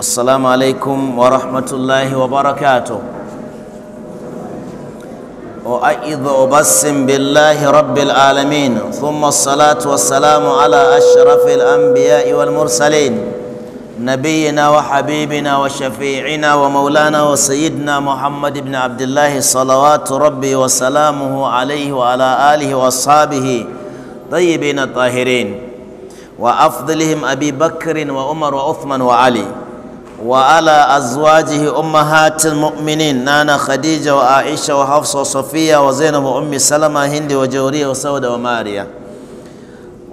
السلام عليكم ورحمة الله وبركاته وأيضا وبسم بالله رب العالمين ثم الصلاة والسلام على أشرف الأنبياء والمرسلين نبينا وحبيبنا وشفيعنا ومولانا وسيدنا محمد بن عبد الله صلوات ربي وسلامه عليه وعلى آله وأصحابه طيبين الطاهرين وأفضلهم أبي بكر وعمر وعثمان وعلي وعلى أزواجه أمهات المؤمنين نانا خديجة وعائشة وحفصة وصفية وزينب وأم سلمة هند وجورية وسودة وماريا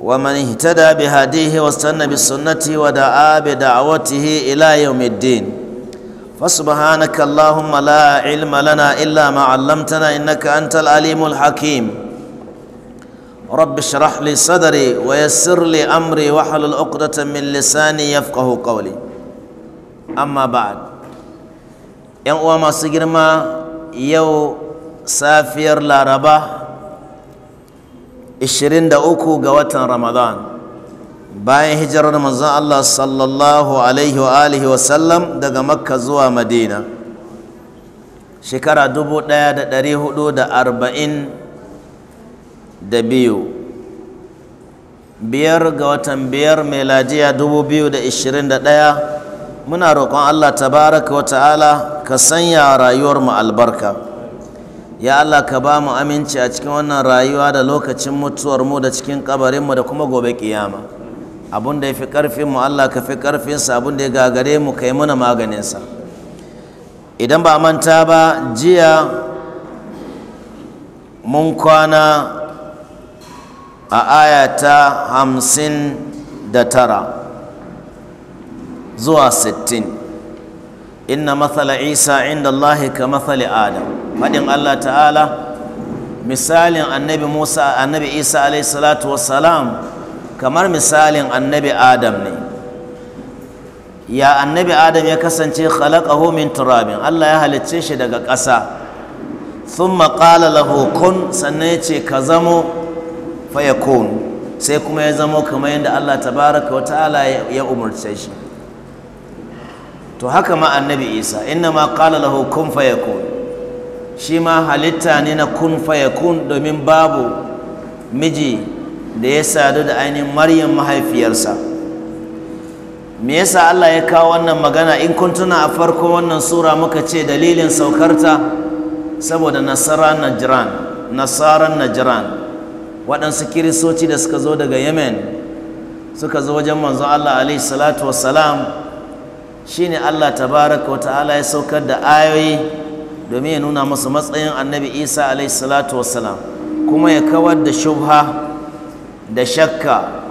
ومن اهتدى بهديه واستنى بسنته ودعا بدعوته إلى يوم الدين فسبحانك اللهم لا علم لنا إلا ما علمتنا إنك أنت العليم الحكيم رب اشرح لي صدري ويسر لي امري واحلل عقدة من لساني يفقه قولي amma ba'ad yan uwa masu girma yau safiyar laraba 23 ga watan ramadan bayan hijirar manzon Allah sallallahu alaihi wa alihi wa sallam daga makka zuwa madina shekara 1442 biyar ga watan biyar meladiya 2021 muna roƙon Allah tabaraka wa ta'ala ka sanya rayuwar mu albarka ya Allah ka ba mu aminci a cikin wannan rayuwa da lokacin mutuwarmu da cikin kabarin da kuma gobe kiyama abun da yafi karfin mu Allah ka fi karfin sa abun da ya gagare mu kai muna maganinsa idan ba manta ba jiya mun kwana a aya ta hamsin da tara zuwa 60 inna matsala isa inda allahi ka matsali adam faɗin allah ta'ala misalin annabi musa annabi isa alaihi salatu wassalam kamar misalin annabi adam ne ya annabi adam ya kasance khalaqahu min turabin allah ya halicce shi daga ƙasa thumma qala lahu kun sannan ya ce ka zamo fayakun sai kuma ya zamo kamar yadda allah tabaraka wa ta'ala ya umarce shi to haka ma annabi isa inna ma kala lahu kun fayakun shi ma halitta ne na kun fayakun domin babu miji da ya sadu da ainihin maryam mahaifiyarsa me yasa Allah ya kawo wannan magana in kun tuna a farko wannan sura muka ce dalilin saukarta saboda nasara najran nasaran najran waɗansu kirisoci da suka zo daga yemen suka zo wajen manzo Allah alaihi salatu shine Allah tabaraka ta'ala ya saukar da ayoyi domin ya nuna musu matsayin annabi isa alaihi salatu wassalam kuma ya kawar da shubha da shakka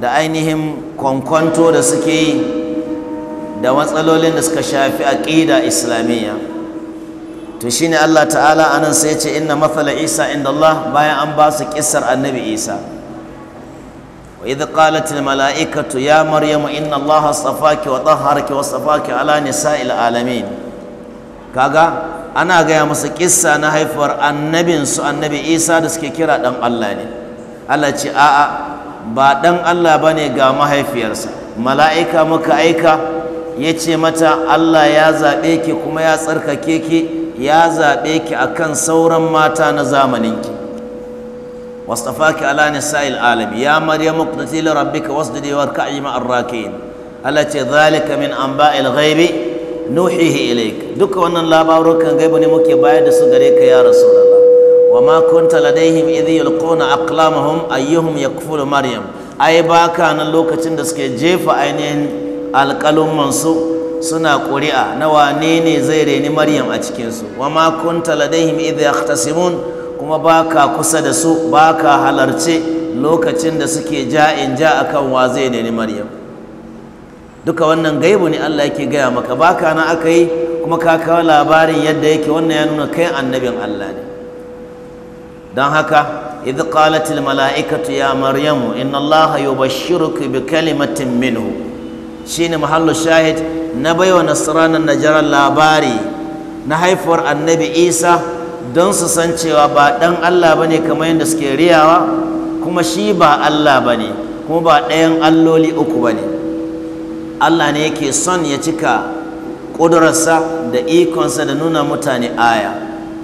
da ainihin kwankwanto da suke yi da matsalolin da suka shafi aƙida islamiyya to shine Allah ta'ala anan sai ya ce inna mathala isa inda Allah bayan an ba su kissar annabi isa Kuwa idan kalata mala'ika ya maryamu mu inna Allahu as wa taha wa tsafa Ala Nisaa, il-alame Kaga ana gaya musu kisa na haifar annabinsu annabi, Isa da suke kira dan Allah ne. Allah ce a'a ba dan Allah bane ga mahaifiyarsa. Mala'ika muka aika ya ce mata Allah ya zaɓe ki kuma ya tsarkake ki ya zaɓe ki akan sauran mata na zamanin ki. wastafaki ala nisa'il alami ya maryamu qunuti li rabbika wasjudi warka'i ma'ar raki'in Allah ce zalika min anba'il ghaibi nuhihi ilaik duka wannan labarukan gaibu ne muke bayar da su gare ka ya rasulullah wa ma kunta ladaihim idh yulquna aqlamahum ayyuhum yakfulu maryam ai baka nan lokacin da suke jefa ainihin alqalummansu suna ƙuri'a na wane ne zai raini maryam a cikinsu wa ma kunta ladaihim idh yahtasimun kuma baka kusa da su baka halarci lokacin da suke ja'in ja akan wa zai nemi maryam duka wannan gaibu ne Allah yake gaya maka baka na aka yi kuma ka kawo labarin yadda yake wannan ya nuna kai annabin Allah ne don haka idh qalat mala'ikatu ya maryamu inna Allah yubashshiruki bi kalimatin minhu shine mahallu shahid na baiwa nasranan najara labari na haifuwar annabi Isa don su san cewa ba ɗan Allah ba ne kamar yadda suke riyawa kuma shi ba Allah ba ne kuma ba ɗayan alloli uku ba ne Allah ne yake son ya cika ƙudurarsa da ikonsa da nuna mutane aya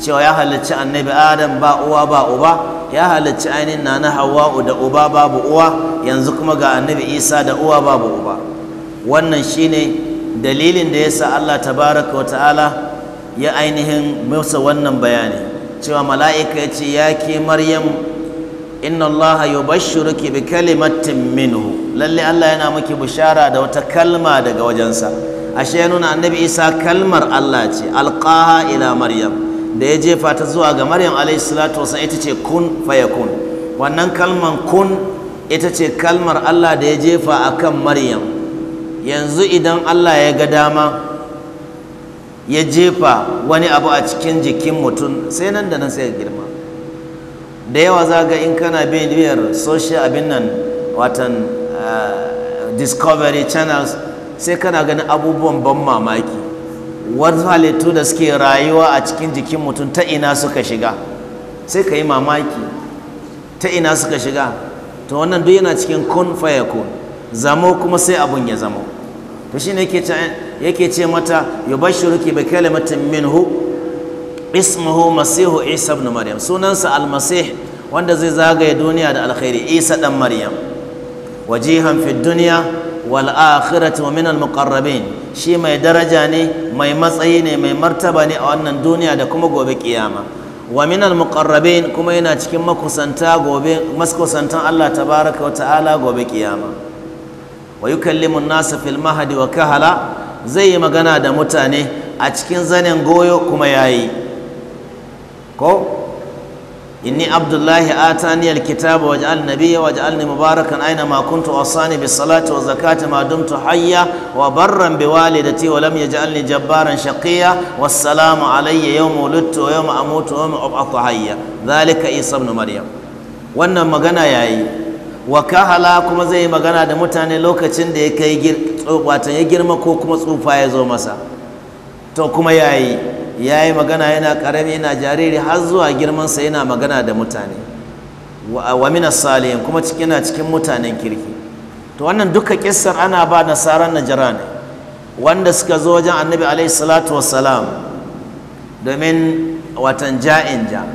cewa ya halarci annabi adam ba uwa ba uba ya halarci ainihin na na hawa'u da uba babu uwa yanzu kuma ga annabi isa da uwa babu uba wannan shine dalilin da ya sa Allah tabaraka wa ta'ala ya ainihin musa wannan bayani cewa mala'ika ya ce ya ke maryam inna allaha bi kalimatin minhu lalle Allah yana miki bishara da wata kalma daga wajensa ashe ya nuna annabi Isa kalmar Allah ce alqaha ila maryam da ya jefa ta zuwa ga maryam alayhi salatu wasallam ita ce kun fayakun wannan kalman kun ita ce kalmar Allah da ya jefa akan maryam yanzu idan Allah ya ga dama ya jefa wani abu a cikin jikin mutum sai nan da nan sai girma da yawa za ga in kana bibiyar social abin nan watan eh, discovery channels sai kana ganin abubuwan ban mamaki wasu halittu da suke rayuwa a cikin jikin mutum ta ina suka shiga sai ka yi mamaki ta ina suka shiga to wannan duk yana cikin kun faya zamo kuma sai abun ya zamo to shine yake cewa yake ce mata yubashshiruki bi kalimatin minhu ismuhu masihu isa ibn maryam sunansa almasih wanda zai zagaye duniya da alkhairi isa dan maryam wajihan fi dunya wal akhirati wa min al muqarrabin shi mai daraja ne mai matsayi ne mai martaba ne a wannan duniya da kuma gobe kiyama wa min al muqarrabin kuma yana cikin makusanta gobe Allah tabaraka wa ta'ala gobe kiyama wa yukallimu an nasa fil mahdi wa kahala zai yi magana da mutane a cikin zanen goyo kuma ya yi ko inni abdullahi atani alkitaba waj'al nabiyya waj'alni mubarakan aina ma kuntu asani bis salati wa zakati ma dumtu hayya wa barran bi walidati wa lam yaj'alni jabbaran shaqiyya wassalamu alayya yawma wulidtu wa yawma amutu wa yawma ub'athu hayya dhalika isa ibn maryam wannan magana yayi wa kahala kuma zai yi magana da mutane lokacin da ya kai watan ya girma ko kuma tsufa ya zo masa to kuma ya yi magana yana karami yana jariri har zuwa girmansa yana magana da mutane wa min salihin kuma na cikin mutanen kirki to wannan duka kissar ana ba nasaran najara ne wanda suka zo wajen annabi alaihi salatu wassalam domin watan ja'in ja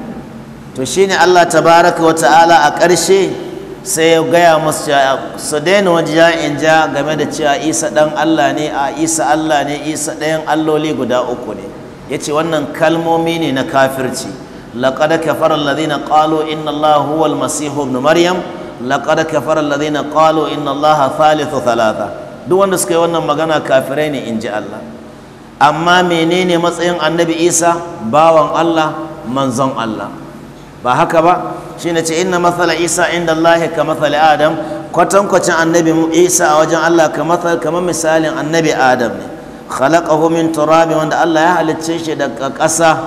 to shine Allah tabaraka wa ta'ala a ƙarshe sai ya gaya masu cewa su daina wani in ja game da cewa isa ɗan allah ne a isa allah ne isa ɗayan alloli guda uku ne ya ce wannan kalmomi ne na kafirci laƙada kafar na qalu inna allah huwa almasihu ibn maryam laƙada kafar alladhina qalu inna allah thalithu thalatha duk wanda suka yi wannan magana kafirai ne in ji allah amma menene matsayin annabi isa bawan allah manzon allah ba haka ba shi na ce inna matsala isa inda Allah ka matsala adam kwatankwacin annabi isa a wajen Allah ka matsala kamar misalin annabi adam ne khalaqahu min turabi wanda Allah ya halicce shi daga ƙasa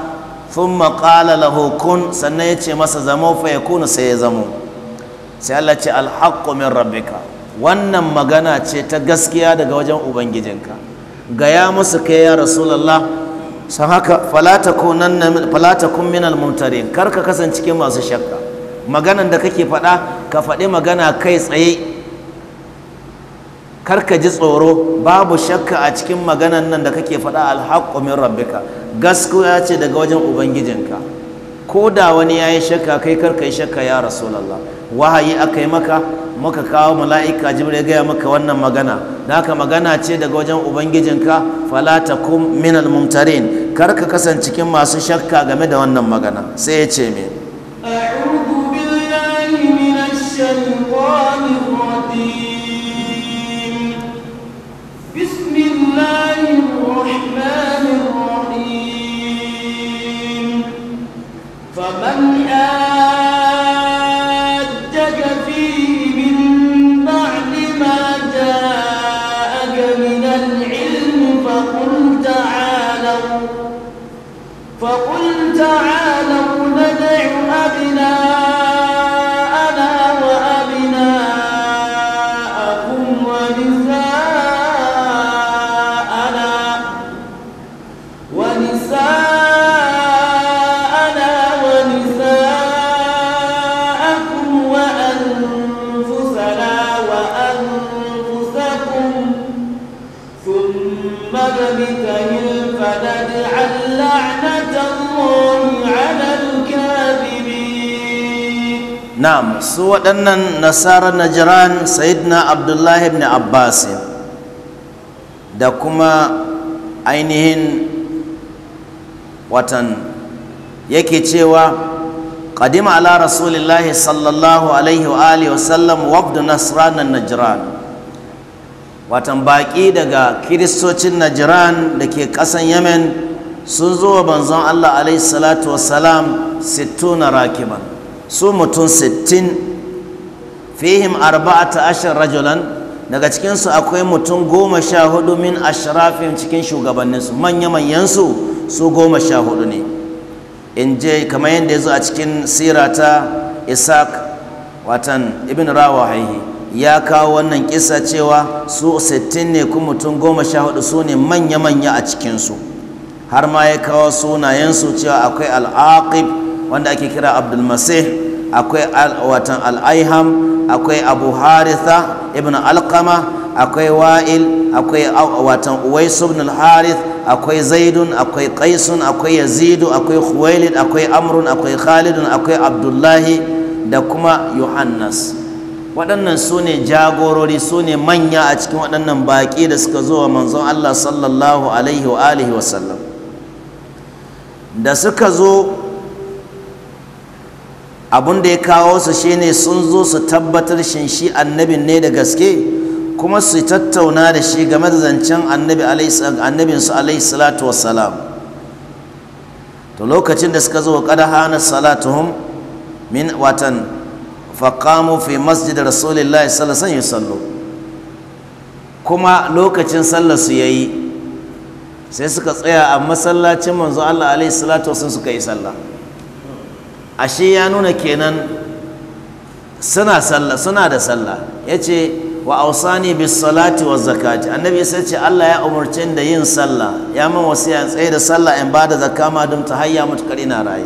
thumma qala lahu kun sannan ya ce masa zamo fa yakunu sai ya zamo sai Allah ce alhaqqu min rabbika wannan magana ce ta gaskiya daga wajen ubangijinka gaya musu kai ya rasulullah san haka falata kun minal mumtarin kar ka kasance cikin masu shakka maganan da kake faɗa ka faɗi magana kai tsaye kar ka ji tsoro babu shakka a cikin maganan nan da kake faɗa alhaqqu min rabbika gaskiya ce daga wajen ubangijinka ko da wani yayi shakka kai kar ka yi shakka ya rasu rasulullah wahayi aka yi maka muka kawo mala'ika jibril ya gaya maka wannan magana da haka magana ce daga wajen ubangijinka fala takum minal mumtarin kar ka kasance cikin masu shakka game da wannan magana sai ya ce me a'udhu billahi minash Allah. na'am su waɗannan nasara najiran sayyidina abdullahi ibn abbas da kuma ainihin watan yake cewa qadima ala rasulillahi sallallahu alaihi wa alihi wa sallam wabdu nasran najran watan baƙi daga kiristocin najiran da ke ƙasan yemen sun zo wa banzon allah alaihi salatu wa wasalam sittuna rakiban su mutum sittin fihim arba'ata ashar rajulan daga cikinsu akwai mutum goma sha hudu min ashrafin cikin shugabanninsu manya-manyansu su goma sha hudu ne in je kamar yadda ya zo a cikin sirata isaac watan ibn haihi ya kawo wannan kisa cewa su sittin ne kuma mutum goma sha hudu su ne manya-manya a cikinsu har ma ya kawo sunayensu cewa akwai al'aqib wanda ake kira abdulmasih akwai watan al'aiham akwai abu haritha ibn alkama akwai wa'il akwai watan uwais ibn al-harith akwai zaidun akwai qaisun akwai yazidu akwai khuwailid akwai amrun akwai khalidun akwai abdullahi da kuma yohannas waɗannan su ne jagorori su ne manya a cikin waɗannan baƙi da suka zo wa manzon Allah sallallahu alaihi wa alihi wa sallam da suka zo abun da ya kawo su shine sun zo su tabbatar shin shi annabin ne da gaske kuma su tattauna da shi game da zancen annabi annabinsu alaihi salatu wassalam to lokacin da suka zo kada hana salatuhum min watan faqamu fi masjid rasulillahi sallallahu alaihi wasallam kuma lokacin sallar su yayi sai suka tsaya a masallacin manzo Allah alaihi salatu wasallam suka yi sallah ashe ya nuna kenan suna sallah suna da sallah yace wa ausani bis salati wa zakati annabi sai ce Allah ya umarce da yin sallah ya man wasiya in tsaye da sallah in bada zakka ma dum ta hayya mutakar ina rayi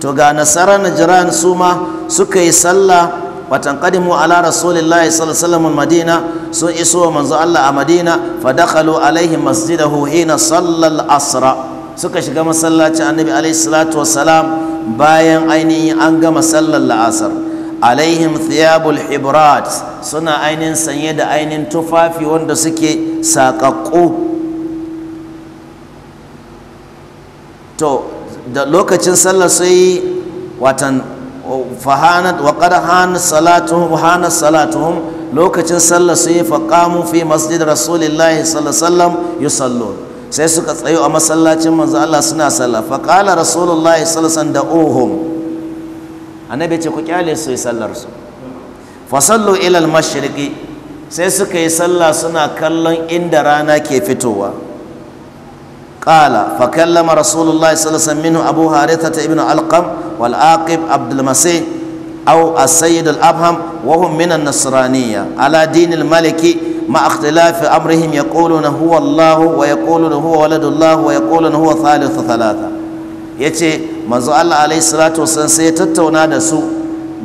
to ga nasara jiran su ma suka yi sallah watan qadimu ala rasulillahi sallallahu alaihi madina sun iso manzo Allah a madina fa dakhalu alaihi masjidahu hina sallal asra suka shiga masallaci annabi alaihi salatu wassalam bayan ainihin an gama sallar la'asar alaihim thiyabul hibrat suna ainihin sanye da ainihin tufafi wanda suke saƙaƙƙo to da lokacin sallar sai watan fahanat wa qad hanat salatuhum hanat salatuhum lokacin sallar sai faqamu fi masjid rasulillahi sallallahu alaihi wasallam yusallun sai suka tsayo a masallacin manzo Allah suna sallah fa qala rasulullahi sallallahu alaihi da ohum annabi ce ku kyale su yi sallar su fa sallu ila al-mashriqi sai suka yi sallah suna kallon inda rana ke fitowa qala fa kallama rasulullahi sallallahu alaihi minhu abu harithah ibn alqam wal aqib abdul masih أو السيد الأبهم وهم من النصرانية على دين الملك مع اختلاف أمرهم يقولون هو الله ويقولون هو ولد الله ويقولون هو ثالث ثلاثة yace manzo Allah alaihi salatu wasallam sai ya tattauna da su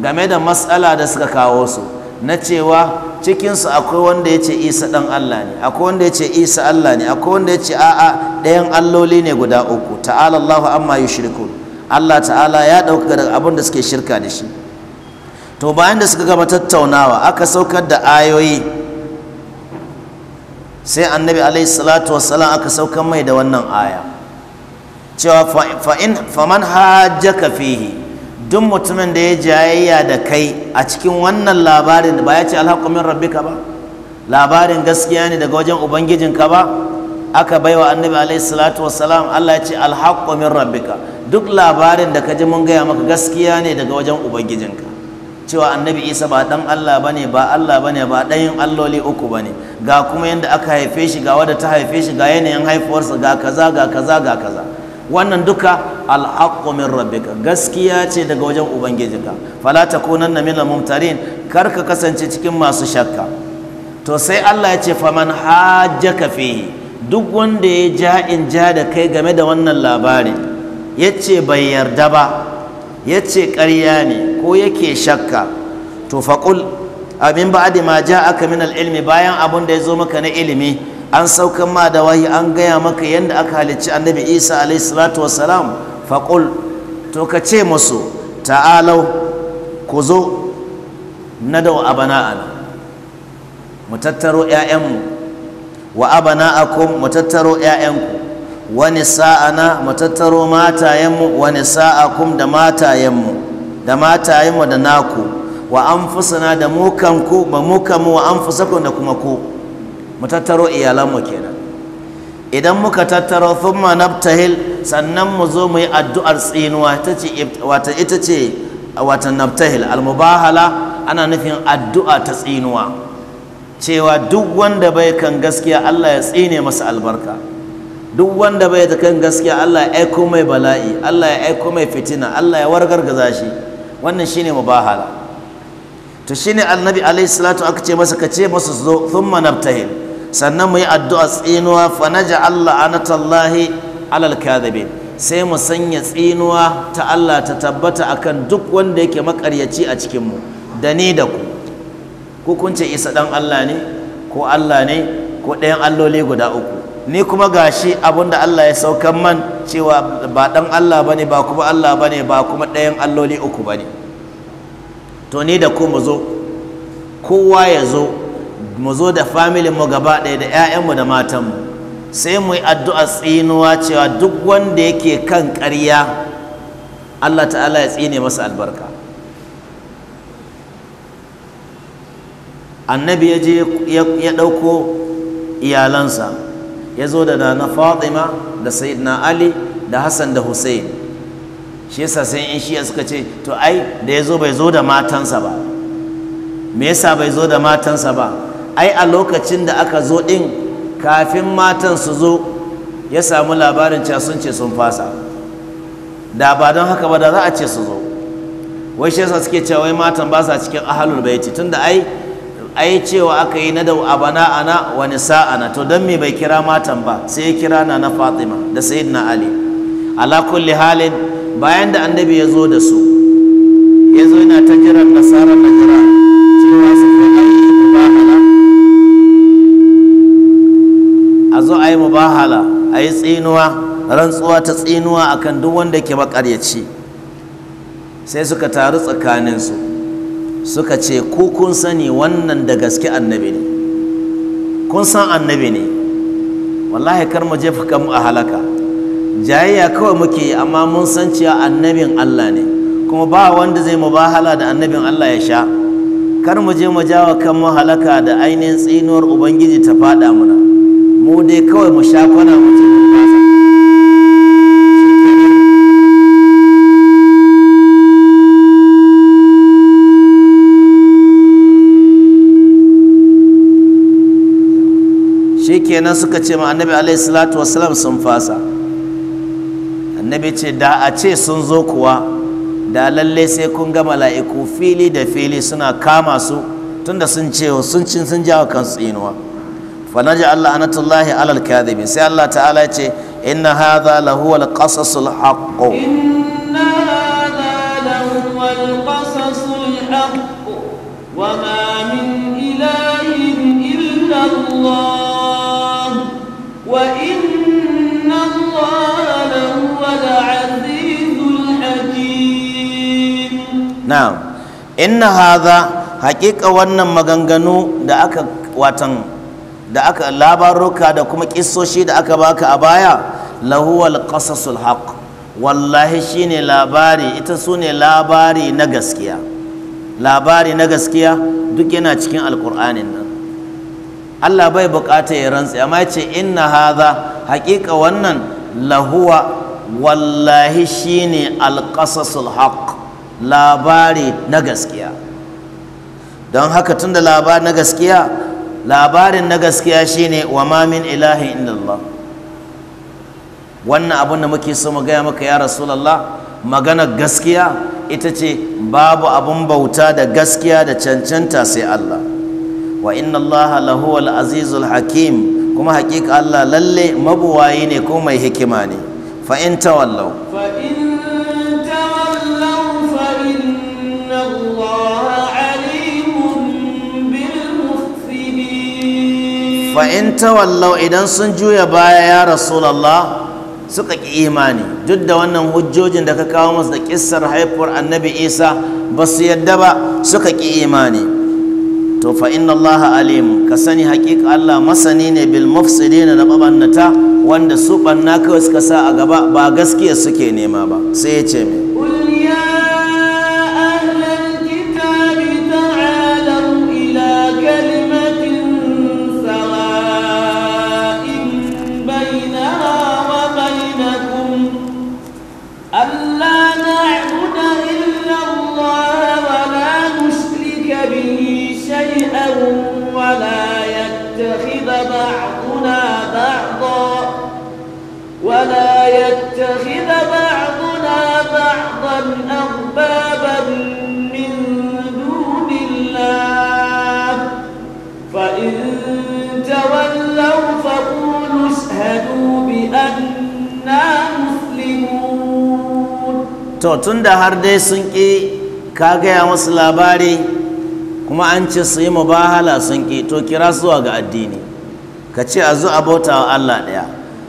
game da matsala da suka kawo su na cewa cikinsu akwai wanda ya ce isa ɗan Allah ne akwai wanda ya ce isa Allah ne akwai wanda ya ce a'a ɗayan alloli ne guda uku ta'ala Allahu amma yushrikun Allah ta'ala ya ɗauka daga abin da suke shirka da shi to bayan da suka gama tattaunawa aka saukar da ayoyi sai annabi alaihi salatu wassalam aka saukar mai da wannan aya cewa fa'in faman hajjaka fihi duk mutumin da ya jayayya da kai a cikin wannan labarin ba ya ce alhaƙumin rabbika ba labarin gaskiya ne daga wajen ubangijinka ba aka baiwa annabi alaihi salatu wassalam Allah ya ce alhaƙumin rabbika duk labarin da ka ji mun gaya maka gaskiya ne daga wajen ubangijinka cewa annabi isa ba dan allah ba ba allah ba ne ba ɗayin alloli uku ba ga kuma yadda aka haife shi ga wadda ta haife shi ga yanayin haifuwarsa ga kaza ga kaza ga kaza wannan duka alhaqqu min rabbika gaskiya ce daga wajen ubangijinka fala takunanna Namina mumtarin kar ka kasance cikin masu shakka to sai Allah ya ce faman hajjaka fihi duk wanda ya ja in ja da kai game da wannan labari yace bai yarda ba ya ce ƙarya ne ko yake shakka to faƙul abin ba'adi ma ja aka min al'ilmi bayan abun da ya zo maka na ilimi an saukan ma da wahi an gaya maka yadda aka halicci annabi isa alaihi salatu wasalam faƙul to ka ce musu ta'alau ku zo na da abana'an mu tattaro 'ya'yanmu wa abana'akum mu tattaro 'ya'yanku wani sa'ana mu tattaro matayenmu wani sa'a kum da matayenmu da matayenmu da naku wa an fusana da mukanku ba mukanmu wa an anfusakum da kuma ku mu tattaro iyalanmu kenan idan muka tattaro thumma nabtahil sannan mu zo mu yi addu'ar tsinuwa wata ita ce wata nabtahil almubahala ana nufin addu'a ta tsinuwa cewa duk wanda bai kan gaskiya Allah ya tsine masa albarka duk wanda bai da kan gaskiya Allah ya aiko mai bala'i Allah ya aiko mai fitina Allah ya wargar wargargaza shi wannan shine mubahala to shine annabi alaihi salatu aka ce masa kace masa zo thumma nabtahil sannan mu yi addu'a tsinuwa fa naja Allah anatallahi alal kadhibin sai mu sanya tsinuwa ta Allah ta tabbata akan duk wanda yake makaryaci a cikin mu da ni da ku ku kun ce isa dan Allah ne ko Allah ne ko ɗayan alloli guda uku ni kuma gashi abunda Allah ya saukan man cewa ba dan Allah bane ba kuma Allah bane ba kuma ɗayan alloli uku bane to ni da ku mu zo kowa ya zo mu zo da familin mu gaba ɗaya da mu da matan mu sai mu yi addu'a tsinuwa cewa duk wanda yake kan ƙarya Allah ta'ala ya tsine masa albarka annabi ya je ya ɗauko iyalansa ya zo da na fatima da sayyidina ali da hassan da hussein shi yasa sai in shiya suka ce to ai da ya zo bai zo da matansa ba me yasa bai zo da matansa ba ai a lokacin da aka zo din kafin matan su zo ya samu labarin cewa sun ce sun fasa da ba don haka ba da za a ce su zo wai shi yasa suke cewa wai matan ba sa cikin ahalul baiti tunda ai ai cewa aka yi na da bana ana wani sa'ana to don me bai kira matan ba sai ya kira na na fatima da sayyidina ali ala kulli halin bayan da annabi ya zo da su ya zo yana ta jiran nasarar na jira cewa su mubahala a zo a yi mubahala a yi tsinuwa rantsuwa ta tsinuwa akan duk wanda ke makaryaci sai suka taru tsakaninsu suka ce ku kun sani wannan da gaske annabi ne kun san annabi ne wallahi kar mu jefa kanmu a halaka jayayya kawai muke amma mun san cewa annabin Allah ne kuma ba wanda zai mu bahala da annabin Allah ya sha kar mu je mu jawa kanmu halaka da ainihin tsinuwar ubangiji ta faɗa muna mu dai kawai mu sha kwana mu ce kenan suka ce ma annabi alaihi salatu wasalam sun fasa annabi ce da a ce sun zo kuwa da lalle sai kun ga mala'iku fili da fili suna kama su tunda sun ce sun cin sun jawo kansu inuwa fa naja Allah anatullahi alal kadhibin sai Allah ta'ala ya ce inna hadha lahu al qasasul haqq inna hadha lahu al qasasul haqq wa ma min ilahin illa Allah na'am inna haza haƙiƙa wannan maganganu da aka watan da aka labaruka da kuma ƙisoshi da aka baka a baya lahuwal qasasul haq wallahi shine labari ita sune labari na gaskiya labari na gaskiya duk yana cikin alƙur'anin nan Allah bai bukata ya rantsi amma yace inna haza haƙiƙa wannan lahuwa wallahi shine alqasasul haq labari na gaskiya don haka tunda labari na gaskiya labarin na gaskiya shine wa ma ilahi illallah wannan abin da muke so mu gaya maka ya rasulallah magana gaskiya ita ce babu abin bauta da gaskiya da cancanta sai Allah wa inna allaha lahuwal azizul hakim kuma haƙiƙa Allah lalle mabuwayi ne ko mai hikima ne fa in tawallau fa tawallau idan sun juya baya ya rasulallah suka ki imani duk da wannan hujjojin da ka kawo musu da kissar haifuwar annabi isa ba su yadda ba suka ki imani to fa inna allaha alim ka sani hakika allah masani ne bil mufsidin na mabannata wanda su ɓanna kawai suka sa a gaba ba gaskiya suke nema ba sai ya ce mai بعضنا بعضا ولا يتخذ بعضنا بعضا أغبابا من دون الله فإن تولوا فقولوا اشهدوا بأننا مسلمون to tunda har سنكي sun ƙi لاباري kuma an ce su yi mubahala sun ƙi to kira zuwa ga addini ka ce a zo a bauta wa Allah ɗaya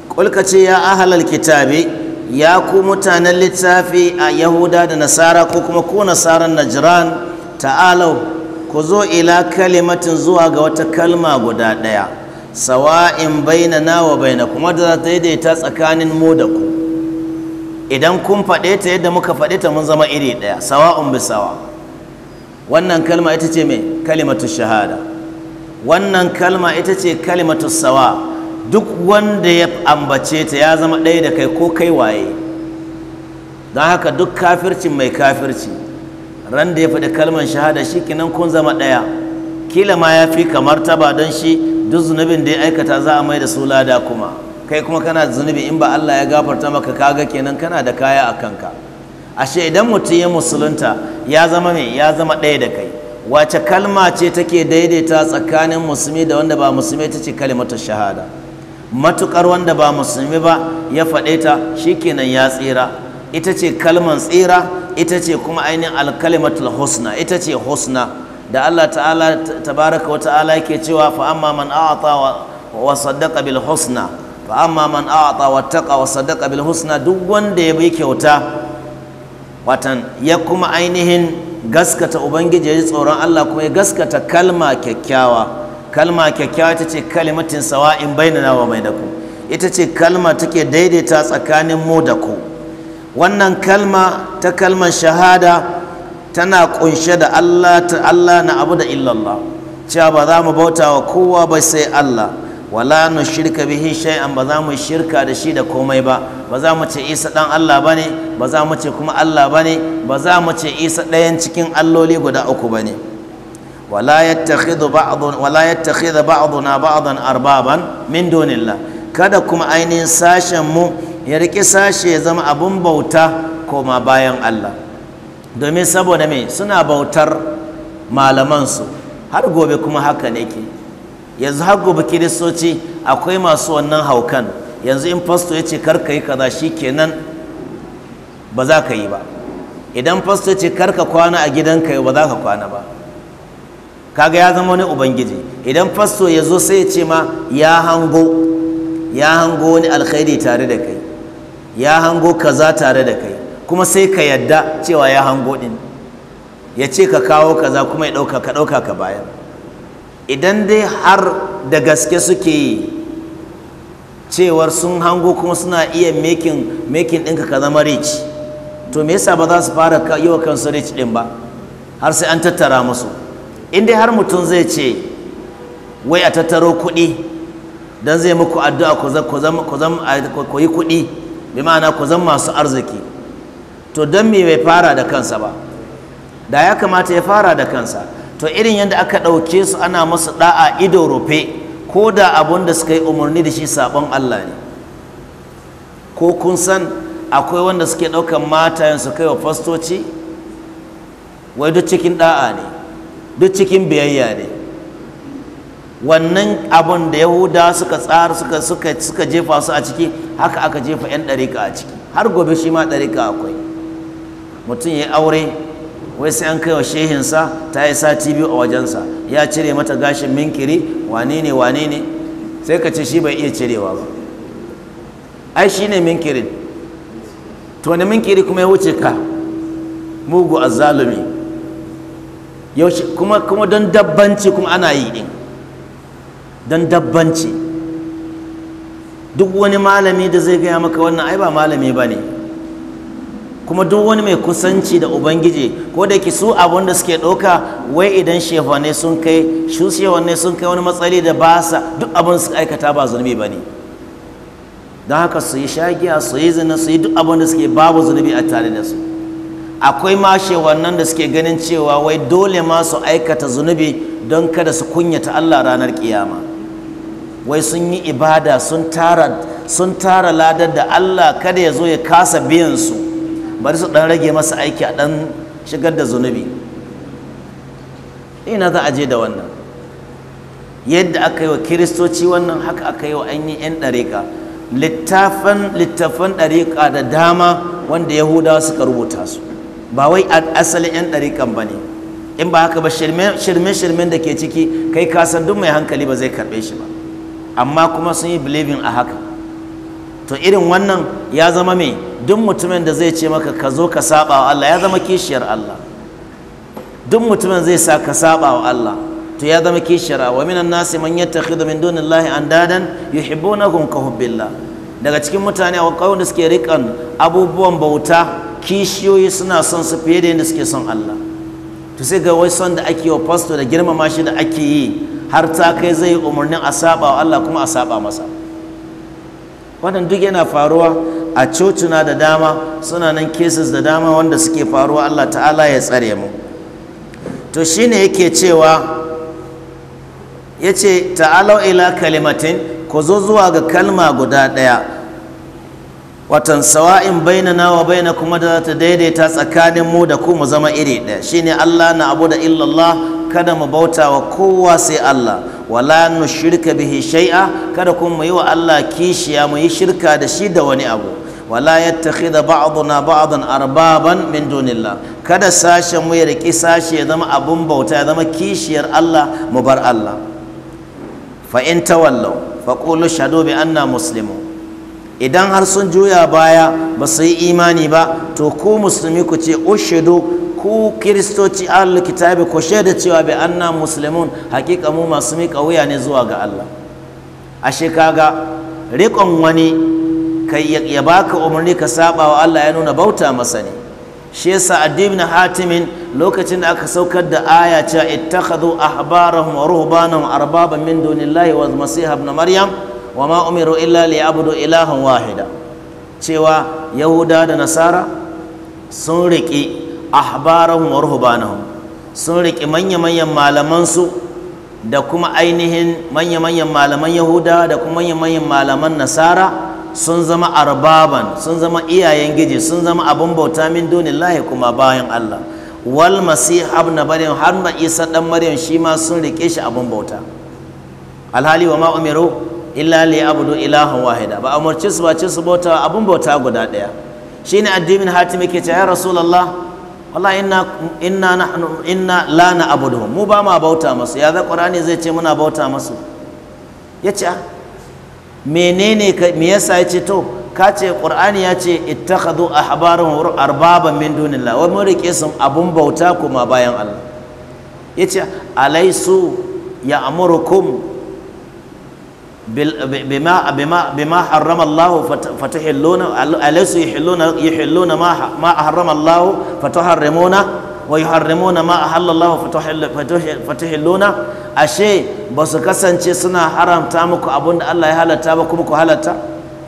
ƙul ka ce ya ahalal kitabi ya ku mutanen littafi a yahuda da nasara ko kuma ku nasaran najran ta'alau ku zo ila kalimatin zuwa ga wata kalma guda ɗaya sawa'in baina na wa baina kuma da za ta daidaita tsakanin mu da ku idan kun faɗe ta yadda muka faɗe ta mun zama iri ɗaya sawa'un bisawa wannan kalma ita ce mai kalimatu shahada wannan kalma ita ce kalimatus sawa duk wanda ya ambace ta ya zama ɗaya da kai ko kai waye don haka duk kafirci mai kafirci ran da ya faɗi kalmar shahada shi kinan kun zama ɗaya kila ma ya fi kamar taba don shi duk zunubin da ya aikata za a mai da su lada kuma kai kuma kana zunubi in ba Allah ya gafarta maka kaga kenan kana da kaya a kanka ashe idan mutum ya musulunta ya zama mai ya zama ɗaya da kai wace kalma ce take daidaita tsakanin musulmi da wanda ba musulmi ta ce kalimatu shahada matukar wanda ba musulmi ba ya faɗe ta shikenan ya tsira ita ce kalman tsira ita ce kuma ainihin alkalimatul husna ita ce husna da Allah ta'ala tabaraka wa ta'ala yake cewa fa amma man a'ata wa saddaqa bil husna fa amma man a'ata wa taqa wa saddaqa bil husna duk wanda ya bi kyauta watan ya kuma ainihin gaskata ubangiji ya ji tsoron Allah kuma ya gaskata kalma kyakkyawa kalma kyakkyawa ita ce kalimatin sawa'in bainana wa daku ita ce kalma take daidaita tsakanin mu da ku wannan kalma ta kalmar shahada tana kunshe da Allah ta Allah na abu da illallah cewa ba za mu bauta wa kowa ba sai Allah wala nu shirka bihi shay'an ba za mu shirka da shi da komai ba ba za mu ce Isa dan Allah bane ba za mu ce kuma Allah bane ba za mu ce Isa ɗayan cikin alloli guda uku bane wala yattakhidhu ba'dun wala yattakhidha ba'duna ba'dan arbaban min dunillah kada kuma ainihin sashen mu ya riki sashe ya zama abun bauta koma bayan Allah domin saboda me suna bautar malamansu har gobe kuma haka ne ke yanzu har gobe kiristoci akwai masu wannan haukan yanzu in fasto ya ce karka yi kaza shi kenan ba za ka yi ba idan fasto ya ce karka kwana a gidanka ba za ka kwana ba kaga ya zama wani ubangiji idan fasto ya zo sai ya ce ma ya hango ya hango wani alkhairi tare da kai ya hango kaza tare da kai kuma sai ka yadda cewa ya hango din ya ce ka kawo kaza kuma ya ɗauka ka ɗauka ka bayan idan dai har da gaske suke yi cewar sun hango kuma suna iya mekin mekin ɗinka ka zama rich to me yasa ba za su fara yi wa kansu rich ɗin ba har sai an tattara musu in dai har mutum zai ce wai a tattaro kuɗi don zai muku addu'a ku yi kuɗi bi ma'ana ku zama masu arziki to don me bai fara da kansa ba da ya kamata ya fara da kansa to irin yadda aka ɗauke su ana masu ɗa'a ido rufe ko da abun da suka yi umarni da shi sabon Allah ne ko kun san akwai wanda suke ɗaukan matayen su kai wa fastoci wai duk cikin ɗa'a ne duk cikin biyayya ne wannan abun da yahuda suka tsara suka suka jefa su a ciki haka aka jefa 'yan ɗarika a ciki har gobe shi ma ɗarika akwai mutum ya yi aure wai sai an kai wa shehinsa ta yi sati biyu a wajensa ya cire mata gashin minkiri wane ne wane ne sai ka ce shi bai iya cirewa ba ai shi ne minkirin to wani minkiri kuma ya wuce ka mugu azzalumi yaushe kuma kuma don dabbanci kuma ana yi din don dabbanci duk wani malami da zai gaya maka wannan ai ba malami ba ne kuma duk wani mai kusanci da ubangiji ko da yake su abun da suke ɗauka wai idan shehwane sun kai su shehwane sun kai wani matsali da ba sa duk abin suka aikata ba zunubi ba ne don haka su yi shagiya su yi zina su yi duk abin da suke babu zunubi a tare da su akwai ma shewannan da suke ganin cewa wai dole ma su aikata zunubi don kada su kunyata Allah ranar kiyama wai sun yi ibada sun tara sun tara ladar da Allah kada ya zo ya kasa biyan su bari su dan rage masa aiki a dan shigar da zunubi ina za a je da wannan yadda aka yi wa kiristoci wannan haka aka yi wa ainihin 'yan ɗariƙa littafan littafan ɗariƙa da dama wanda yahudawa suka rubuta su ba wai asalin 'yan ɗariƙan ba ne in ba haka ba shirme-shirmen da ke ciki kai kasan duk mai hankali ba zai karɓe shi ba amma kuma sun yi believing a haka to irin wannan ya zama mai duk mutumin da zai ce maka ka zo ka saba wa Allah ya zama kishiyar Allah duk mutumin zai sa ka saba wa Allah to ya zama kishiyar wa minan nasi man yattakhidhu min an andadan yuhibbunahum ka hubbillah daga cikin mutane a kawai da suke rikan abubuwan bauta kishiyoyi suna son su fiye da yadda suke son Allah to sai ga wai son da ake wa fasto da girmama shi da ake yi har ta kai zai umarnin a saba wa Allah kuma a saba masa wannan duk yana faruwa a cocina da dama suna nan cases da dama wanda suke faruwa Allah ta'ala ya tsare mu to shine yake cewa yace ta'alau ila kalimatin ku zo zuwa ga kalma guda daya watan sawa'in bainana wa baina kuma da ta daidaita tsakanin mu da ku mu zama iri ɗaya shine Allah na abu da illallah kada mu bauta wa kowa sai Allah wala shirka bihi shay'a kada kuma mu yi wa Allah kishiya mu yi shirka da shi da wani abu wala yattakhidha ba'duna ba'dan arbaban min dunillah kada sashen mu ya riki sashe ya zama abun bauta ya zama kishiyar Allah mu bar Allah fa in tawallaw fa qulu shahadu bi anna idan har sun juya baya ba su yi imani ba to ku musulmi ku ce ushidu ku kiristoci Allah kitabi ku shaida cewa bi anna muslimun hakika mu masu mika wuya ne zuwa ga Allah ashe kaga rikon wani kai ya baka umarni ka saba wa Allah ya nuna bauta masa ne shi yasa addibin hatimin lokacin da aka saukar da aya cewa ittakhadhu ahbarahum wa ruhbanahum arbaban min dunillahi wa masih ibn maryam wa ma umiru illa liya'budu ilahan wahida cewa yahuda da nasara sun riƙe ahbarahum wa ruhbanahum sun riƙe manya-manyan malamansu da kuma ainihin manya-manyan malaman yahuda da kuma manya-manyan malaman nasara sun zama arbaban sun zama iyayen giji sun zama abin bauta min dunillahi kuma bayan Allah wal masih ibn maryam har ma isa dan maryam shi ma sun rike shi abin bauta alhali wa ma umiru illa li abudu ilahan wahida ba umarci su ba ci su bauta abin bauta guda daya shine addinin hatimi ke ce ya rasulullah wala inna inna nahnu inna la mu ba ma bauta masu ya ga qur'ani zai ce muna bauta masu yace menene ka me yasa yace to ka ce qur'ani ya ce ittakhadhu ahbarahum arbaban min dunillah wa mun rike su abun bauta kuma bayan Allah yace alaisu ya'murukum بما بما بما حرم الله فتحلون أليس يحلون يحلون ما ما حرم الله فتحرمونه ويحرمون ما أحل الله فتحلون أشي بس كسن سنة حرام تامك أبون الله يحل تامك مك حل تا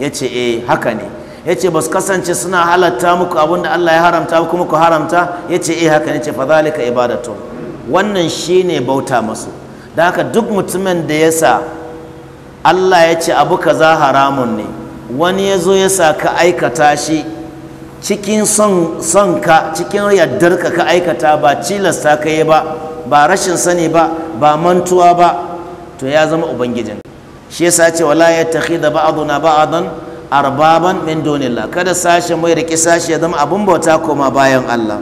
يче هكني ba su kasance suna halatta muku abin Allah ya haramta muku muku haramta yace eh haka ne ce ibadatu wannan shine bauta masu da haka duk mutumin da ya sa Allah ya ce abu kaza haramun ne wani ya zo ya sa ka aikata shi cikin son ka cikin yardar ka ka aikata ba cilasta ka yi ba ba rashin sani ba ba mantuwa ba to ya zama ubangijin shi ya ce wala ya da ba'aduna ba'dan arbaban min dunillah kada sashe mai riki sashe ya zama abun bauta koma bayan Allah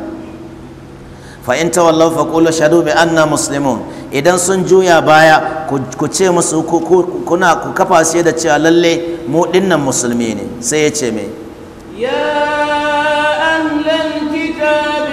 fa in tawallaw fa qulu shahadu bi anna muslimun idan sun juya baya ku ce musu kuna ku kafa su da cewa lalle mu dinnan musulmi ne sai ya ce mai ya ahlal kitab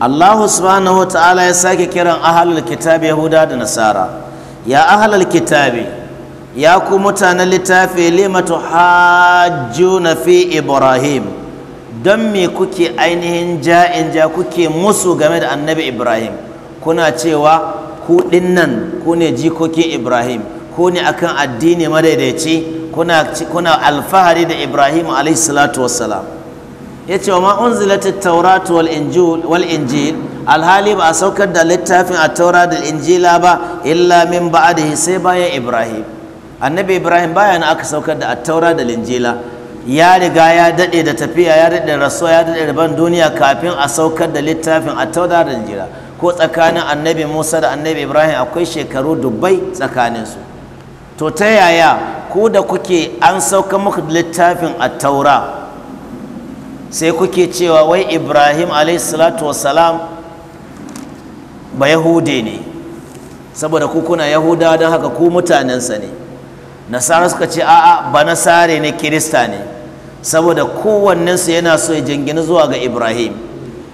Allah subhanahu wa ta'ala ya sake kiran ahalul kitabi Yahuda da Nasara ya ahalul kitabi ya ku mutanen littafi limatu hajjuna fi Ibrahim don me kuke ainihin ja'in ja kuke musu game da annabi Ibrahim kuna cewa ku dinnan ku ne jikokin Ibrahim ku ne akan addini madaidaici kuna kuna alfahari da Ibrahim alaihi salatu wassalam ya ce wa ma'un zilatar tauratu wal injil alhali ba a saukar da littafin a taura da injila ba illa min ba ba'adihi sai bayan ibrahim annabi ibrahim bayan aka saukar da taura da injila ya riga ya daɗe da tafiya ya daɗe rasuwa ya daɗe ban duniya kafin a saukar da littafin a taura da injila ko tsakanin annabi musa da annabi ibrahim akwai shekaru dubbai tsakaninsu to ta yaya ku da kuke an sauka muku littafin a taura sai kuke cewa wai ibrahim salatu wasalam ba yahude ne saboda ku yahuda don haka ku mutanensa ne nasara suka ce a'a ba nasare ne kirista ne saboda kowannensu yana so ya jingina zuwa ga ibrahim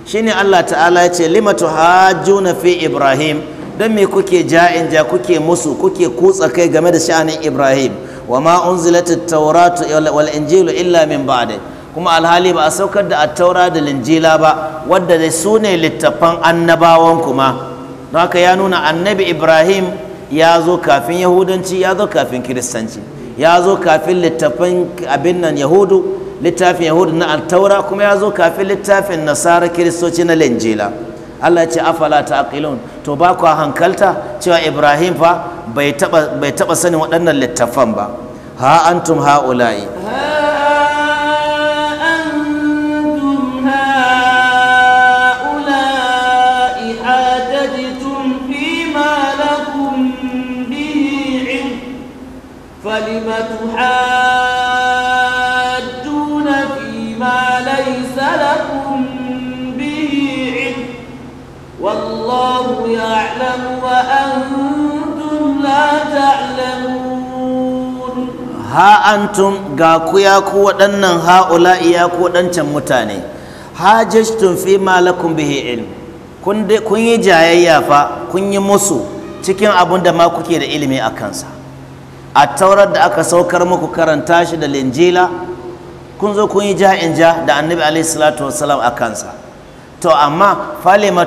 shine allah ta'ala ya ce limatu hajjuna fi ibrahim don me kuke ja'in ja kuke musu kuke kutsa kai game da sha'anin ibrahim wa ma unzilatit tauratu wal injilu illa min ba'di kuma alhali ba a saukar da attaura da linjila ba wadda da su ne littattafan annabawan kuma don haka ya nuna annabi ibrahim ya zo kafin yahudanci ya zo kafin kiristanci ya zo kafin littattafan abin nan yahudu littafin yahudu na taura kuma ya zo kafin littafin nasara kiristoci na linjila allah ce afala ta aqilun to ba ku hankalta cewa ibrahim fa bai taba sanin waɗannan littattafan ba ha antum ha'ula'i يعلم وأنتم لا تعلمون ها أنتم قاكو ياكو ودنن هؤلاء ياكو ودنشم متاني hajjajtun fi ma lakum ilm kun kun yi jayayya fa kun yi musu cikin abin da ma kuke da ilimi a kansa a taurar da aka saukar muku karanta shi da linjila kun zo kun yi ja'in ja da annabi alaihi salatu a kansa to amma falima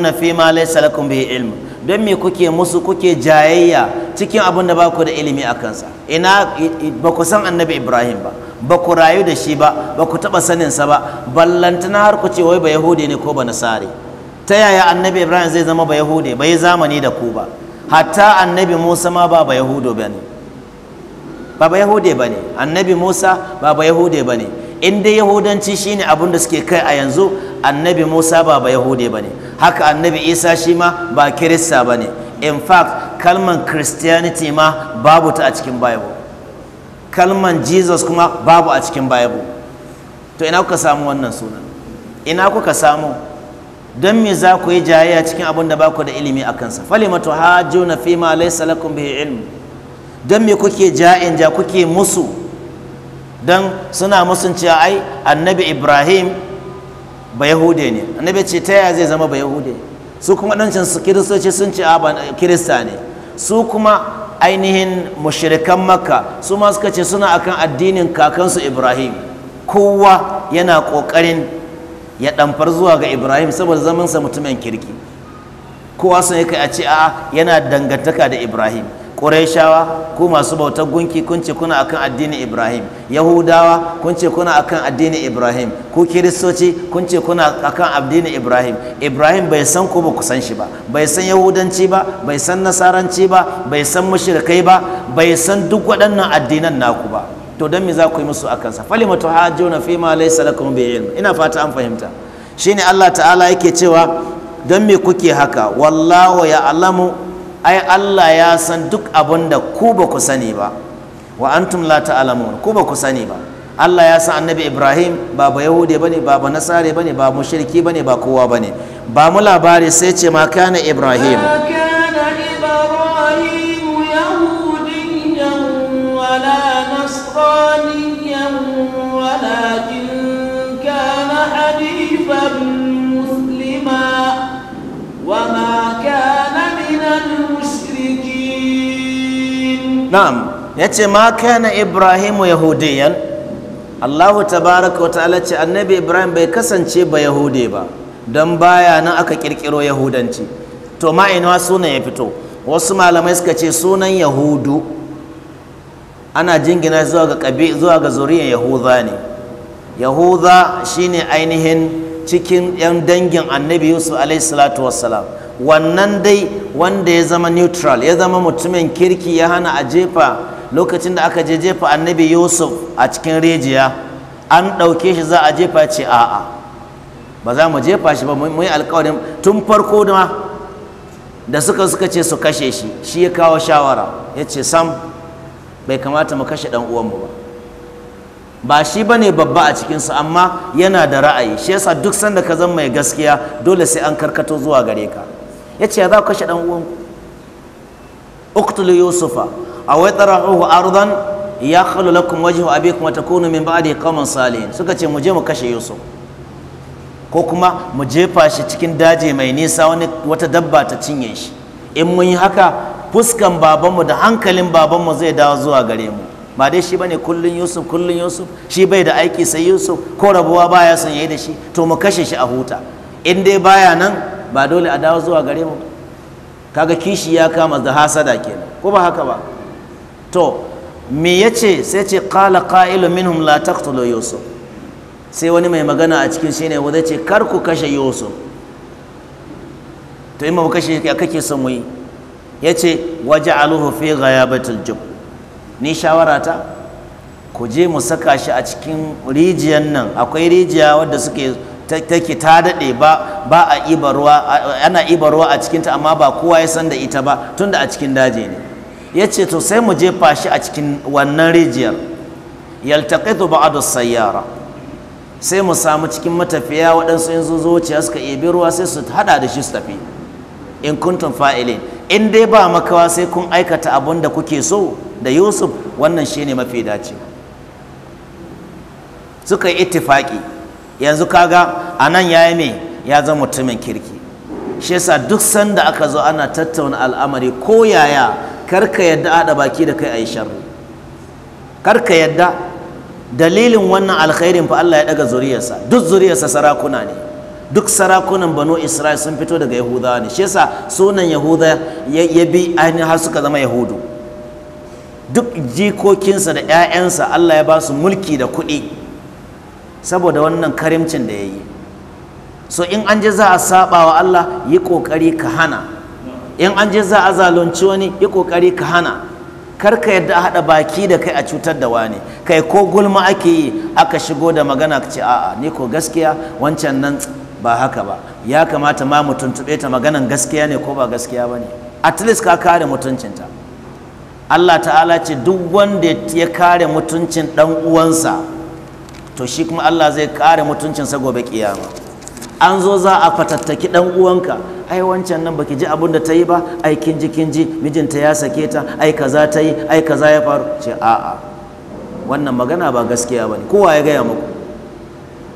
na fi ma laysa lakum bihi ilm don me kuke musu kuke jayayya cikin abin da baku da ilimi a kansa ina baku san annabi ibrahim ba Baku rayu da shi ba Baku ku taɓa saninsa ba ballantana har ku ce wai ba yahudi ne ko ba nasari ta yaya annabi ibrahim zai zama ba yahudi bai zamani da ku ba hatta annabi musa ma ba ba yahudo ba ne ba ba yahude ba ne annabi musa ba ba yahude ba ne in dai yahudanci shine abin da suke kai a yanzu annabi musa ba ba yahude ba ne haka annabi isa shi ma ba kirista ba ne in fact kalman christianity ma babu ta a cikin bible kalman jesus kuma babu a cikin bible to ina kuka samu wannan sunan ina kuka samu don me za ku yi jayayya cikin abin da baku da ilimi a kansa ha hajjuna fi ma laysa lakum bihi ilm don me kuke ja'in ja kuke musu don suna musun cewa ai annabi ibrahim ba yahude ne annabi ce ta yaya zai zama ba yahude su kuma ɗancin su kiristoci sun ce ba kirista ne su kuma ainihin mushrikan makka su ma suka ce suna akan addinin kakansu ibrahim kowa yana kokarin ya ɗamfar zuwa ga ibrahim saboda zamansa mutumin kirki kowa sun yi kai a ce a yana dangantaka da ibrahim Qurayshawa ku masu bautar gunki kun ce kuna akan addinin Ibrahim Yahudawa kun ce kuna akan addinin Ibrahim ku Kiristoci kun ce kuna akan addinin Ibrahim Ibrahim bai san ku ba ku san shi ba bai san Yahudanci ba bai san Nasaranci ba bai san mushrikai ba bai san duk waɗannan addinan naku ba to don me za ku yi musu akan sa falimatu hajjuna fi ma laysa lakum bi ilm ina fata an fahimta shine Allah ta'ala yake cewa dan me kuke haka wallahu ya ai Allah ya san duk abin da ku ba ku sani ba wa antum la ta'lamun ku ba ku sani ba Allah ya san annabi Ibrahim ba ba Yahude bane ba ba Nasare bane ba mushriki bane ba kowa bane ba mu labari sai ce ma kana Ibrahim Ibrahim na'am ya ce ma kana ibrahimu yahudiyan allahu tabaraka wa ta'ala ce annabi ibrahim bai kasance ba yahudi ba dan baya nan aka kirkiro yahudanci to ina sunan ya fito wasu malamai suka ce sunan yahudu ana jingina zuwa ga kabi zuwa ga zuriyar yahuda ne yahuda shine ainihin cikin yan dangin annabi yusuf alaihi salatu wassalam wannan dai wanda ya zama neutral ya zama mutumin kirki ya hana a jefa lokacin da aka je jefa annabi yusuf a cikin rijiya an ɗauke shi za a jefa ce a'a ba za mu jefa shi ba mu yi alkawarin tun farko da da suka suka ce su kashe shi shi ya kawo shawara ya ce sam bai kamata mu kashe ɗan uwanmu ba ba shi ba ne babba a cikinsu amma yana da ra'ayi shi yasa duk sanda ka zama mai gaskiya dole sai an karkato zuwa gare ka ya ce za ku kashe ɗan uwanku uktulu yusufa a wai tsarahu ardan ya khalu lakum wajhu abikum wa takunu min ba'di qauman salihin suka ce mu je mu kashe yusuf ko kuma mu jefa shi cikin daji mai nisa wani wata dabba ta cinye shi in mun yi haka fuskan babanmu da hankalin babanmu zai dawo zuwa gare mu ba dai shi bane kullun yusuf kullun yusuf shi bai da aiki sai yusuf ko rabuwa baya son yayi da shi to mu kashe shi a huta in dai baya nan ba dole a dawo zuwa gare mu kaga kishi ya kama da hasada kenan ko ba haka ba to me yace sai ce qala qa'ilu minhum la taqtulu yusuf sai wani mai magana a cikin shine wanda ce kar ku kashe yusuf to in ba kashe ya kake son mu yi yace waj'aluhu fi ghayabatil jub ni shawara ta ku je mu saka shi a cikin rijiyan nan akwai rijiya wadda suke take ta daɗe ba ba a iba ruwa ana iba ruwa a cikinta amma ba kowa ya san da ita ba tunda a cikin daji ne yace to sai mu je shi a cikin wannan rijiyar yaltaqitu ba'du sayyara sai mu samu cikin matafiya waɗansu yanzu zuciya suka ebi ruwa sai su haɗa da shi su tafi in kuntum fa'ilin in dai ba makawa sai kun aikata abun da kuke so da Yusuf wannan shine mafi dacewa suka yi ittifaqi yanzu kaga a nan ya yi ya zama mutumin kirki shi yasa duk sanda aka zo ana tattauna al'amari ko yaya karka yadda haɗa baki da kai a yi sharri karka yadda dalilin wannan alkhairin fa Allah ya daga zuriyarsa duk zuriyarsa sarakuna ne duk sarakunan banu Isra'il sun fito daga Yahudawa ne shi yasa sunan Yahuda ya bi ainihin har suka zama Yahudu duk jikokinsa da 'ya'yansa Allah ya ba su mulki da kuɗi saboda wannan karimcin da ya yi so in an je za a saba wa Allah yi kokari ka hana in an je za a zalunci wani yi kokari ka hana kar ka yadda a haɗa baki da kai a cutar da wani kai ko gulma ake yi aka shigo da magana ka ce a'a ni ko gaskiya wancan nan ba haka ba ya kamata ma mu tuntuɓe ta maganan gaskiya ne ko ba gaskiya ba ne at least ka kare mutuncinta Allah ta'ala ce duk wanda ya kare mutuncin ɗan uwansa to shi kuma Allah zai kare mutuncinsa gobe kiyama an zo za a fatattaki dan uwanka ai wancan nan baki ji abin da ta yi ba ai kin ji kin ji mijinta ya sake ta ai kaza ta yi ai kaza ya faru ce a'a wannan magana ba gaskiya bane kowa ya gaya muku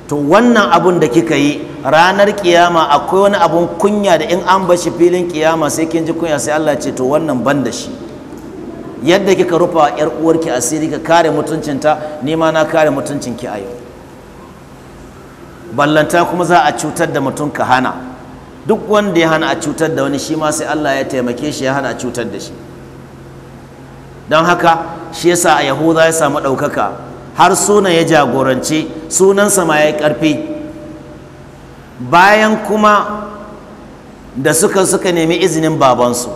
to wannan abun da kika yi ranar kiyama akwai wani abun kunya da in an bashi filin kiyama sai kin ji kunya sai Allah ce to wannan ban da shi yadda kika rufa yar uwarki asiri ka kare mutuncinta nima na kare mutuncinki a yau ballanta kuma za a cutar da mutum ka hana duk wanda ya hana a cutar da wani shi ma sai Allah ya taimake shi ya hana a cutar da shi don haka shi yasa a yahuda ya samu ɗaukaka har suna ya jagorance sunansa ma ya yi ƙarfi bayan kuma da suka suka nemi izinin babansu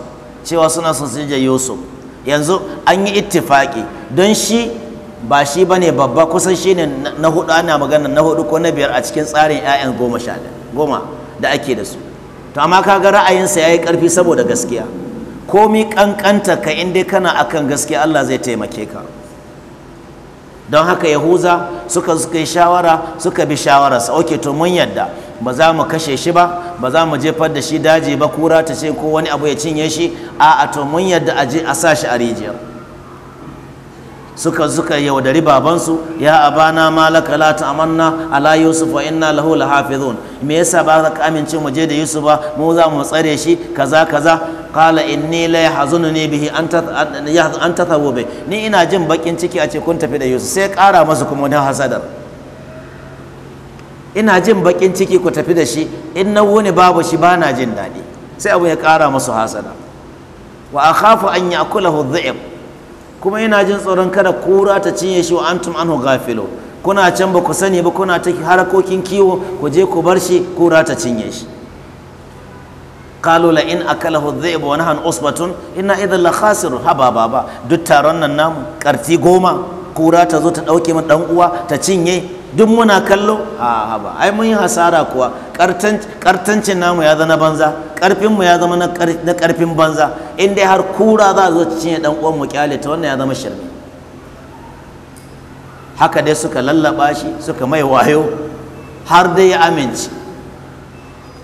cewa suna son su je Yusuf yanzu an yi ittifaki don shi ba shi ba ne babba kusan shi ne na hudu ana magana na hudu ko na biyar a cikin tsarin 'ya'yan goma sha goma da ake da su to amma ka ga ra'ayinsa ya yi ƙarfi saboda gaskiya komi ƙanƙanta ka in dai kana akan gaskiya Allah zai taimake ka don haka yahuza suka suka yi shawara suka bi shawararsa ok to mun yadda ba za mu kashe shi ba ba za mu jefar da shi daji ba kura ta ce ko wani abu ya cinye shi a to mun yadda a je a sa shi a rijiyar suka suka yaudari babansu ya abana malaka la ta'amanna ala yusuf wa inna lahu lahafizun me yasa ba za ka amince mu je da yusuf ba mu za mu tsare shi kaza kaza qala inni la yahzununi bihi an anta bi ni ina jin bakin ciki a ce kun tafi da yusuf sai kara masu kuma wani hasadar ina jin baƙin ciki ku tafi da shi in na wuni babu shi ba na jin daɗi sai abu ya ƙara musu hasada wa a anyi an kula dhi'b kuma ina jin tsoron kada kura ta cinye shi wa antum anhu ghafilu kuna can ba ku sani ba kuna ta harakokin kiwo ku je ku bar shi kura ta cinye shi qalu la in akalahu dhi'b wa hannu usbatun ina idhan la khasirun haba baba duk taron nan namu karti goma kura ta zo ta dauke mu dan uwa ta cinye duk muna kallo a haba ai mun yi hasara kuwa kartancin namu ya zama banza karfinmu ya zama na karfin banza inda har kura za a zo cinye dan uwan mu kyale ta wannan ya zama shirme haka dai suka lallaba shi suka mai wayo har dai ya amince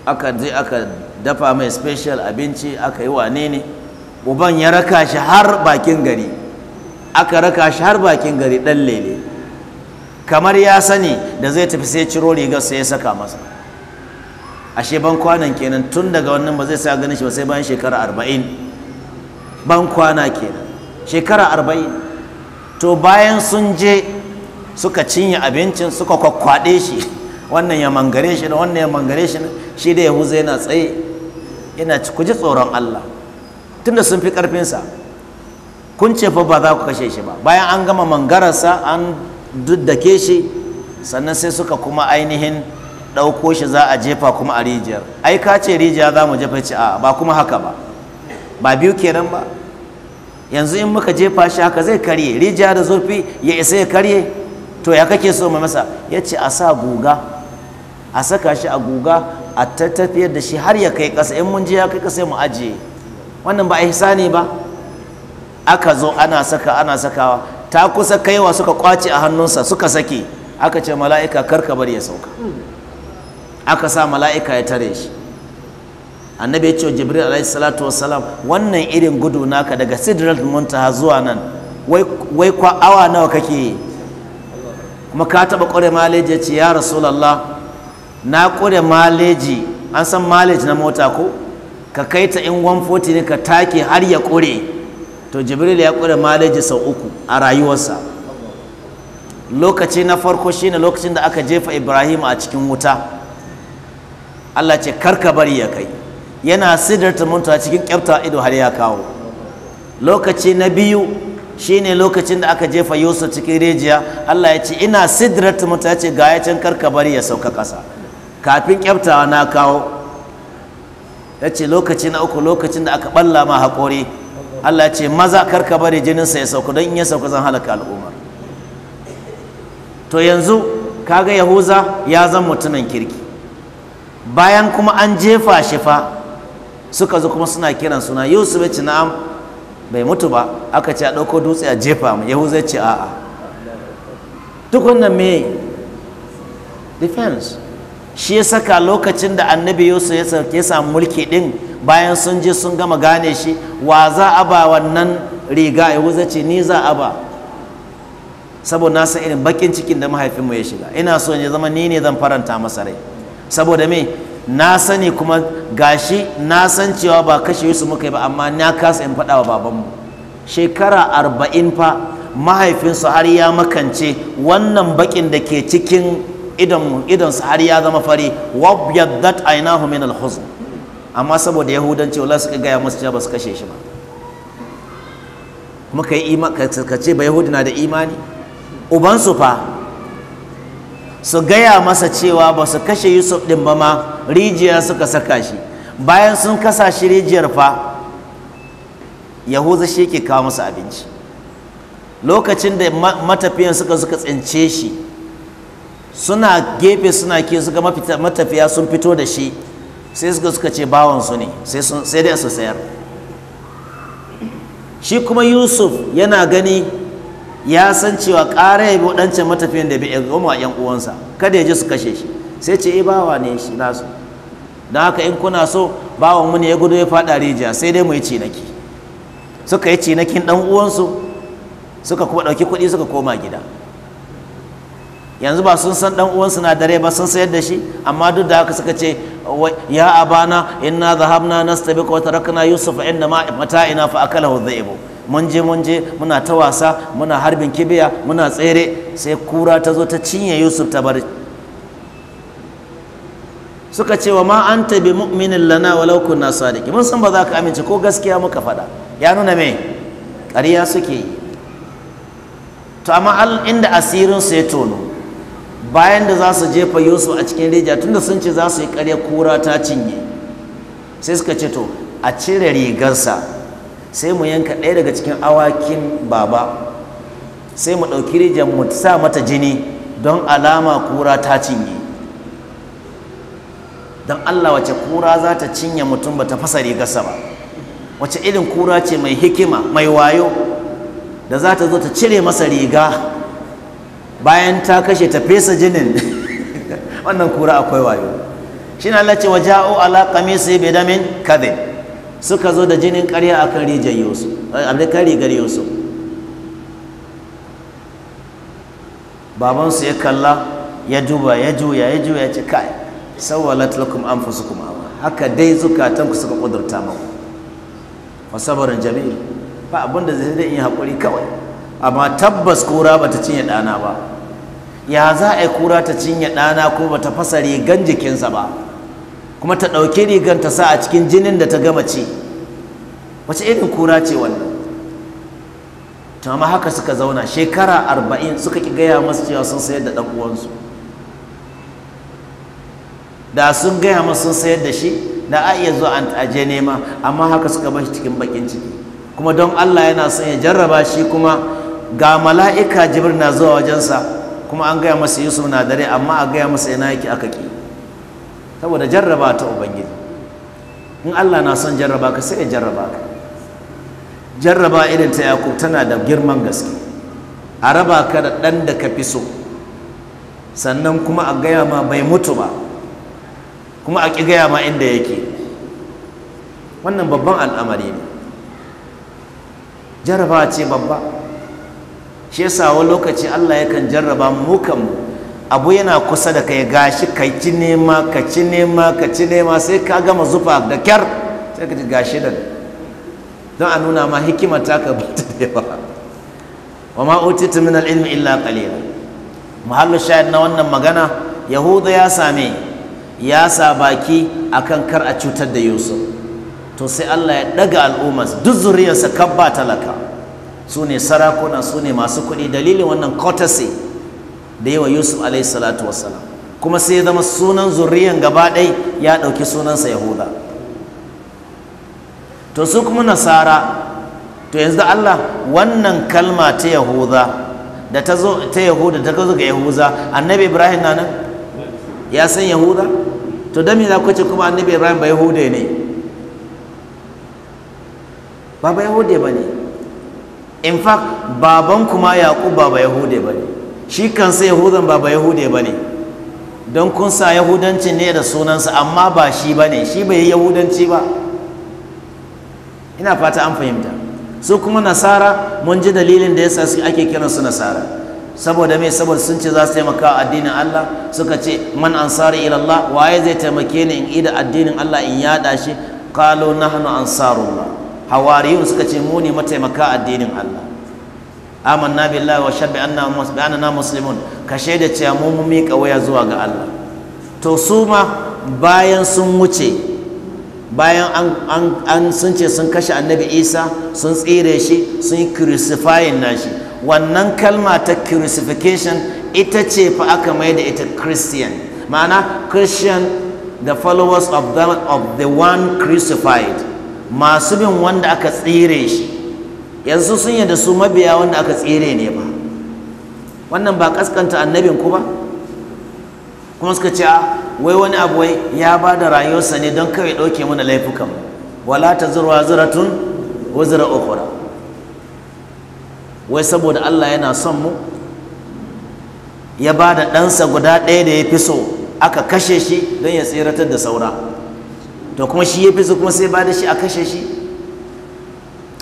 aka je aka dafa mai special abinci aka yi wane ne uban ya raka shi har bakin gari aka raka shi har bakin gari dan lele kamar ya sani da zai tafi sai ciro rigar sai ya saka masa ashe ban kwanan kenan tun daga wannan ba zai sa ganin shi ba sai bayan shekara arba'in ban kwana kenan shekara arba'in to bayan sun je suka cinye abincin suka kwakwaɗe shi wannan ya mangare shi da wannan ya mangare shi shi da huza yana tsaye yana ku ji tsoron allah tunda sun fi ƙarfinsa kun ce fa ba za ku kashe shi ba bayan an gama mangararsa an duk da ke shi sannan sai suka kuma ainihin ɗauko shi za a jefa kuma a rijiyar ai ka ce rijiya za mu jefa a ba kuma haka ba ba biyu kenan ba yanzu in muka jefa shi haka zai karye rijiya da zurfi ya isa ya karye to ya kake so ma masa ya ce a sa guga a saka shi a guga a tattafiyar da shi har ya kai kasa. in mun je ya kai ƙasa mu ajiye wannan ba a ihsani ba aka zo ana saka ana sakawa ta kusa kaiwa suka kwace a hannunsa suka sake aka ce mala'ika karka bari ya sauka aka sa mala'ika ya tare shi annabi ya ce jibril alaihi salatu wassalam wannan irin gudu naka daga sidrat muntaha zuwa nan wai kwa awa nawa kake kuma ka taba kure maleji ya ce ya rasulallah na kure maleji an san maleji na mota ko ka kai ta in 140 ne ka take har ya kure to jibril ya ƙure maleji sau uku a rayuwarsa lokaci na farko shine lokacin da aka jefa ibrahim a cikin wuta allah ce karka bari ya kai yana sidarta munta cikin kyauta ido har ya kawo lokaci na biyu shine lokacin da aka jefa yusuf cikin rijiya allah ya ce ina sidratu mutu ya ce ga ya can karka bari ya sauka ƙasa kafin kyauta na kawo ya ce lokaci na uku lokacin da aka balla ma haƙori Allah ce maza karka bari jinin sa ya sauka don in ya sauka zan halaka al'umma to yanzu kaga yahuza ya zan mutumin kirki bayan kuma an jefa shi fa suka zo kuma suna kiran suna yusuf ya ce na'am bai mutu ba aka ce a ɗauko dutse a jefa mu yahuza ya ce a'a duk wannan me defense shi ya saka lokacin da annabi yusuf ya samu mulki din bayan sun je sun gama gane shi wa za a ba wannan riga ya wuza ce ni za a ba saboda na irin bakin cikin da mahaifinmu ya shiga ina so ya zama ni ne zan faranta masa rai saboda me na sani kuma gashi na san cewa ba kashe yusuf muka yi ba amma na kasa in faɗa wa babanmu shekara arba'in fa mahaifinsu har ya makance wannan bakin da ke cikin idan su har ya zama fari wabyaddat ainahu min al-huzn amma saboda yahudanci wala suka gaya musu cewa ba su kashe shi ba kuma kai ima ka ce ba yahudi na da imani uban su fa su gaya masa cewa ba su kashe yusuf din ba ma rijiya suka saka shi bayan sun kasa shi rijiyar fa yahuza shi ke kawo masu abinci lokacin da matafiyan suka suka tsince shi suna gefe suna ke suka matafiya sun fito da shi sai suka suka ce bawansu ne sai dai su sayar shi kuma yusuf yana gani ya san cewa ƙara ya bi waɗancan matafiyan da bai ya goma yan uwansa kada ya ji su kashe shi sai ce eh, bawa ne shi nasu don haka in kuna so bawan mu ne ya gudu ya faɗa rijiya sai dai mu yi cinaki suka yi cinakin ɗan uwansu suka kuma ɗauki kuɗi suka koma gida yanzu ba sun san dan uwansu na dare ba sun sayar da shi amma duk da haka suka ce ya abana inna zahabna nastabiqu wa tarakna yusuf inda ma mata'ina fa akalahu dhaibu mun je mun je muna ta wasa muna harbin kibiya muna tsere sai kura ta zo ta cinye yusuf ta bar suka ce wa ma anta bi mu'minin lana walau kunna sadiki mun san ba za ka amince ko gaskiya muka faɗa ya nuna me ƙarya suke yi to amma inda asirin su ya tono bayan da za su jefa yusuf a cikin rijiya tunda sun ce za su yi karya kura ta cinye sai suka ce to a cire rigarsa sai mu yanka ɗaya daga cikin awakin baba sai mu ɗauki rijar mu sa mata jini don alama kura ta cinye don allah wace kura za ta cinye mutum ba ta fasa rigarsa ba wace irin kura ce mai hikima mai wayo da za ta zo ta cire masa riga bayan ta kashe ta fesa jinin wannan kura akwai wayo shi na Allah ce wa ja'o ala qamisi bi damin kadhib suka zo da jinin ƙarya akan rijiyar Yusuf akan rigar Yusuf babansu ya kalla ya duba ya juya ya juya ya ce kai sawwalat lakum anfusukum ba. haka dai ku suka kudurta maku fa sabrun jamil ba abinda zai da in hakuri kawai amma tabbas kura bata cinye dana ba ya za a yi kura ta cinye ɗana ko ba ta fasa rigan jikinsa ba kuma ta ɗauki rigan ta sa a cikin jinin da ta gama ci wace irin kura ce wannan to amma haka suka zauna shekara arba'in suka ki gaya masu cewa sun sayar da ɗan uwansu da sun gaya masu sun sayar da shi da a iya zuwa an aje nema amma haka suka bar shi cikin bakin ciki kuma don Allah yana son ya jarraba shi kuma ga mala'ika jibir na zuwa wajensa kuma an gaya masa yusuf na dare amma a gaya masa yana yake aka ƙi saboda jarraba ta ubangiji in allah na son jarraba ka sai ya jarraba ka jarraba irin ta yakub tana da girman gaske a raba ka da ɗan da ka fi so sannan kuma a gaya ma bai mutu ba kuma a ƙi gaya ma inda yake wannan babban al'amari ne jarraba ce babba shi sa wani lokaci Allah yakan jarraba mu abu yana kusa da kai gashi ka ci nema ka ci nema ka ci nema sai ka gama zufa da kyar sai ka ji gashi da don a nuna ma hikima ta ka ba ta da yawa wa ma utitu min al-ilmi illa qalila muhallu shayar na wannan magana yahuda ya same ya sa baki akan kar a cutar da yusuf to sai Allah ya daga al'ummas duk zuriyarsa kabba talaka su ne sarakuna su ne masu kuɗi dalilin wannan courtesy da yi wa yusuf alaihi salatu wassalam kuma sai ya zama sunan zurriyan gaba ɗai ya ɗauki sunansa yahuda to su kuma nasara to yanzu da allah wannan kalma ta yahuda da ta zo ta yahuda ta zo ga yahuda annabi ibrahim na nan ya san yahuda to da me za ku ce kuma annabi ibrahim ba yahuda ne ba ba yahuda ba ne in fact baban kuma yaqub baba yahude ne. shi kansa yahudan baba yahude ne. don kun sa yahudanci ne da sunansa amma ba shi ba ne. shi bai yi yahudanci ba ina fata an fahimta su kuma nasara mun ji dalilin da yasa ake su nasara saboda mai saboda sun ce za su taimaka addinin Allah suka ce man ansari ila Allah waye zai taimake ni in ida addinin Allah in yada shi qalu nahnu ansarullah hawariyun suka ce mu ne mataimaka addinin Allah amanna billahi wa shabbi anna bi muslimun ka shaida cewa mu mun miƙa waya zuwa ga Allah to su ma bayan sun wuce bayan an sun ce sun kashe annabi Isa sun tsire shi sun yi crucifying nashi wannan kalma ta crucifixion ita ce fa aka mai da ita Christian ma'ana Christian the followers of the, of the one crucified masu bin wanda aka tsire shi yanzu sun da su mabiya wanda aka tsire ne ba wannan ba kaskanta annabin ku ba kuma suka ce a wai wani abu wai ya ba da rayuwarsa ne don kawai ɗauke mana laifukan wala ta zurwa zuratun wazira okura wai saboda Allah yana son mu ya ba da ɗansa guda ɗaya da ya fi so aka kashe shi don ya tseratar da saura to kuma shi ya fi su kuma sai ba da shi a kashe shi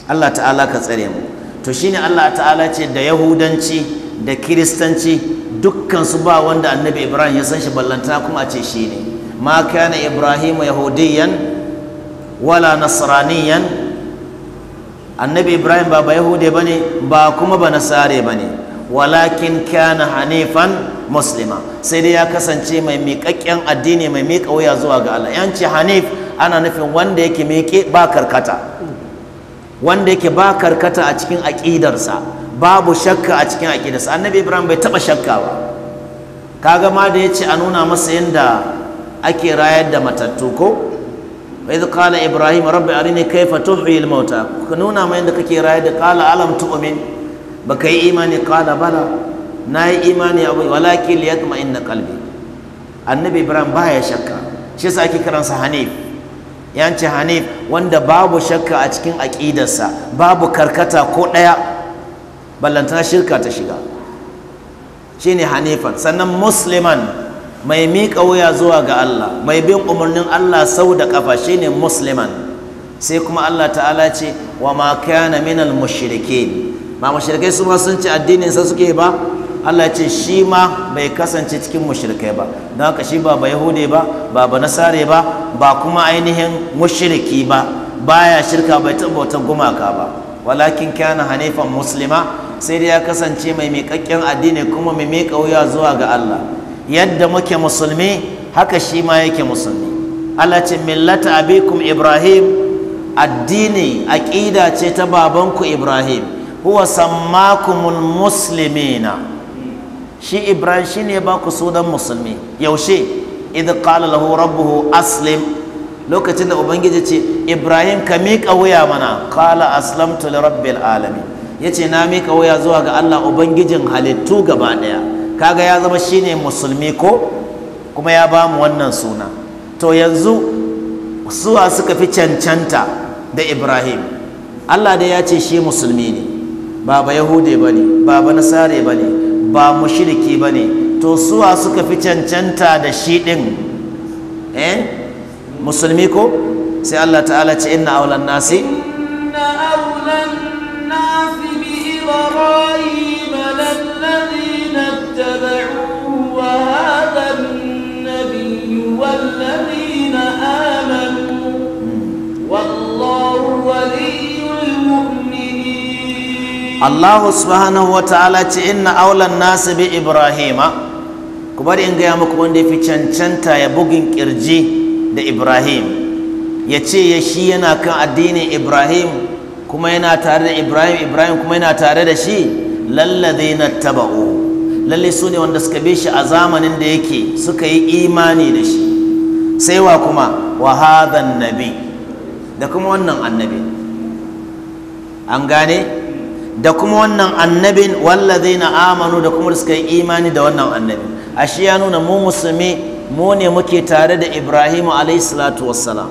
Allah ta'ala ka tsare mu to shine Allah ta'ala ce da yahudanci da kiristanci dukkan su ba wanda annabi ibrahim ya san shi ballantana kuma a ce shi ne ma kana ibrahim yahudiyan wala nasraniyan annabi ibrahim ba ba yahude bane ba kuma ba nasare bane walakin kana hanifan muslima sai dai ya kasance mai miƙaƙƙen addini mai miƙa wuya zuwa ga Allah yanci hanif ana nufin wanda yake miƙe ba karkata wanda yake ba karkata a cikin aƙidarsa babu shakka a cikin aƙidarsa annabi ibrahim bai taɓa shakka ba kaga ma da ya ce a nuna masa yadda ake rayar da matattu ko وإذ قال إبراهيم رب أرني كيف تحيي الموتى كنونا ما عندك كي رايد قال ألم تؤمن بكي إيماني قال بلى na yi imani abu walakin liyat yatma inna annabi ibrahim ba ya shakka shi yasa ake karansa hanif yanci hanif wanda babu shakka a cikin aƙidarsa babu karkata ko ɗaya ballantana shirka ta shiga Shi ne hanifan sannan musliman mai miƙa wuya zuwa ga Allah mai bin umarnin Allah sau da ƙafa shi ne musliman sai kuma Allah ta'ala ce wa ma kana minal mushrikin ba mushrikai su ma sun ci addinin sa suke ba Allah ce shi ma bai kasance cikin mushrikai ba don haka shi ba ba yahude ba ba ba nasare ba ba kuma ainihin mushriki ba baya shirka bai taɓa wata gumaka ba walakin kana hanifan muslima sai dai ya kasance mai miƙaƙƙen addini kuma mai miƙa wuya zuwa ga Allah yadda muke musulmi haka shi ma yake musulmi Allah ce millata abikum ibrahim addini aƙida ce ta babanku ibrahim huwa sammakumul muslimina shi ibrahim shi ne ba ku sunan musulmi yaushe idan qala lahu rabbuhu aslim lokacin da ubangiji ce ibrahim ka miƙa wuya mana qala aslamtu li rabbil alamin yace na miƙa wuya zuwa ga Allah ubangijin halittu gaba ɗaya kaga ya zama shine musulmi ko kuma ya ba mu wannan suna to yanzu suwa suka fi cancanta da ibrahim Allah dai ya ce shi musulmi ne ba ba yahude ba ne ba nasare ba ne ba mushriki bane to suwa suka fi cancanta da shi din eh musulmi ko sai Allah ta'ala ce inna aulan nasi inna aulan nasi bi ibrahim alladhina ittaba'u wa hadha an-nabiyyu walladhina amanu wallahu wali Allah subhanahu wa ta'ala ce inna aulan nasu bi Ibrahima ku bari in gaya muku wanda ya fi cancanta ya bugin kirji da Ibrahim ya ce ya shi yana kan addinin Ibrahim kuma yana tare da Ibrahim Ibrahim kuma yana tare da shi zai na taba'u lalle su ne wanda suka bi shi a zamanin da yake suka yi imani da shi sai wa kuma wa nabi da kuma wannan annabi an gane da kuma wannan annabin na amanu da kuma suka yi imani da wannan annabin ashe ya nuna mu musulmi mu ne muke tare da Ibrahim alayhi salatu wassalam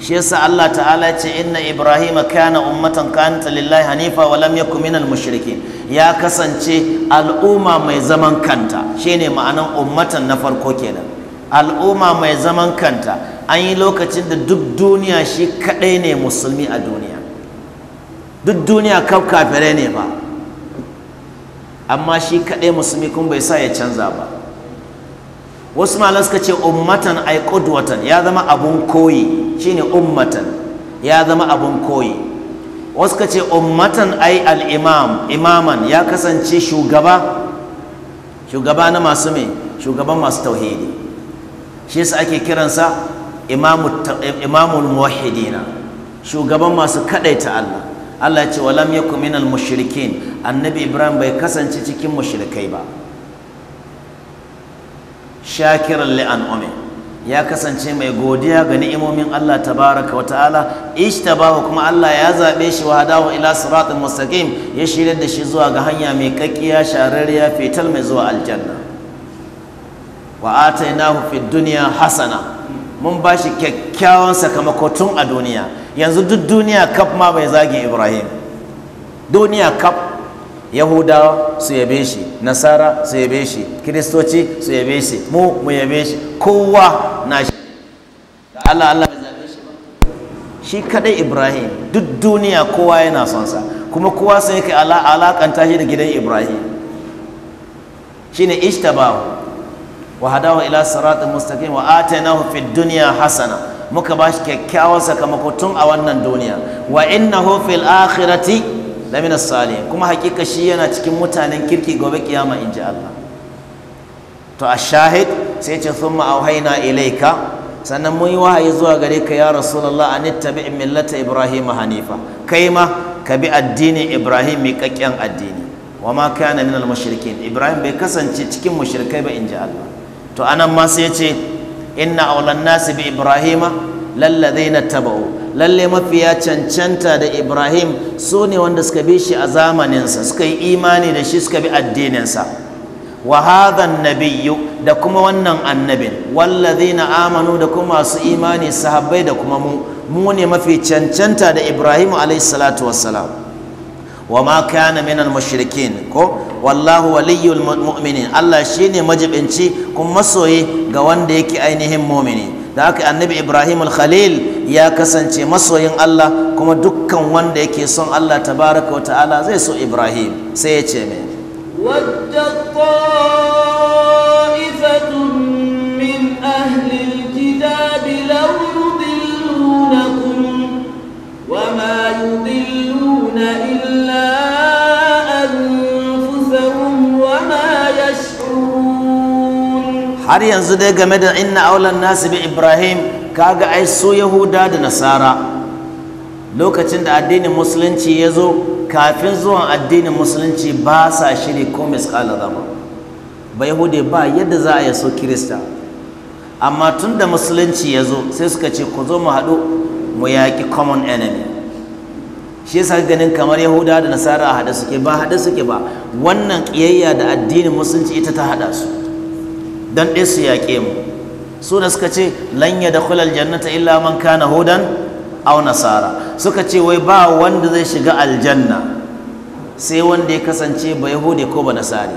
shi yasa Allah ta'ala ce inna Ibrahim kana ummatan kanta lillahi hanifa wa lam yakun minal mushrikin ya kasance al'umma mai zaman kanta shine ma'anan ummatan na farko kenan al'umma mai zaman kanta an yi lokacin da duk duniya shi kadai ne musulmi a duniya duk duniya kaf kafirai ne ba amma shi kaɗai musulmi kuma bai sa ya canza ba wasu ma suka ce ummatan ay qudwatan ya zama abun koyi shine ummatan ya zama abun koyi wasu suka ce ummatan ay al-imam imaman ya kasance shugaba shugaba na masu me shugaban masu tauhidi shi yasa ake kiransa imamul muwahhidina shugaban masu kadaita Allah Allah ya ce walam yakum minal mushrikin annabi Ibrahim bai kasance cikin mushrikai ba shakiran li umi ya kasance mai godiya ga ni'imomin Allah tabaraka wa ta'ala ishtabahu kuma Allah ya zabe shi wa hadahu ila siratin mustaqim ya shirya da shi zuwa ga hanya mai kakkiya shararriya fetal mai zuwa aljanna wa atainahu fid dunya hasana mun bashi kyakkyawan sakamako tun a duniya yanzu duk duniya kaf ma bai zage ibrahim duniya kaf yahudawa su yabe shi nasara su yabe shi kiristoci su yabe shi mu mu yabe shi kowa na shi Da Allah Allah bai zabe shi ba shi kadai ibrahim duk duniya kowa yana son sa kuma kowa sai kai alakanta shi da gidan ibrahim shine ishtabahu wa hadahu ila siratin mustaqim wa atainahu fid dunya hasana muka ba shi kyakkyawan sakamako tun a wannan duniya wa innahu fil akhirati lamina salihin kuma hakika shi yana cikin mutanen kirki gobe kiyama in ji Allah to a shahid sai ce thumma auhayna ilaika sannan mun yi wahayi zuwa gare ka ya rasulullah an tabi millata ibrahim hanifa kai ma ka bi addinin ibrahim miƙaƙƙen addini wa ma kana minal mushrikin ibrahim bai kasance cikin mushrikai ba in ji Allah to anan ma sai ya ce inna aulan nasi bi ibrahima lalladaina taba'u lalle mafiya cancanta da ibrahim su ne wanda suka bi shi a zamaninsa suka yi imani da shi suka bi addininsa wa hadhan nabiyyu da kuma wannan annabin na amanu da kuma masu imani sahabbai da kuma mu mu ne mafi cancanta da ibrahim alayhi salatu wassalam wa ma kana minal mushrikin ko wallahu waliyyul mu'minin Allah shine majibinci kuma masoyi ga wanda yake ainihin mu'mini da haka annabi Ibrahim al-Khalil ya kasance masoyin Allah kuma dukkan wanda yake son Allah tabaraka wa ta'ala zai so Ibrahim sai yace ce min ahli har yanzu dai game da inna aulan nasu bi ibrahim kaga ai su yahuda da nasara lokacin da addinin musulunci ya zo kafin zuwan addinin musulunci ba sa shiri ko miskala zama ba yahude ba yadda za a yi so kirista amma tun da musulunci ya zo sai suka ce ku zo mu haɗu mu yaƙi common enemy shi yasa ganin kamar yahuda da nasara a haɗe suke ba haɗe suke ba wannan ƙiyayya da addinin musulunci ita ta haɗa su Dan ɗaya su yaƙe mu su da suka ce lanya da kulal jannata illa man kana hudan au nasara suka ce wai ba wanda zai shiga aljanna sai wanda ya kasance ba yahudi ko ba nasari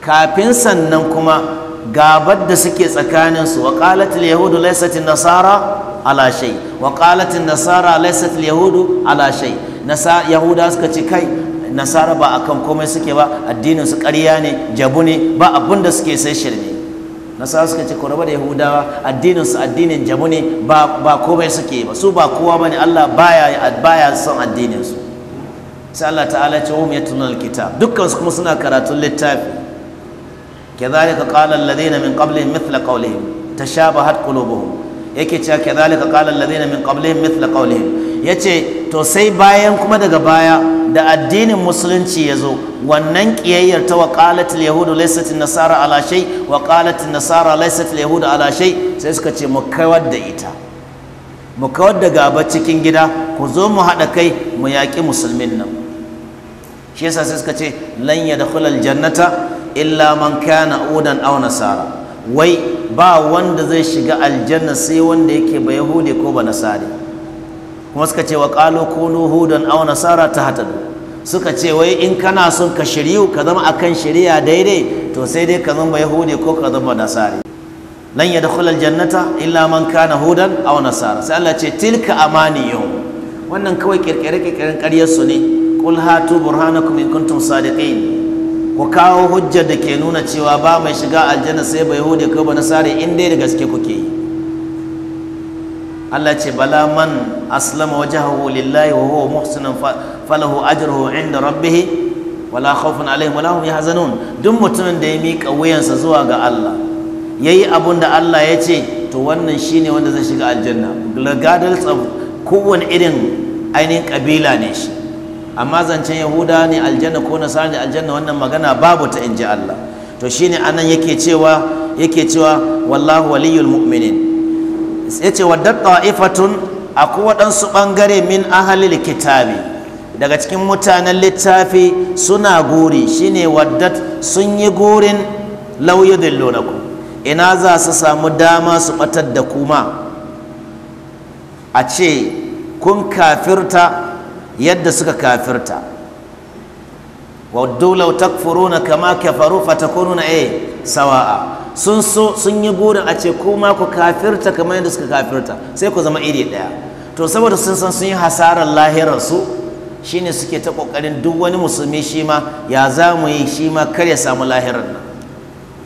kafin sannan kuma gabar da suke tsakaninsu wa qalatil yahudu laysat nasara ala shay wa nasara laysat yahudu ala shay nasa yahuda suka ce kai nasara ba akan komai suke ba addinin su ƙarya ne jabu ne ba abin da suke sai shirme nasara suka ce koraba da yahudawa addinin su addinin jabu ne ba ba komai suke ba su ba kowa bane Allah baya baya son addinin su sai Allah ta'ala ce hum yatluna alkitab dukkan su kuma suna karatun littafi kadhalika qala alladhina min qablihim mithla qawlihim tashabahat qulubuhum yake cewa kadhalika qala alladhina min qablihim mithla qawlihim ya ce to sai bayan kuma daga baya da addinin musulunci ya zo wannan kiyayyar ta wa yahudu laisatul nasara ala shay wa nasara laisatul yahudu ala shay sai suka ce mu kawar da ita mu kawar da gaba cikin gida ku zo mu haɗa kai mu yaƙi musulmin nan shi yasa sai suka ce lan yadkhul aljannata illa man kana udan aw nasara wai ba wanda zai shiga aljanna sai wanda yake ba yahudi ko ba nasari kuma suka ce wa qalu kunu hudan aw nasara tahtadu suka ce wai in kana son ka shiryu ka zama akan shari'a daidai to sai dai ka zama yahudi ko ka zama nasari lan yadkhul aljannata illa man kana hudan aw nasara sai Allah ce tilka amaniyum wannan kawai kirkire kirkiren ƙaryar su ne qul hatu burhanakum in kuntum sadiqin ku kawo hujjar da ke nuna cewa ba mai shiga aljanna sai ba yahudi ko ba nasari in dai da gaske kuke yi Allah ce bala man aslama wajhahu lillahi wa huwa muhsinan falahu ajruhu inda rabbih wala khawfun alaihim wala hum yahzanun duk mutumin da ya mika wuyansa zuwa ga Allah yayi abun da Allah ya ce to wannan shine wanda zai shiga aljanna regardless of kowane irin ainihin kabila ne shi amma zancen yahuda ne aljanna ko nasara ne aljanna wannan magana babu ta inji Allah to shine anan yake cewa yake cewa wallahu waliyul mu'minin ya ce wadda ifatun akwai waɗansu ɓangare min ahalil kitabi daga cikin mutanen littafi suna gori shine waddat sun yi gorin lauyi lonaku ina za su samu dama su ɓatar da kuma a ce kun kafirta yadda suka kafirta waddu law takfuruna kama kafaru fatakununa eh sawa'a sun so sun yi burin a ce ma ku kafirta kamar yadda suka kafirta sai ku zama iri ɗaya to saboda sun san sun yi hasarar lahirarsu shine suke ta kokarin duk wani musulmi shi ma ya za mu yi shi ma kar ya samu lahirar nan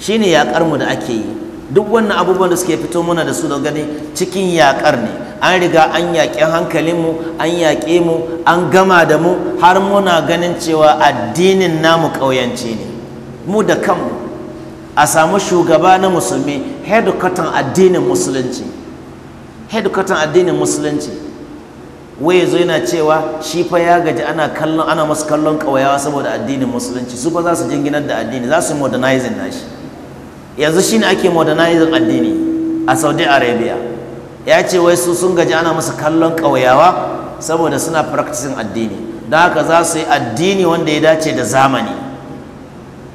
shine yaƙar mu da ake yi duk wannan abubuwan da suke fito muna da su da gani cikin yakar ne an riga an yaƙi hankalinmu an yaƙe mu an gama da mu har muna ganin cewa addinin namu ƙauyanci ne mu da kanmu a samu shugaba na musulmi headquarter addinin musulunci headquarter addinin musulunci waye zo yana cewa shi fa ya gaji ana kallon ana masu kallon ƙauyawa saboda addinin musulunci su fa za su jinginar da addini za su modernizing nashi yanzu shine ake modernizing addini a Saudi Arabia ya ce wai su sun gaji ana musu kallon ƙauyawa saboda suna practicing addini don haka za su yi addini wanda ya dace da zamani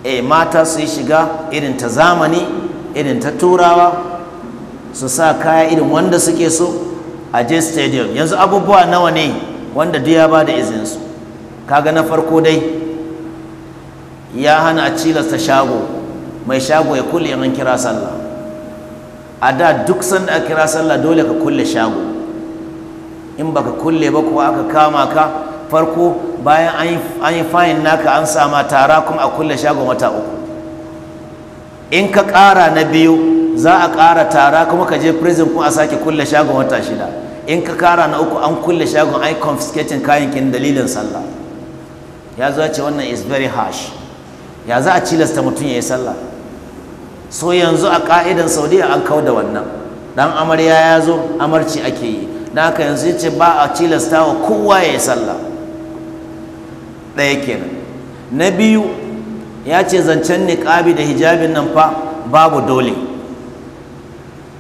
E mata su yi shiga irin ta zamani irin ta turawa su sa kaya irin wanda suke so a je stadium yanzu abubuwa nawa ne wanda duk ya ba da su kaga na farko dai ya hana a cilasta shago mai shago ya kulle an kira sallah a da duk sanda a kira sallah dole ka kulle shago in baka kulle ba kuwa aka kama ka farko bayan an yi fayin naka an sama tara kuma a kulle shago wata uku in ka ƙara na biyu za a ƙara tara kuma ka je prison kuma a sake kulle shago wata shida in ka ƙara na uku an kulle shagon ai confiscating kayan kin dalilin sallah ya zo ce wannan is very harsh ya za a cilasta mutum ya yi sallah so yanzu a ka'idan saudiya an kau da wannan dan amarya ya zo amarci ake yi dan haka yanzu ce ba a tilasta wa kowa ya yi sallah ɗaya kenan na biyu ya ce zancen niƙabi da hijabin nan fa babu dole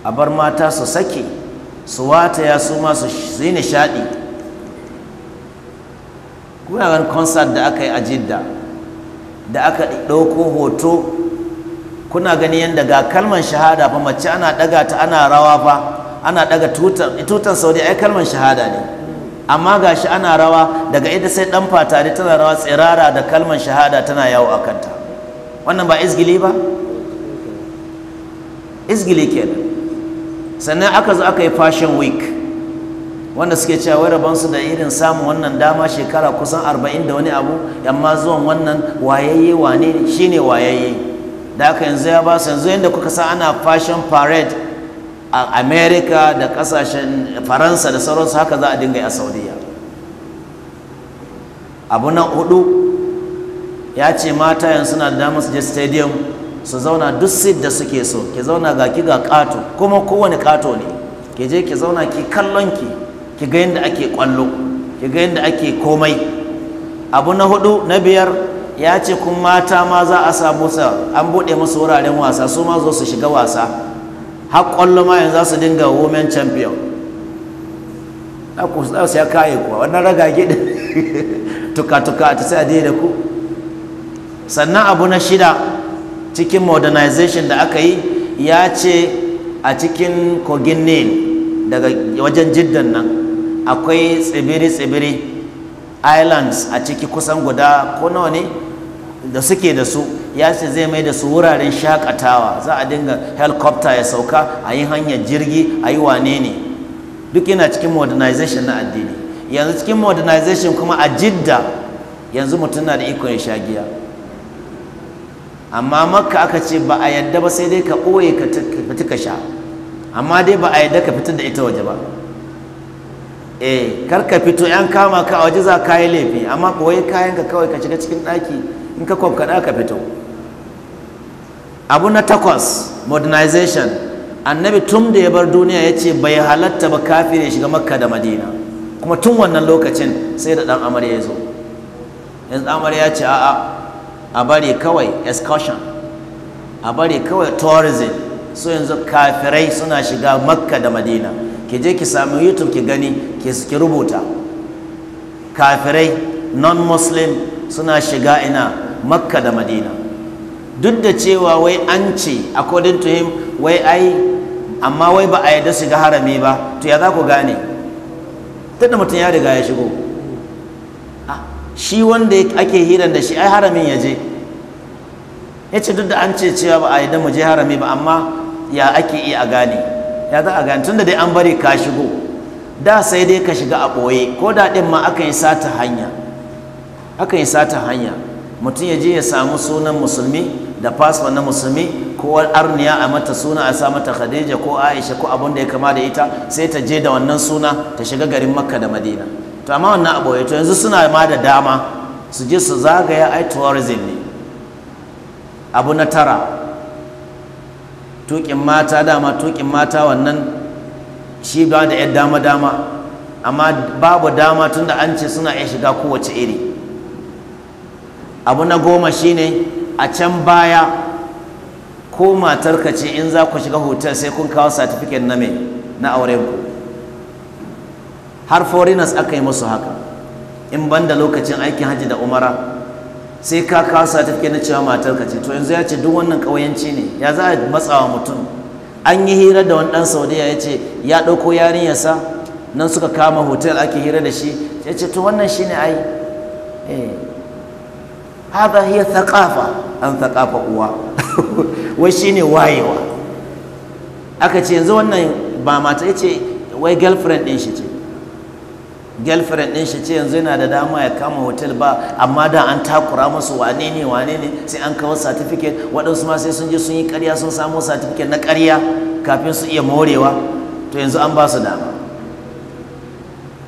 a bar mata su sake su wataya su ma su yi nishaɗi kuna ganin concert da aka yi a jidda da aka ɗauko hoto kuna gani yadda ga kalmar shahada fa mace ana daga ta ana rawa fa ana daga tutan saudi ai kalmar shahada ne amma ga shi ana rawa daga ita sai dan fata da tana rawa tsirara da kalmar shahada tana yawo a kanta wannan ba izgili ba izgili nan. sannan aka zo aka yi fashion week wanda suke cewa wai su da irin samun wannan dama shekara kusan arba'in da wani abu amma zuwan wannan wayayye wane shine wayayye da aka yanzu ya ba su yanzu yadda kuka sa ana fashion parade a Amerika da kasashen faransa da sauransu haka za a dinga yi a saudiya abu na hudu ya ce mata yanzu suna da damar su je stadium su zauna duk sit da suke so ki zauna ga ki ga kato kuma kowane kato ne ki je ki zauna ki kallon ki ki ga yadda ake kwallo ki ga yadda ake komai abu na hudu na biyar ya ce kun mata ma za a samu sa an buɗe musu wuraren wasa su ma zo su shiga wasa har ƙwallo ma yanzu za su dinga women champion na ku za su ya kaye kuwa wannan raga da tuka-tuka ta sai a da ku sannan abu na shida cikin modernization da aka yi ya ce a cikin kogin nil daga wajen jiddan nan akwai tsibiri-tsibiri islands a ciki kusan guda ko nawa ne da suke da su ya ce zai mai da su wuraren shakatawa za a dinga helicopter ya sauka a yi hanyar jirgi a yi wane ne duk yana cikin modernization na addini yanzu cikin modernization kuma a jidda yanzu mutum na da ikon ya sha giya amma makka aka ce ba a yadda ba sai dai ka ɓoye ka fita ka sha amma dai ba a yadda ka fitar da ita waje ba eh kar ka fito yan kama ka a waje za ka yi laifi amma ɓoye kayan ka kawai ka shiga cikin ɗaki in ka kwankana ka fito abu na takwas modernization annabi tun da ya bar duniya ya ce bai halatta ba kafin ya shiga makka da madina kuma tun wannan lokacin sai da ɗan amarya ya zo yanzu amarya ce a'a a bari kawai excursion a bari kawai tourism so yanzu kafirai suna shiga makka da madina ki je ki sami youtube ki gani ki rubuta kafirai non-muslim suna shiga ina makka da madina duk da cewa wai an ce according to him wai ai amma wai ba a su shiga harami ba to ya za ku gane tunda mutum ya riga ya shigo ah, shi wanda ake hiran da shi ai haramin ya je ya ce duk da an ce cewa ba a yadda mu je harami ba amma ya ake iya a gane ya za a gane tunda dai an bari ka shigo da sai dai ka shiga a ɓoye ko da ɗin ma aka yi sata hanya akan yi sata hanya mutum ya je ya samu sunan musulmi da fasfa na musulmi ko arniya a mata suna a sa mata khadija ko aisha ko abin ya kama da ita sai ta je da wannan suna ta shiga garin makka da madina to amma wannan abu to yanzu suna ma da dama su je su zagaya ai tourism ne abu na tara tukin mata dama tukin mata wannan shi ba da 'yar dama-dama amma babu dama tunda an ce suna iya shiga kowace iri abu na goma shine a can baya ko matarka ce in za ku shiga hotel sai kun kawo satifiket na me na aurenku har foreigners aka yi musu haka in banda lokacin aikin hajji da umara sai ka kawo satifiket na cewa matarka ce to yanzu ya ce duk wannan ƙauyenci ne ya za a matsawa mutum an yi hira da wani ɗan saudiya ya ce ya ɗauko yarinyarsa nan suka kama hotel ake hira da shi ya ce to wannan shine ai eh hadha hiya thaqafa an thaqafa uwa wai shine wayewa aka ce yanzu wannan ba mata yace wai girlfriend din shi ce girlfriend din shi ce yanzu yana da dama ya kama hotel ba amma da an takura musu wane ne wane ne sai an kawo certificate waɗansu ma sai sun je sun yi ƙarya sun samo certificate na ƙarya kafin su iya morewa to yanzu an ba su dama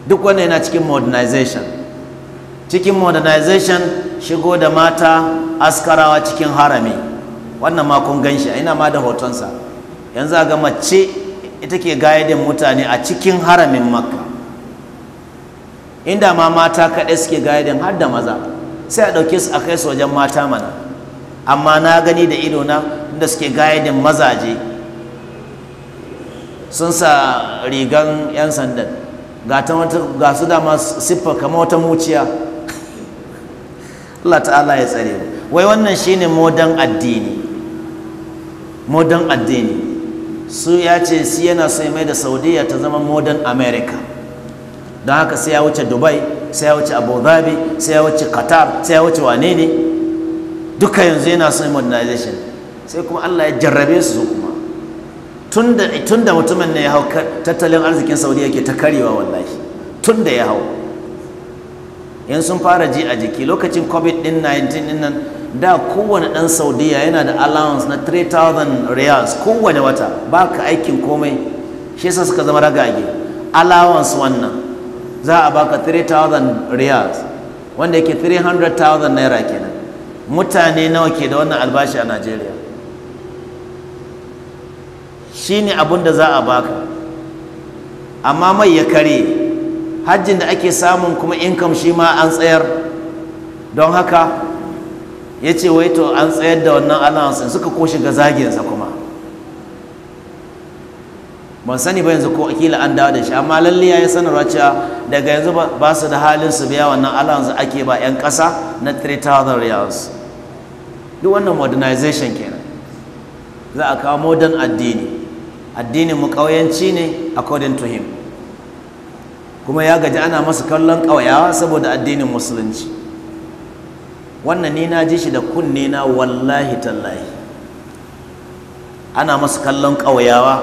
duk wannan yana cikin modernization cikin modernization shigo da mata askarawa cikin harami wannan ma kun gan shi ina ma da hotonsa yanzu a ga mace ita ke gayyadin mutane a cikin haramin makka inda ma mata kaɗai suke gayyadin har da maza sai a ɗauke su a kai su wajen mata mana amma na gani da ido na inda suke gayyadin mazaje sun sa rigan 'yan sandan ga su dama siffa kamar wata muciya Allah ta'ala ya tsare mu wai wannan shine modern addini modern addini su ya ce su yana so mai da saudiya ta zama modern america don haka sai ya wuce dubai sai ya wuce abu dhabi sai ya wuce qatar sai ya wuce wane ne duka yanzu yana son modernization sai kuma allah ya jarrabe su kuma tun da mutumin ne ya hau tattalin arzikin saudiya ke ta karewa wallahi tunda ya hau in sun fara ji a jiki lokacin covid 19 nan da kowane dan saudiya yana da allowance na 3000 riyals kowane wata ba ka aikin komai shi yasa suka zama ragage allowance wannan za a baka 3000 riyals wanda yake 300,000 naira kenan mutane nawa ke da wannan albashi a najeriya shi ne abin da za a baka amma mai ya kare hajjin da ake samun kuma income shi ma an tsayar don haka ya ce wai to an tsayar da wannan allowance suka ko ga zaginsa kuma ban sani ba yanzu ko akila an dawo da shi amma lalle ya yi sanarwa cewa daga yanzu ba su da halin su biya wannan allowance ake ba 'yan ƙasa na 3000 riyals duk wannan modernization kenan za a kawo modern addini addinin mu ƙauyanci ne according to him kuma ya gaji ana masa kallon ƙawayawa saboda addinin musulunci wannan ni na ji shi da kunne na wallahi tallahi ana masa kallon ƙawayawa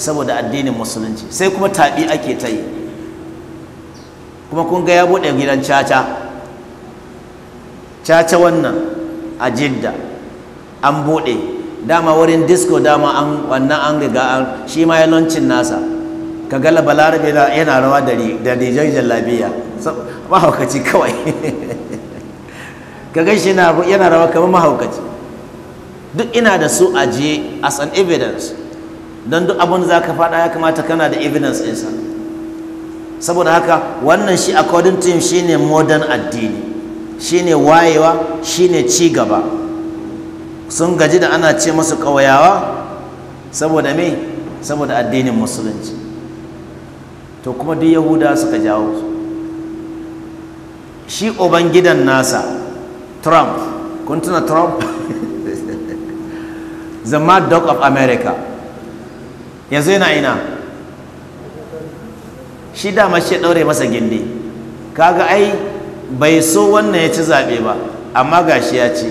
saboda addinin musulunci sai kuma taɓi ake ta yi kuma kun ga ya buɗe gidan caca caca wannan a jidda an buɗe dama wurin disco dama an wannan an riga an shi ma ya nasa ka gala balarabe yana rawa da dijon jallabiya mahaukaci kawai ka gashi yana rawa kamar mahaukaci duk ina da su ajiye as an evidence don duk abin za ka faɗa ya kamata kana da evidence ɗinsa saboda haka wannan shi according to him ne modern addini shi ne wayewa shi ci gaba sun gaji da ana ce masu ƙauyawa saboda me saboda addinin musulunci to kuma duk yahuda suka jawo su. shi oban gidan nasa trump kun tuna trump the mad dog of america yanzu yana ina shi dama shi ɗaure masa gindi kaga ai bai so wannan ya ci zaɓe ba amma gashi ya ci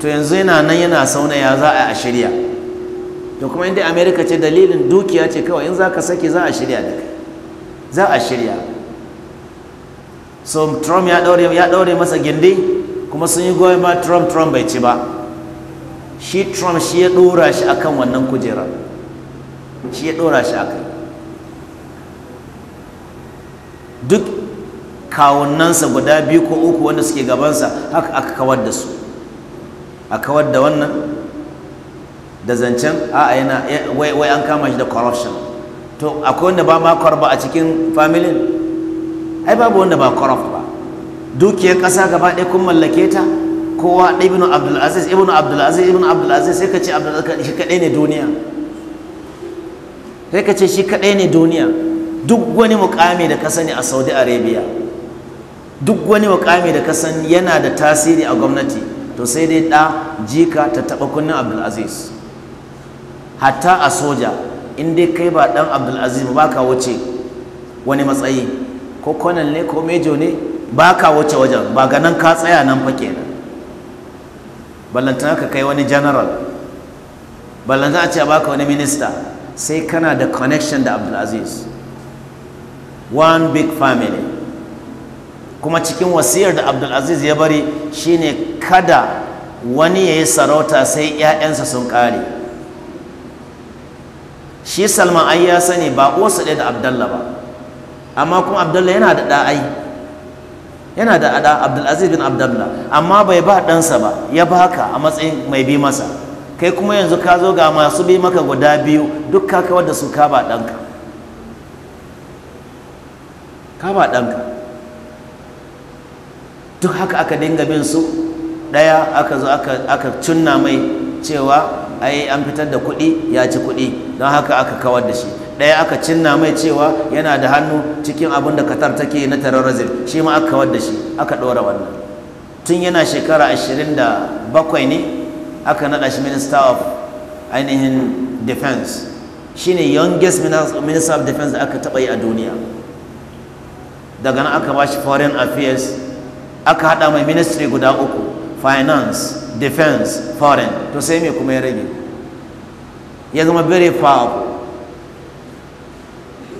to yanzu yana nan yana sauna ya za a shirya to kuma inda america ce dalilin dukiya ce kawai in za ka sake za a shirya da kai za a shirya so trump ya daure ya daure masa gindi kuma sun yi goyon ma trump trump bai ci ba shi trump shi ya dora shi akan wannan kujerar shi ya dora shi akan duk kawunansa guda biyu ko uku wanda suke gabansa haka aka kawar da su a kawar da wannan da zancen a'a yana wai an kama shi da corruption to akwai wanda ba ma kwarba a cikin familin ai babu wanda ba kwarf ba dukiyar ƙasa gaba ɗaya kun mallake ta kowa ibn abdulaziz ibn abdulaziz ibn abdulaziz sai ka ce abdulaziz shi kaɗai ne duniya sai ka ce shi kaɗai ne duniya duk wani mukami da ka sani a saudi arabia duk wani mukami da ka sani yana da tasiri a gwamnati to sai dai ɗa jika ta taɓa kunnen abdulaziz hatta a soja in dai kai ba dan abdulaziz ba ka wuce wani matsayi ko kwanan ne ko mejo ne ba ka wuce wajen ba ga nan ka tsaya nan fa kenan ballantana ka kai wani general ballantana a ce ba ka wani minista sai kana da connection da abdulaziz one big family kuma cikin wasiyar da abdulaziz ya bari shine kada wani ya yi sarauta sai 'ya'yansa sun ƙare shi salman ai ya sani ba uwarsa ɗaya da abdallah ba amma kuma abdallah yana da ɗa'ai yana da ɗa abdulaziz bin abdallah amma bai ba ɗansa ba ya baka a matsayin mai bi masa kai kuma yanzu ka zo ga masu bi maka guda biyu duk ka kawar da su ka ba ɗanka ka ba ɗanka duk haka aka dinga bin su ɗaya aka zo aka cunna mai cewa ai an fitar da kuɗi ya ci kuɗi don haka aka kawar da shi ɗaya aka cinna mai cewa yana da hannu cikin abin da katar take na terrorism shi ma aka kawar da shi aka ɗora wannan tun yana shekara ashirin da bakwai ne aka naɗa shi minister of ainihin defense ne youngest minister of defense da aka taɓa yi a duniya daga nan aka ba shi foreign affairs aka haɗa mai ministry guda uku finance defense foreign to sai me kuma ya rage ya zama very powerful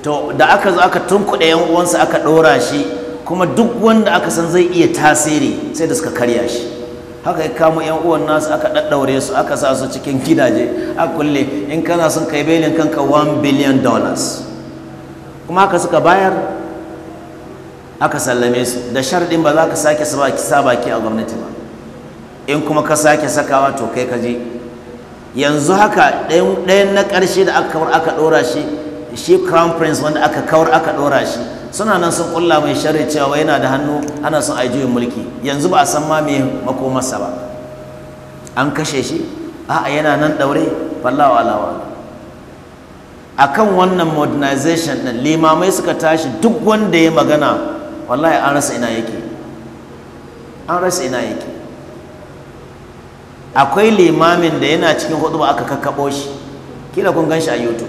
to da aka zo aka tunkuɗe yan uwansa aka ɗora shi kuma duk wanda aka san zai iya tasiri sai da suka karya shi haka ya kamo yan uwan nasu aka ɗaɗɗaure su aka sa su cikin gidaje a kulle in kana son kai belin kanka 1 billion dollars kuma haka suka bayar aka sallame su da sharɗin ba za ka sake sa baki a gwamnati ba in kuma ka sake sakawa to kai ka je yanzu haka ɗayan na ƙarshe da aka kawar aka ɗora shi shi crown prince wanda aka kawar aka ɗora shi suna nan sun ƙulla mai shari'a cewa yana da hannu ana son ai juyin mulki yanzu ba a san ma me makomarsa ba an kashe shi a'a yana nan ɗaure fallawa alawa A kan wannan modernization ɗin limamai suka tashi duk wanda ya magana wallahi an rasa ina yake an rasa ina yake akwai limamin da yana cikin hudu ba aka kakkaɓo shi kila kun gan shi a youtube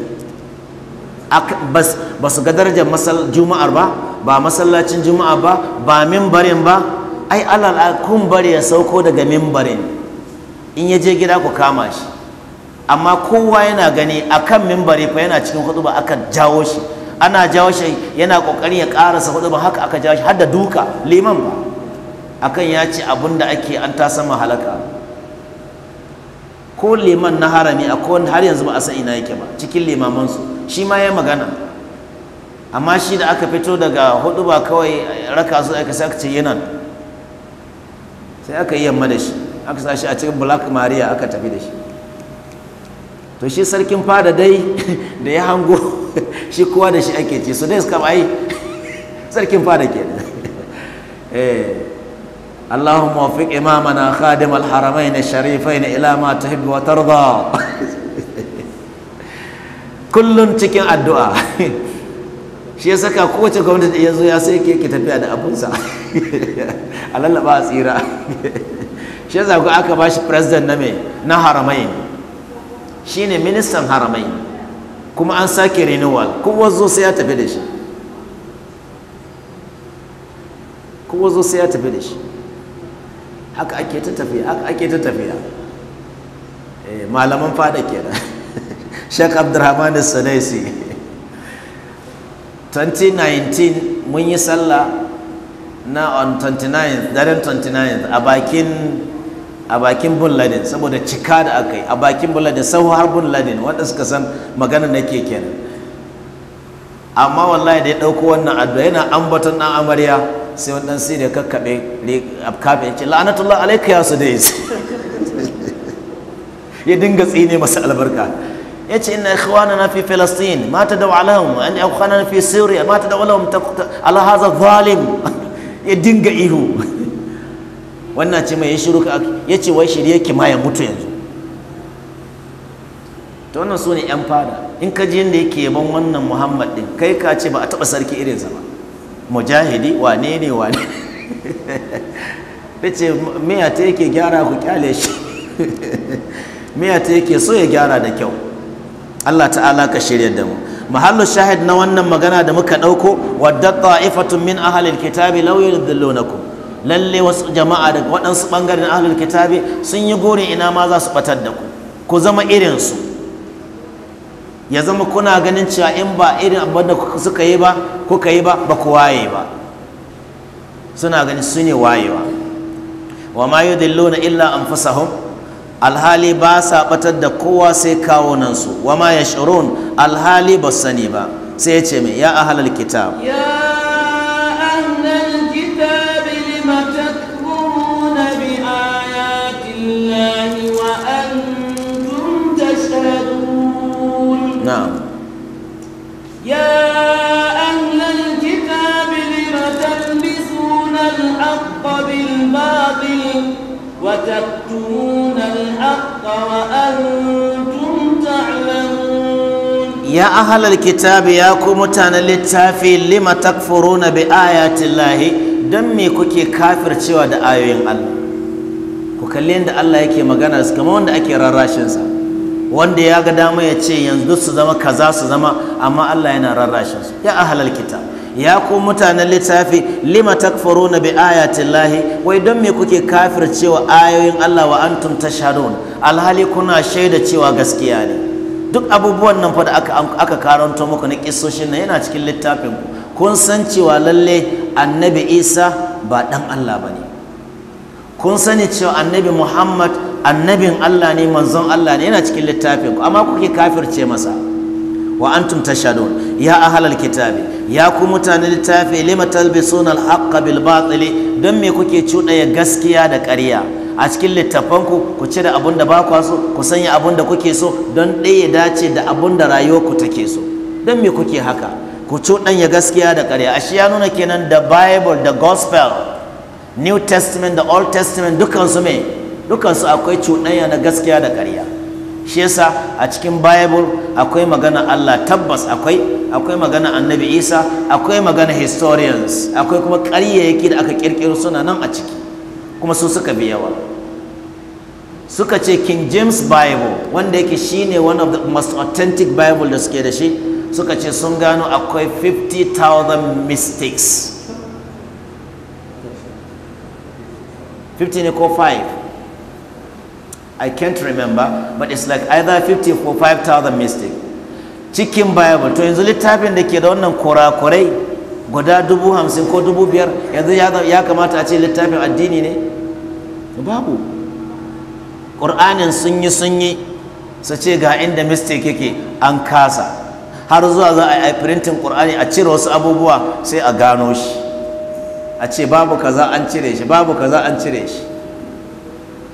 ba su ga darajar juma'ar ba ba masallacin juma'a ba ba mimbarin ba ai alal kun bari ya sauko daga mimbarin in ya je gida ku kama shi amma kowa yana gani akan mimbari fa yana cikin hudu ba aka jawo shi ana jawo shi yana kokarin ya karasa hudu ba haka aka jawo shi har da duka liman ba akan ya ce abinda da ake an ta sama halaka ko liman na harami a kowane har yanzu ba a san ina yake ba cikin limamansu shi ma ya magana amma shi da aka fito daga hudu ba kawai raka su aka sa ce yana sai aka yi yamma da shi aka sa shi a cikin black maria aka tafi da shi to shi sarkin fada dai da ya hango shi kowa da shi ake ce su dai suka yi, sarkin fada ke eh اللهم وفق إمامنا خادم الحرمين الشريفين إلى ما تحب وترضى kullum cikin addu'a shi ya saka kowace gwamnati ya zo ya sai ke ke tafiya da abunsa a lallaba a tsira shi ya zagu aka ba president na mai na haramai shi ministan haramai kuma an sake haka ake ta tafiya haka ake ta tafiya eh, malaman fada kenan Sheikh Abdulrahman Sanaisi 2019 mun yi sallah na on 29 daren 29 a bakin a bakin bin ladin saboda cika da aka yi a bakin bin ladin sau har bin ladin wanda suka san magana nake kenan amma wallahi da ya ɗauko wannan addu'a yana ambaton ɗan amarya sai wannan sai da kakkabe kafin ce la'anatullah alaika ya su da yi ya dinga tsine masa albarka ya ce ina na fi filastin da ta dawa alahum an na fi syria mata da dawa ta kuta hadha zalim ya dinga ihu wannan ce mai ya shiru ka ya ce wai shirye yake ma ya mutu yanzu to wannan su ne yan fada in ka ji yadda yake yaban wannan muhammad din kai ka ce ba a taɓa sarki irinsa ba mujahidi wane ne wane ta ce miya yake gyara ku kyale shi miya ta yake so ya gyara da kyau Allah ta'ala ka shirya da mu mahallu shahid na wannan magana da muka ɗauko wadda ta'ifatun min ahalil kitabi law ku. lalle wasu jama'a da waɗansu ɓangaren ahalil kitabi sun yi gori ina ma za su ɓatar da ku ku zama irinsu ya zama kuna ganin cewa in ba irin abin da suka yi ba kuka yi ba ba ku waye ba suna ganin su ne wayewa wa ma na illa anfusahum alhali ba sa batar da kowa sai kawo nan su wa ma yashurun alhali ba sani ba sai ya ce mai ya ahlal kitab ya نعم يا أهل الكتاب لم تلبسون الحق بالباطل وتكتمون الحق وأنتم تعلمون يا أهل الكتاب يا كمتان للتافي لم تكفرون بآيات الله da ayoyin allah ku kalli yadda Allah yake magana kamar wanda ake rarrashinsa wanda ya ga dama ya ce yanzu su zama kaza su zama amma Allah yana rarrashin su ya ahlal kitab ya ku mutanen littafi lima takfuruna bi ayatin lahi wai don me kuke kafircewa ayoyin Allah wa antum tashhadun alhali kuna shaida cewa gaskiya ne duk abubuwan nan fa da aka aka karanto muku na kissoshin nan yana cikin littafin kun san cewa lalle annabi Isa ba dan Allah ba ne. kun sani cewa annabi muhammad annabin allah ne manzon allah ne yana cikin littafin ku amma kuke kafirce masa wa antum tashadun ya ahalal kitabi ya ku mutanen littafi lima talbisuna alhaqqa bil batili don me kuke cuɗaya gaskiya da ƙarya a cikin littafan ku cire abun da ba so ku sanya abun da kuke so don ɗaya dace da abun da rayuwarku take so don me kuke haka ku cuɗanya gaskiya da ƙarya ashi ya nuna kenan da bible da gospel new testament da old testament dukansu me dukansu akwai cuɗanya na gaskiya da ƙarya shi yasa a cikin bible akwai magana allah tabbas akwai akwai magana annabi isa akwai magana historians akwai kuma ƙaryayyaki da aka ƙirƙiro suna nan a ciki kuma su suka bi yawa suka ce king james bible wanda yake shine one of the most authentic bible da suke da shi suka ce sun gano akwai 50,000 mistakes 15 ne 5 I can't remember but it's like either 50 ko 5000 mistake cikin Bible to yanzu littafin da ke da wannan kurakurai guda dubu hamsin ko dubu biyar yanzu ya kamata a ce littafin addini ne babu ƙur'anin sun yi sun yi su ce ga inda mistake yake an kasa har zuwa za a yi printin ƙur'ani a cire wasu abubuwa sai a gano shi a ce babu kaza an cire shi babu kaza an cire shi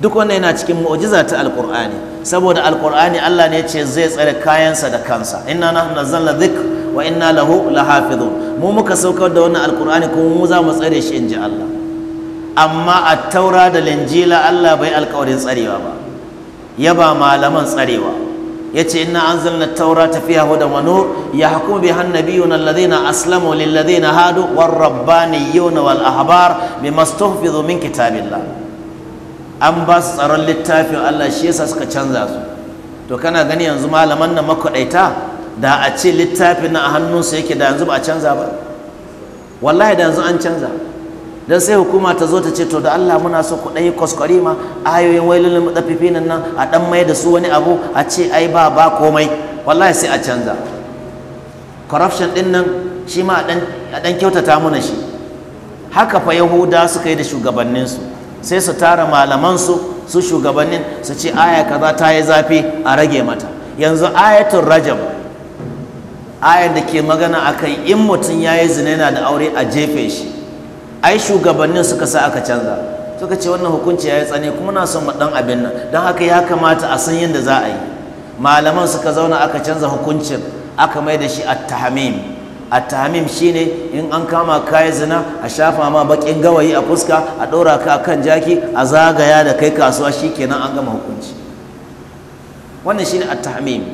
duk wannan yana cikin mu'jiza ta alqur'ani saboda alqur'ani Allah ne ce zai tsare kayansa da kansa inna nahnu nazzalna dhikr wa inna lahu lahafizun mu muka saukar da wannan alqur'ani kuma mu za mu tsare shi inji Allah amma a taura da linjila Allah bai alƙawarin tsarewa ba Ya ba malaman tsarewa yace inna anzalna at-taurata fiha hudan wa nur yahkumu biha an-nabiyuna alladhina aslamu lil ladhina hadu war rabbaniyuna wal ahbar bima stuhfizu min kitabillah an ba su tsaron littafin Allah shi yasa suka canza su to kana gani yanzu malaman nan makwadaita da a ce littafin na a hannunsa yake da yanzu ba a canza ba wallahi da yanzu an canza dan sai hukuma ta zo ta ce to da Allah muna so ku dai kwaskwarima ayoyin wailul mutaffifin nan a ɗan mai da su wani abu a ce ai ba ba komai wallahi sai a canza corruption din nan shi ma a ɗan kyautata muna shi haka fa yahuda suka yi da shugabanninsu sai su tara malamansu su shugabannin su ce aya kaza ta yi zafi a rage mata yanzu ayatul rajab ayar da ke magana akan in mutum ya yi zina yana da aure a jefe shi ai shugabannin suka sa aka canza suka ce wannan hukunci ya yi tsane kuma na son dan abin nan don haka ya kamata a san yadda za a yi malaman suka zauna aka canza hukuncin aka mai da shi at-tahmim at-tahmim shine in an kama kayi zina a shafa ma bakin gawayi a fuska a ɗora ka akan jaki a zagaya da kai kasuwa shikenan an gama hukunci wannan shine at-tahmim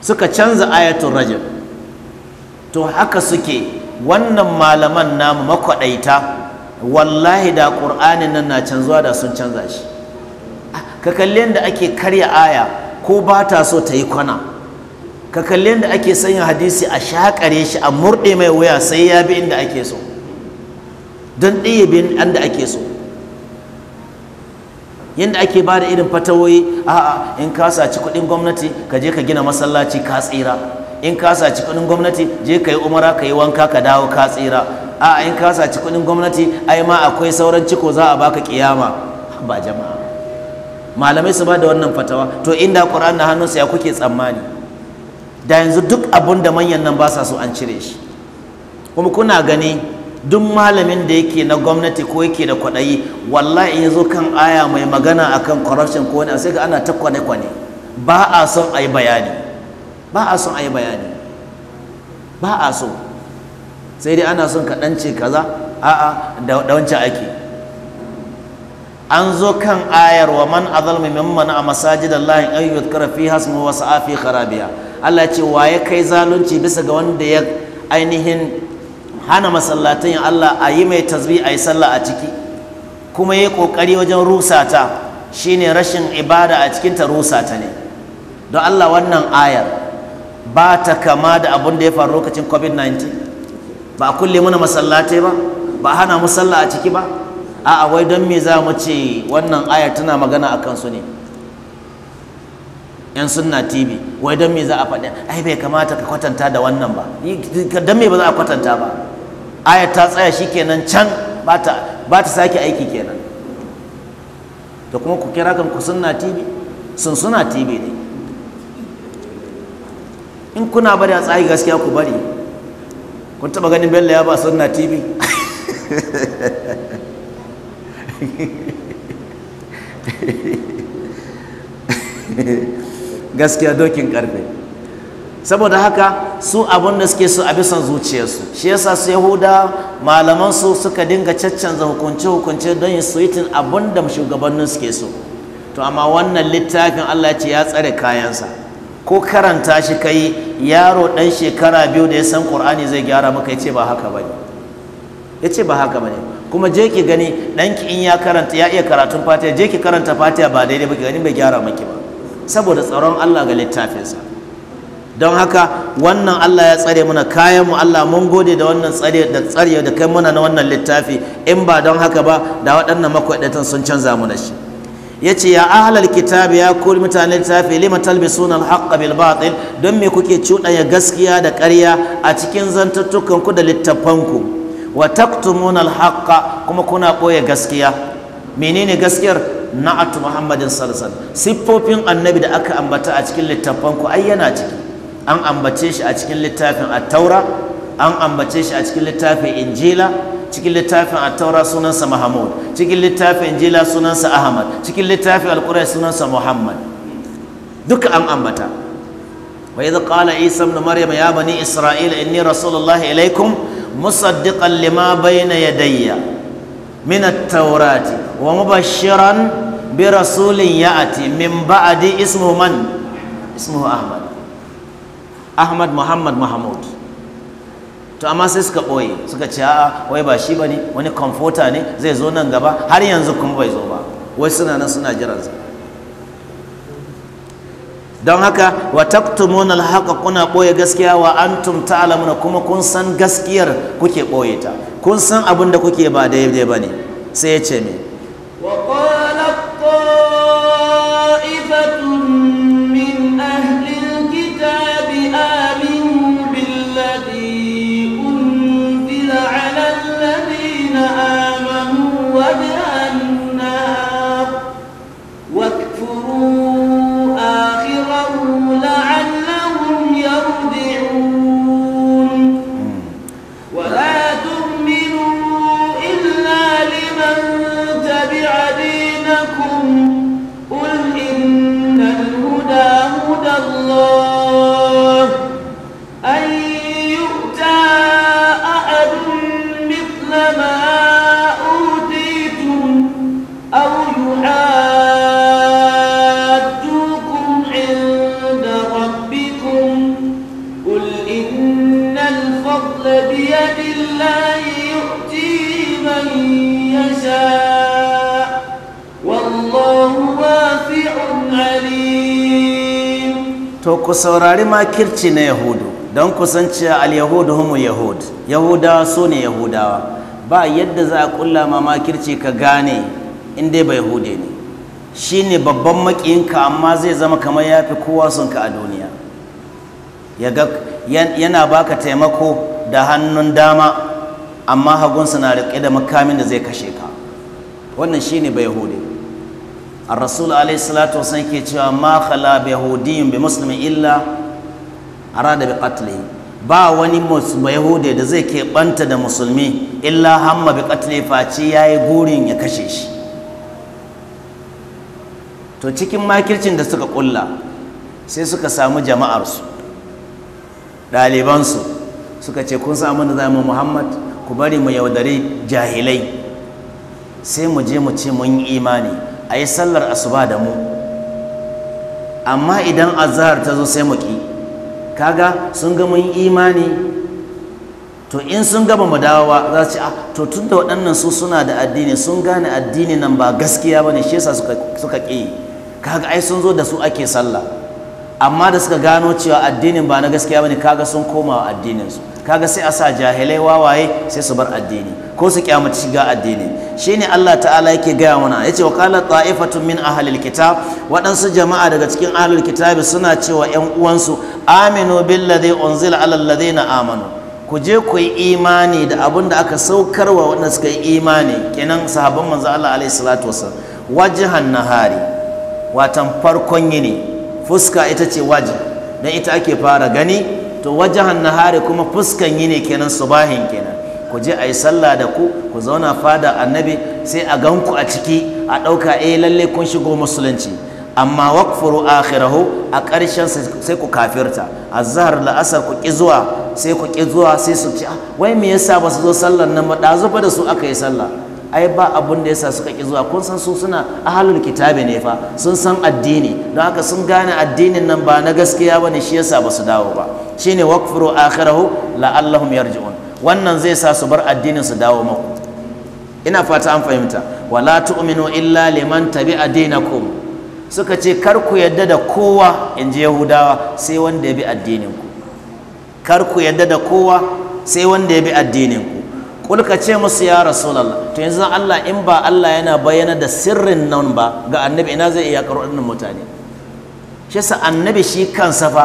suka canza ayatul rajab to haka suke wannan malaman na makwaɗaita wallahi da ƙur'anin nan na canzuwa da sun canza shi ah, ka kalli yadda ake karya aya ko ba ta so ta yi kwana ka kalli yadda ake sanya hadisi a shaƙare shi a murɗe mai wuya sai ya bi inda ake so don ɗaya bi inda ake so yadda ake ba da irin fatawoyi a'a in ka saci kuɗin gwamnati ka je ka gina masallaci ka tsira in ka saci kuɗin gwamnati je ka yi umara ka yi wanka ka dawo ka tsira a in ka saci kuɗin gwamnati ai ma akwai sauran ciko za a baka kiyama ba jama'a malamai su ba da wannan fatawa to inda qur'an na hannunsa ya kuke tsammani da yanzu duk abun da manyan nan ba sa so an cire shi kuma kuna gani duk malamin da yake na gwamnati ko yake da kwaɗayi wallahi yanzu kan aya mai magana akan corruption ko wani sai ga ana ta kwane-kwane ba a son a bayani ba a son a bayani ba a so sai dai ana son ka kaza a'a da wancan ake an zo kan ayar wa man azalmi mimman a masajidallahi an yuzkara fi hasmu wa sa'a fi kharabiya Allah ce waye kai zalunci bisa ga wanda ya ainihin hana masallatan Allah ayi mai tasbih a yi sallah a ciki kuma yayi kokari wajen rusata shine rashin ibada a cikin ta rusa ne don Allah wannan ayar ba ta kama da abin da ya faru lokacin covid-19 ba a kulle muna masallatai ba ba a hana musalla a ciki ba a'a wai don me za mu ce wannan ayar tana magana a kansu ne yan sunna tv wai don me za a faɗi ai bai kamata ka kwatanta da wannan ba don me ba za a kwatanta ba ayar ta tsaya shi kenan can ba ta sake aiki kenan da kuma ku kira kan ku sunna tv sun suna tv ne in kuna bari a tsayi gaskiya ku bari kun taba ganin bello ya ba sunna tv gaskiya dokin karfe saboda haka su abin da suke su a bisan zuciyarsu shi yasa su yahuda malaman su suka dinga caccanza hukunce hukunce don yin suitin abin da shugabannin suke so to amma wannan littafin allah ce ya tsare kayansa ko karanta shi kai yaro ɗan shekara biyu da ya san ƙur'ani zai gyara maka ya ce ba haka ba ne ya ce ba haka ba ne kuma je ki gani ɗanki in ya karanta ya iya karatun fatiha je ki karanta fatiha ba daidai ba ki gani bai gyara maki ba saboda tsaron Allah ga littafinsa don haka wannan Allah ya tsare muna kayan mu Allah mun gode da wannan tsare da tsare da kai muna na wannan littafi in ba don haka ba da waɗannan makwaɗatan sun canza mu da shi Ya ce ya ahlal kitab ya kuri mutanen littafi lima talbisuna sunan haqq bil don me kuke cuɗanya gaskiya da ƙarya a cikin zantattukan da littafanku wa taktumuna al kuma kuna ɓoye gaskiya menene gaskiyar na'atu muhammadin sallallahu siffofin annabi da aka ambata a cikin littafanku ai yana ciki an ambace shi a cikin littafin at-taura an ambace shi a cikin littafin injila cikin littafin attaura sunansa mahamud cikin littafin jila sunansa ahmad cikin littafin alkurai sunansa muhammad duka an ambata wa idh qala isa ibn maryam ya bani isra'ila inni rasulullah ilaikum musaddiqan lima bayna yadayya min at-taurati wa mubashiran bi rasulin ya'ti min ba'di ismuhu man ismuhu ahmad ahmad muhammad mahamud to amma sai suka ɓoye suka ce a'a wai ba shi ba ne, wani komfota ne zai zo nan gaba har yanzu kuma bai zo ba wai suna nan suna jiransa don haka wa taktumun alhaqa kuna ɓoye gaskiya wa an antum ta'lamuna kuma kun san gaskiyar kuke ɓoye ta kun san abin da kuke ba daidai ne sai ya ce me ku saurari makirci na yahudu don kusanci al-yahudu humu yahud yahudawa su ne yahudawa ba yadda za a kulla ma makirci ka gane in dai ba yahude ne shi ne babban makiyinka amma zai zama kamar ya fi kowa ka a duniya yana baka taimako da hannun dama amma hagun na riƙe da makamin da zai kashe ka wannan shi ne ba yahude الرسول عليه الصلاة والسلام كيتشوا ما خلا بيهودي بمسلم إلا أراد بقتله با wani yahudi da zai keɓanta da musulmi illa hamma bi face ya yi gurin ya kashe shi to cikin makircin da suka ƙulla sai suka samu jama'arsu ɗalibansu suka ce kun samu da muhammad ku bari mu yaudari jahilai sai mu je mu ce mun yi imani a yi sallar asuba da mu amma idan azahar ta zo sai mu kaga sun ga mun imani to in sun gama mu dawowa za su ce ah, to tun da waɗannan su suna da addini sun gane addini nan ba gaskiya ba ne shi yasa suka ƙi kaga ai sun zo da su ake sallah amma da suka gano cewa addinin ba na gaskiya ba ne kaga sun komawa addininsu. kaga sai a sa jahilai wawaye sai su bar addini ko su kyamaci shiga addini shine Allah ta'ala yake gaya mana yace wa qala ta'ifatun min ahlil kitab waɗansu jama'a daga cikin ahlul kitabi suna cewa ƴan uwansu aminu billadhi unzila ala alladhina amanu ku je ku yi imani da abin da aka saukar wa waɗanda suka yi imani kenan sahabban manzo Allah alaihi salatu wasallam wajhan nahari watan farkon yini fuska ita ce waje. dan ita ake fara gani to wajahan nahari kuma fuskan yi ne kenan subahin kenan ku je a yi sallah da ku ku zauna fada annabi sai a ganku a ciki a ɗauka eh lalle kun shigo musulunci amma wakfuru akhirahu a ƙarshen sai ku kafirta a azhar la'asar ku ƙi zuwa sai ku ƙi zuwa sai su ce ah, wai me yasa ba su zo sallar nan ba ɗazu ba da su aka yi sallah ai ba abun da yasa suka ki zuwa kun san su suna ahlul kitabi ne fa sun san addini don haka sun gane addinin nan ba na gaskiya bane shi yasa ba su dawo ba shine waqfuru akhirahu la'allahum yarji'un wannan zai sa su bar addinin su dawo maku ina fata an fahimta wala tu'minu illa liman tabi'a dinakum suka ce kar ku yadda da kowa in ji yahudawa sai wanda ya bi addinin ku kar ku yadda da kowa sai wanda ya bi addinin ku kul ce musu ya Rasulallah to yanzu Allah in ba Allah yana bayyana da sirrin nan ba ga annabi ina zai iya karɓar wannan mutane shi yasa annabi shi kansa fa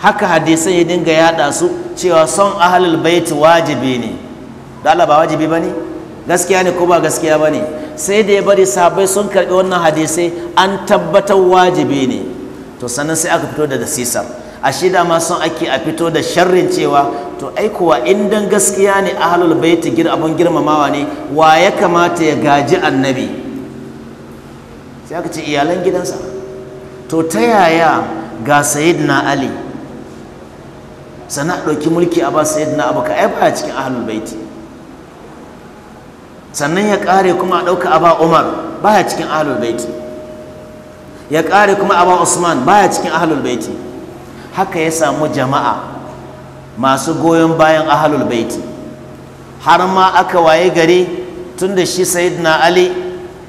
haka hadisai ya dinga yaɗa su cewa son ahlul bait wajibi ne da Allah ba wajibi bane gaskiya ne ko ba gaskiya bane sai da ya bari sahabbai sun karbi wannan hadisai an tabbatar wajibi ne to sannan sai aka fito da dasisar A shida ma son ake a fito da sharrin cewa to aikowa indan in gaskiya ne ahlul baiti gir abin girmamawa ne wa ya kamata ya gaji annabi sai aka ce iyalan gidansa to ta yaya ga sayyidina ali sana ɗauki mulki a ba sayyidina abubakar ai ba cikin bai baiti sannan ya ƙare kuma a ɗauka a ba umar baya cikin bai baiti ya ƙare kuma a ba usman baya cikin bai baiti haka ya samu jama'a masu goyon bayan ahalul baiti har ma aka waye gari tun da shi na ali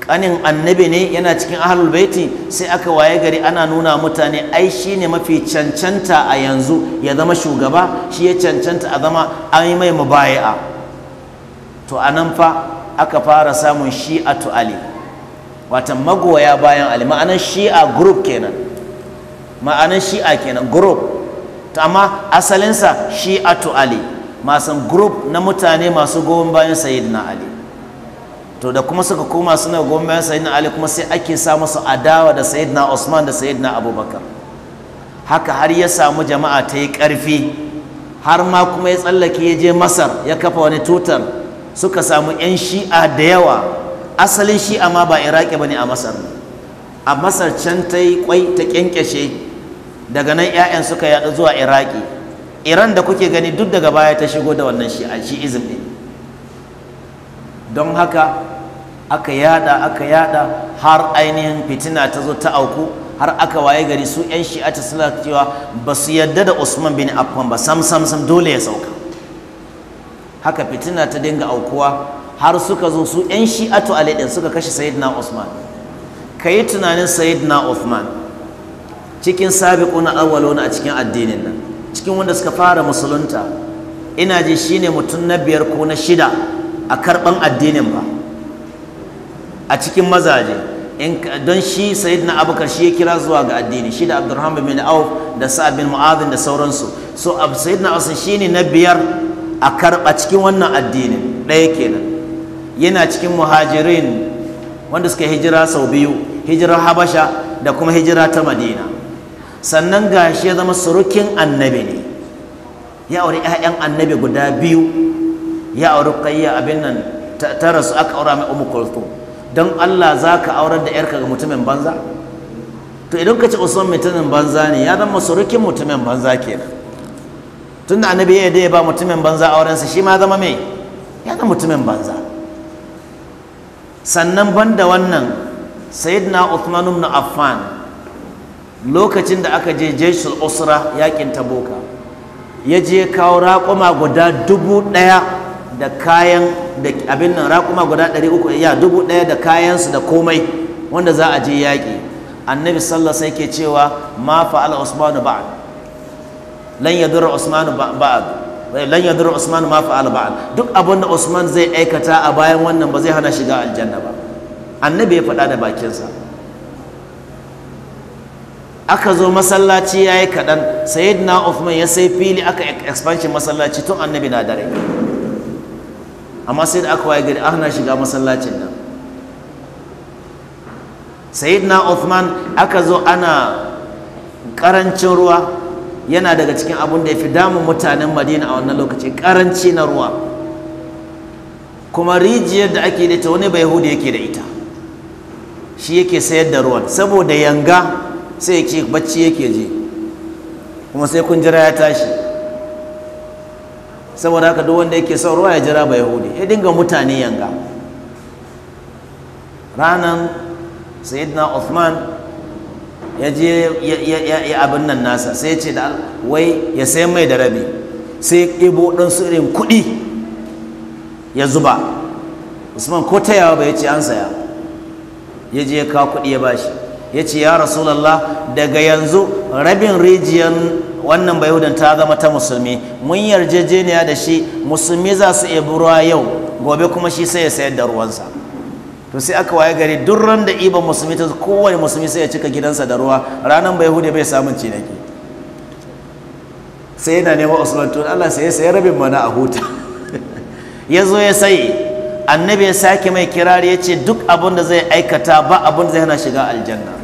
kanin annabi ne yana cikin ahalul baiti sai aka waye gari ana nuna mutane ai shi ne mafi cancanta a yanzu ya zama shugaba shi ya cancanta a zama an yi mai mubaya'a to a nan fa aka fara samun shi'atu ali watan magoya bayan ali ma'anar shi'a group kenan ma'anar shi'a kenan group ta amma asalinsa shi'atu ali masan group na mutane masu goyon bayan sayyidina ali to da kuma suka koma suna goyon bayan sayyidina ali kuma sai ake sa musu adawa da sayyidina usman da sayyidina abubakar haka har ya samu jama'a ta yi ƙarfi har ma kuma ya tsallake ya je masar ya kafa wani tutar suka samu 'yan shi'a da yawa asalin shi'a ma ba iraki ba ne a masar a masar can ta yi kwai ta kyankyashe daga nan 'ya'yan suka yaɗu zuwa iraki iran da kuke gani duk daga baya ta shigo da wannan shi izin ne don haka aka yada aka yada har ainihin fitina ta zo ta auku har aka waye gari su 'yan shi'ata suna cewa ba su yadda da usman bin affan ba sam sam sam dole ya sauka haka fitina ta dinga aukuwa har suka zo su 'yan shi'atu alaɗin suka kashe sayyidina usman ka yi tunanin sayyidina usman cikin sabiquna awwaluna a cikin addinin nan cikin wanda suka fara musulunta ina ji shine mutum na biyar ko na shida a karban addinin ba a cikin mazaje don shi sayyidina abubakar shi ya kira zuwa ga addini shi da abdurrahman bin auf da sa'ad bin mu'adhin da sauransu so sayyidina shi shine na biyar a karba cikin wannan addinin ɗaya kenan yana cikin muhajirin wanda suka hijira sau biyu hijirar habasha da kuma hijira ta madina sannan gashi ya zama surukin annabi ne ya auri 'ya'yan annabi guda biyu ya auri kayya abin nan ta rasu aka aura mai umu kulthum don Allah za ka aurar da yarka ga mutumin banza to idan ka ce usman mutumin banza ne ya zama surukin mutumin banza kenan da annabi ya ya ba mutumin banza aurensa shi ma zama mai ya zama mutumin banza sannan banda wannan sayyidina Uthman ibn Affan lokacin da aka je jeshul usra yakin taboka ya je kawo raƙuma guda dubu ɗaya da kayan da abin nan raƙuma guda ɗari uku ya dubu ɗaya da kayansu da komai wanda za a je yaƙi annabi sallah sai ke cewa ma fa'ala usmanu ba'ad lan yadurra usmanu ba'ad eh, lan yadurra usmanu ma fa'ala ba'ad duk abin da usman zai aikata a bayan wannan ba zai hana shiga aljanna ba annabi ya faɗa da bakinsa aka zo masallaci ya yi kaɗan sayyidina Uthman ya sai fili aka expansion masallaci tun annabi na dare amma sai da aka waye gari ana shiga masallacin nan sayyidina Uthman aka zo ana karancin ruwa yana daga cikin abun da ya fi damun mutanen madina a wannan lokaci karanci na ruwa kuma rijiyar da ake da ita wani bai yake da ita shi yake sayar da ruwan saboda yanga sai ke bacci yake je kuma sai kun jira ya tashi saboda haka duk wanda yake son ruwa ya jira ba yahudi ya dinga mutane yanga ranan sayyidina Uthman ya je ya abin nan nasa sai ya ce da wai ya sai mai da rabi sai ya ɗebo ɗan irin kuɗi ya zuba Usman ko tayawa ba ya ce an saya ya je ya kuɗi ya bashi ya ce ya rasulallah daga yanzu rabin rijiyar wannan bayudan ta zama ta musulmi mun yarjejeniya da shi musulmi za su iya ruwa yau gobe kuma shi sai ya sayar da ruwansa to sai aka waye gari duk ran da iban musulmi ta kowane musulmi sai ya cika gidansa da ruwa ranar bayahude bai samun cinaki sai yana neman usulan tun Allah sai ya sayi rabin mana a huta ya zo ya sayi annabi ya sake mai kirari ya ce duk abin da zai aikata ba abin da zai hana shiga aljanna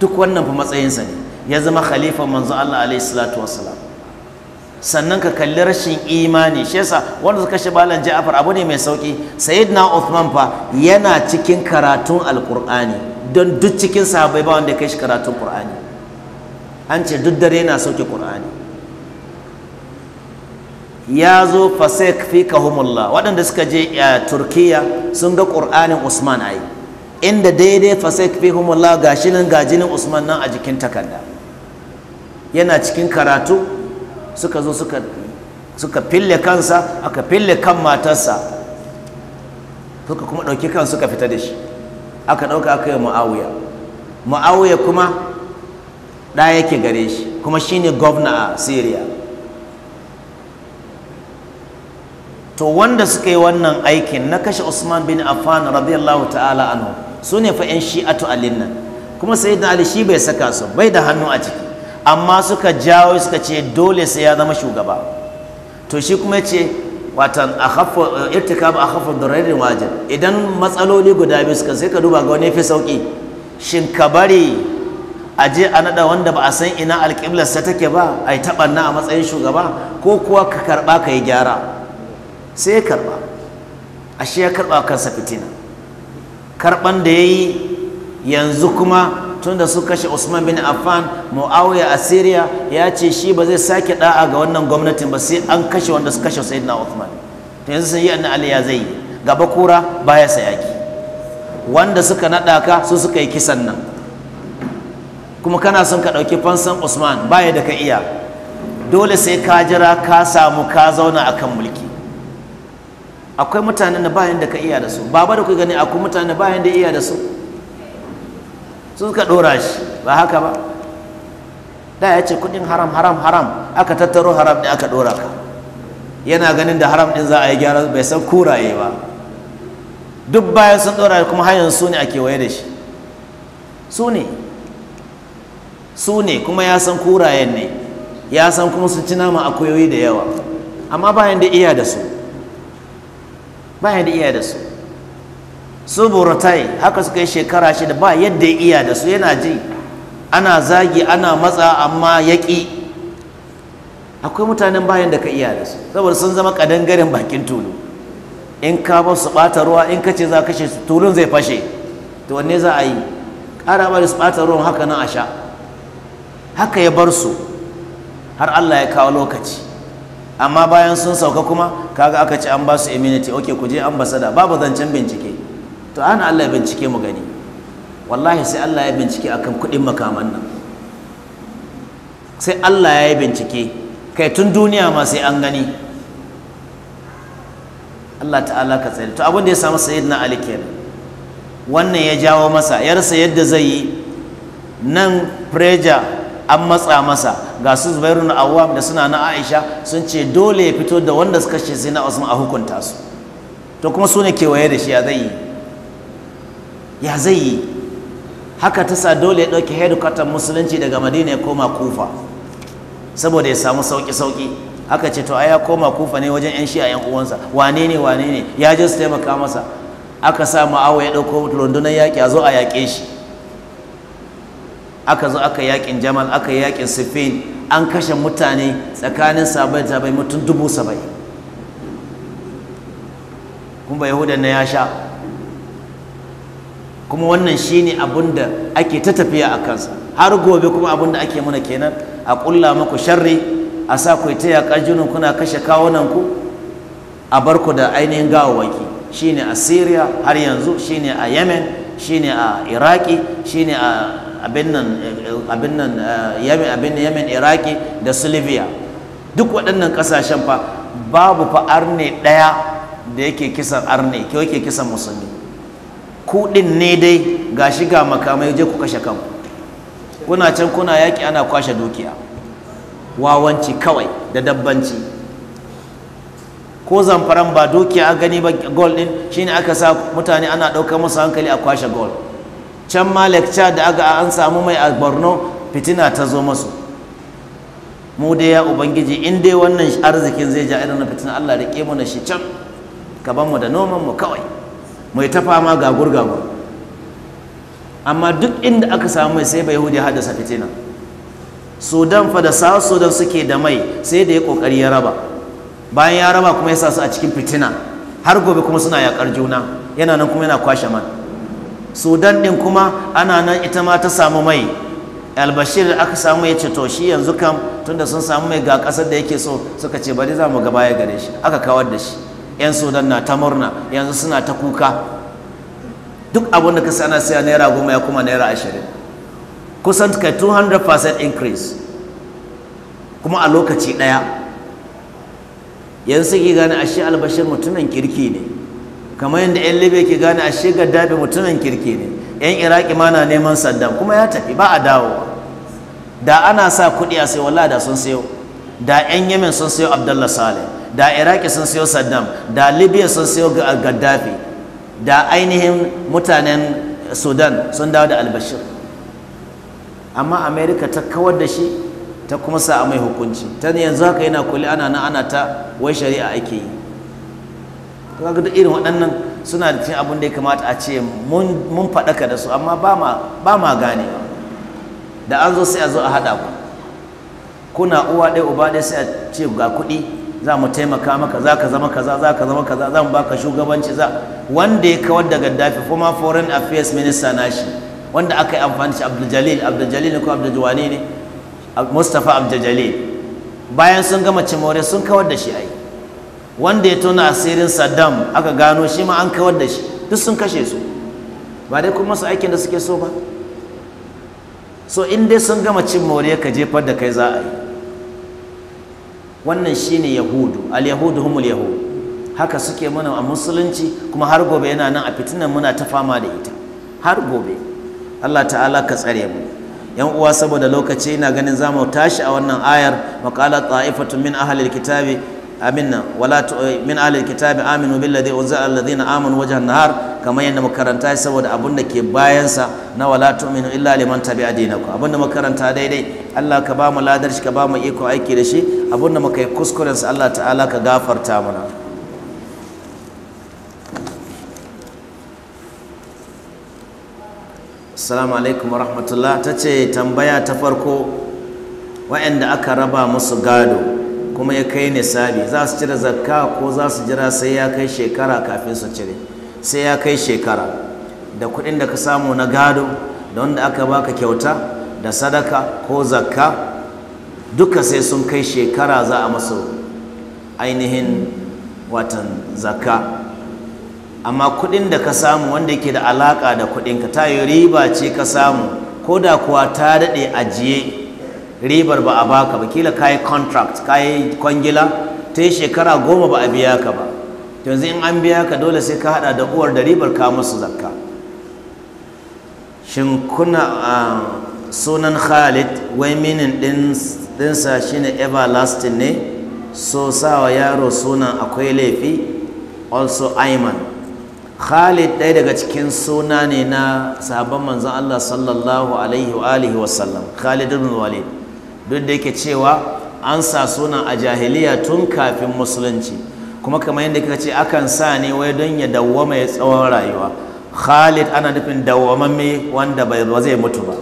duk wannan fa matsayinsa ne ya zama khalifa manzo Allah alaihi salatu wassalam sannan ka kalli rashin imani shi yasa wanda suka shi balan Ja'far abu ne mai sauki sayyidina Uthman fa yana cikin karatun alqur'ani don duk cikin sahabbai ba wanda kai shi karatun qur'ani an ce duk dare yana sauke qur'ani ya zo fasek fi kahumullah waɗanda suka je a eh, turkiya sun ga ƙur'anin usman ayi inda daidai fasik fi Allah ga nan gajinin Usman nan a jikin takarda yana cikin karatu suka zo suka suka fille kansa aka fille kan matarsa suka kuma ɗauki kan suka fita da shi aka ɗauka aka yi ma'awuya ma'awuya kuma ɗa yake gare shi kuma shine gwamna a syria to wanda suka yi wannan aikin na kashe usman bin affan radiyallahu ta'ala anhu su ne fa 'yan shi'atu alin nan kuma sayyidina ali shi bai saka su bai da hannu a ciki amma suka jawo suka ce dole sai ya zama shugaba to shi kuma ce watan akhaffu irtikab akhaffu dararrin wajen. idan matsaloli guda biyu suka sai ka duba ga wani fi sauki shin ka bari a je a nada wanda ba a san ina alƙiblar sa take ba a taɓa na a matsayin shugaba ko kuwa ka karɓa ka yi gyara sai ya A ashe ya karba kansa fitina karban da ya yi yanzu kuma tunda su kashe Usman bin Affan Muawiya a Syria ya ce shi ba zai sake da'a ga wannan gwamnatin ba sai an kashe wanda su kashe Sayyidina Usman. to yanzu yi annabi Ali ya zai yi. gaba kura baya yaki wanda suka nada ka su suka yi kisan nan kuma kana son ka ɗauki fansan Usman baya da ka iya dole sai ka jira ka samu ka zauna akan mulki akwai mutanen da bayan da ka iya da su baba da ku gani akwai mutanen da bayan da iya da su su suka dora shi ba haka ba da ya ce kudin haram haram haram aka tattaro haram ne aka dora ka yana ganin da haram din za a yi gyara bai san kuraye ba duk bayan sun dora kuma hanyar su ne a kewaye da shi su ne su ne kuma ya san kurayen ne ya san kuma sun ci nama akuyoyi da yawa amma bayan da iya da su ba ya da iya da su su buratai haka suka yi shekara shida ba yadda ya iya da su yana ji ana zagi ana matsa amma ya akwai mutanen bayan da ka iya da su saboda sun zama ƙadangaren bakin tulu in ka ba su ɓata ruwa in ka ce za kashe su tulun zai fashe to wanne za a yi ƙara ba da su ɓata ruwan haka nan a sha haka ya bar su har Allah ya kawo lokaci amma bayan sun sauka kuma kaga aka ci an ba su immunity okay ku je ambasada babu zancen bincike to ana Allah ya bincike mu gani wallahi sai Allah ya bincike akan kuɗin makaman nan sai Allah ya yi bincike kai tun duniya ma sai an gani Allah ta'ala ka tsaye to abin da ya samu sayyidina Ali kenan wannan ya jawo masa ya rasa yadda zai yi nan pressure an matsa masa ga su zubairu na awam da suna na aisha sun ce dole ya fito da wanda suka ce sai na usman a hukunta su to kuma su ne kewaye da shi ya zai yi ya zai yi haka ta sa dole ya ɗauki hedikwatar musulunci daga madina ya koma kufa saboda ya samu sauƙi-sauƙi haka ce to a ya koma kufa ne wajen 'yan shi 'yan uwansa wane ne wane ne ya je su taimaka masa aka sa ma'awa ya ɗauko rundunar yaƙi a zo a yaƙe shi aka zo aka yakin jamal aka yakin sifin an kashe mutane tsakanin sabai sabai mutum dubu sabai kuma yahudan na ya sha kuma wannan shine abin da ake ta tafiya a kansa har gobe kuma abin da ake mana kenan a kulla maku sharri a sa ku ta yaƙa junin kuna kashe kawunan ku a bar ku da ainihin gawawaki shine a syria har yanzu shine a yemen shine a iraki shine a abin nan yamin eh, iraki da silvia duk waɗannan ƙasashen fa babu fa arne ɗaya da yake kisan arne ke yake kisan musulmi kuɗin ne dai ga shiga makamai je ku kashe kanku kuna can kuna yaƙi ana kwashe dukiya wawanci kawai da dabbanci ko zamfaran ba dukiya a gani ba gol ɗin, shine aka sa mutane ana ɗaukar musu hankali a kwashe gol can ma lecture da aka an samu mai a borno fitina ta zo masu mu dai ya ubangiji in dai wannan arzikin zai ja irin na fitina allah rike mu na shi can ka ban mu da noman mu kawai mai ta fama gagur gagur amma duk inda aka samu mai sai bai hudu haddasa fitina sudan fa da south sudan suke da mai sai da ya kokari ya raba bayan ya raba kuma ya sa su a cikin fitina har gobe kuma suna yakar juna yana nan kuma yana kwashe man sudan din kuma ana nan ita ma ta samu mai albashir aka samu ya ce to shi yanzu kam tunda sun samu mai ga kasar da yake so suka ce bari za mu gaba ya gare shi aka kawar da shi yan sudan na ta murna yanzu suna ta kuka duk abin da kasa ana siya naira goma ya kuma naira ashirin kusan kai 200% increase kuma a lokaci ɗaya yanzu sai gane ashe albashir mutumin kirki ne kamar yadda 'yan libya ke gane a shiga dabe mutumin kirki ne 'yan iraki ma na neman saddam kuma ya tafi ba a dawo da ana sa kuɗi a sai wala da sun sayo da 'yan yamin sun sayo abdullah salim da iraki sun sayo saddam da libya sun sayo gaddafi da ainihin mutanen sudan sun dawo da albashir amma america ta kawar da shi ta kuma sa mai hukunci ta yanzu haka yana kuli ana na ana ta wai shari'a ake yi kaga duk irin waɗannan suna da cikin abin da ya kamata a ce mun faɗaka da su amma ba ma gane da an zo sai a zo a haɗa ku kuna uwa ɗaya uba ɗaya sai a ce ga kuɗi za mu taimaka maka za ka zama kaza za ka zama kaza za mu baka shugabanci za wanda ya kawar da gaddafi former foreign affairs minister na shi. wanda aka yi amfani shi abdul jalil abdul jalil ne ko abdul juwani ne mustapha abdul jalil bayan sun gama cimore sun kawar da shi ai wanda ya tona asirin saddam aka gano shi ma an kawar da shi duk sun kashe su ba dai kuma su aikin da suke so ba so in dai sun gama cin moriya ka jefar da kai za a yi wannan shine yahudu al yahudu humul yahudu haka suke mana a musulunci kuma har gobe yana nan a fitinan muna ta fama da ita har gobe Allah ta'ala ka tsare mu yan uwa saboda lokaci ina ganin zamu tashi a wannan ayar maqala taifatu min ahlil kitabi amin wala eh, min alil kitabi aminu billadhi unzila alladhina amanu wajhan nahar kamar yadda makaranta saboda abin da ke bayansa na wala tu'minu illa liman tabi'a dinakum abin da makaranta daidai Allah ka ba ladar shi ka ba iko aiki da shi abin da muka yi kuskuren Allah ta'ala ka gafarta mana assalamu alaikum warahmatullah ta ce tambaya ta farko wa'anda aka raba musu gado kuma ya kai nisabi za su cire zakka ko za su jira sai ya kai shekara kafin su cire sai ya kai shekara da kuɗin da ka samu na gado da wanda aka baka kyauta da sadaka ko zakka duka sai sun kai shekara za a masu ainihin watan zakka amma kuɗin da ka samu wanda yake da alaƙa da kuɗinka ta yi riba ce ka samu ko da kuwa ta daɗe ajiye ribar ba a baka ba kila kayi contract kayi kwangila ta yi shekara goma ba a biya ka ba yanzu in an biya ka dole sai ka hada da uwar da ribar ka musu zakka shin kuna um, sunan khalid wai minin dinsa shine everlasting ne so sawa yaro sunan akwai laifi also Ayman. khalid ɗaya daga cikin suna ne na sabon manzon allah sallallahu alaihi wa alihi khalid ibn walid duk da yake cewa an sa sunan a jahiliya tun kafin musulunci kuma kamar yadda kika ce akan sa ne wai don ya dawwama ya tsawon rayuwa khalid ana nufin dawwamamme wanda ba zai mutu ba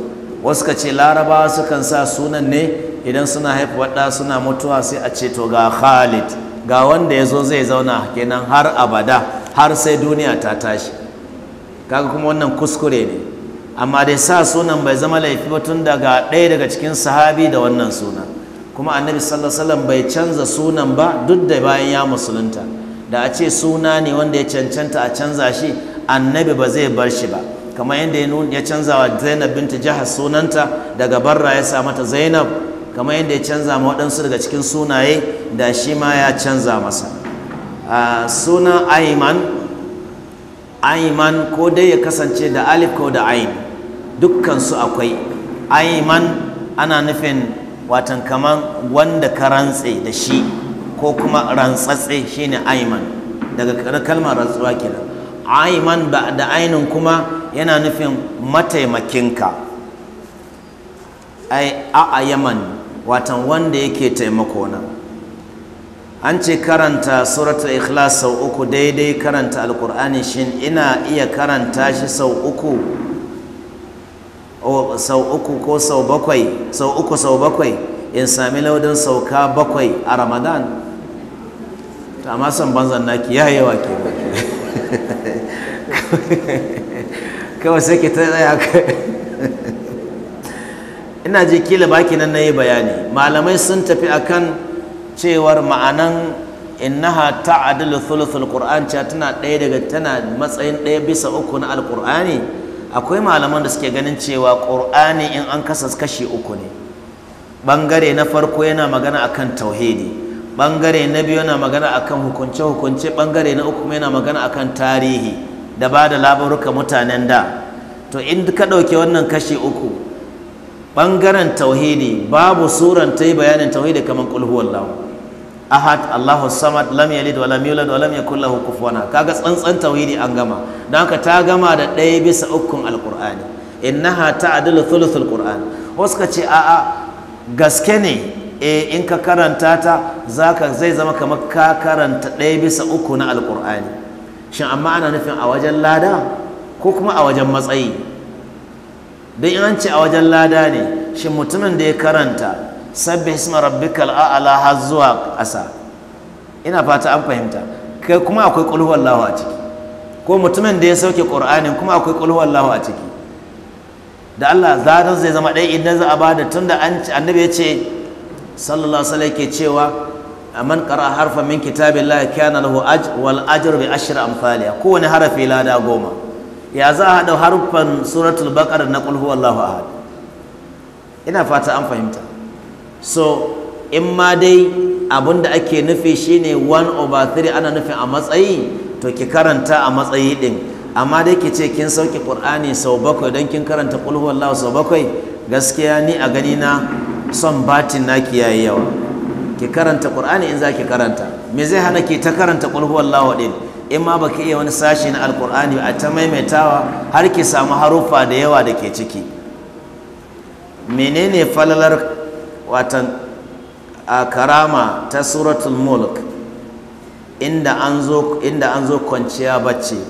wasu ka ce larabawa sukan sa sunan ne idan suna haifuwa ɗa suna mutuwa sai a ce to ga khalid ga wanda ya zo zai zauna kenan har abada har sai duniya ta tashi kaga kuma wannan kuskure ne amma dai sa sunan bai zama laifi ba tun daga ɗaya daga cikin sahabi da wannan suna kuma annabi sallallahu alaihi bai canza sunan ba duk da bayan ya musulunta da a ce suna ne wanda ya cancanta a canza shi annabi ba zai bar shi ba kamar yadda ya canza wa zainab binta jihar sunanta daga barra ya sa mata zainab kamar yadda ya canza ma waɗansu daga cikin sunaye da shi ma ya canza masa sunan Ayman ko dai ya kasance da alif ko da Ayin. dukkansu akwai aiman ana nufin watan kaman wanda ka rantse da shi ko kuma rantsatse shine aiman daga kalmar rantsuwa kenan aiman ba da ainin kuma yana nufin mataimakinka ai a yaman watan wanda yake taimako na an ce karanta suratul ikhlas sau uku daidai karanta alkur'ani shin ina iya karanta shi sau uku sau uku ko sau bakwai sau uku sau bakwai in sami laudin sauka bakwai a ramadan ta amma son banzan naki ya yawa ke kawai sai ki ta tsaya ina ji kila baki nan na yi bayani malamai sun tafi akan cewar ma'anan innaha ta'adilu thuluthul qur'an cewa tana ɗaya daga tana matsayin ɗaya bisa uku na alqur'ani akwai malaman da suke ganin cewa ƙur'ani in an kasa kashi uku ne ɓangare na farko yana magana akan tauhidi ɓangare na biyu yana magana akan hukunce-hukunce ɓangare na uku yana magana akan tarihi da ba da labaruka mutanen da to in ka ɗauke wannan kashi uku ɓangaren tauhidi babu suran ta yi bayanin tauhidi kamar ƙulhuwallahu ahad Allahu samad lam yalid wa lam yulad wa lam yakul lahu kufuwan kaga tsantsan tauhidi an gama dan haka ta gama da ɗaya bisa ukun alqur'ani innaha ta'dilu thuluthul qur'an wasu ka ce a'a gaske ne e in ka karanta ta zaka zai zama kamar ka karanta ɗaya bisa uku na alqur'ani shin amma ana nufin a wajen lada ko kuma a wajen matsayi don in an ce a wajen lada ne shin mutumin da ya karanta sabbi isma rabbikal a'la har zuwa ƙasa ina fata an fahimta kai kuma akwai qul huwallahu a ciki ko mutumin da ya sauke qur'anin kuma akwai qul huwallahu a ciki da Allah zarar zai zama ɗaya idan za a bada tunda annabi ya ce sallallahu alaihi wasallam ke cewa man qara harfa min kitabillahi kana lahu ajr wal ajru bi ashri amthaliha kowane harafi lada goma ya za a haɗa harfan suratul baqara na qul huwallahu ahad ina fata an fahimta so in ma dai abin da ake nufi shine 1 over 3 ana nufin a matsayi to ki karanta a matsayi din amma dai ki ce kin sauke qur'ani sau bakwai don kin karanta qul huwallahu sau bakwai gaskiya ni a gani na son batin naki yayi yawa ki karanta qur'ani in zaki karanta me zai hana ki ta karanta qul huwallahu din in ma baki iya wani sashi na alqur'ani a ta maimaitawa har ki samu haruffa da yawa da ke ciki menene falalar watan a karama ta suratul mulk inda an zo kwanciya bacci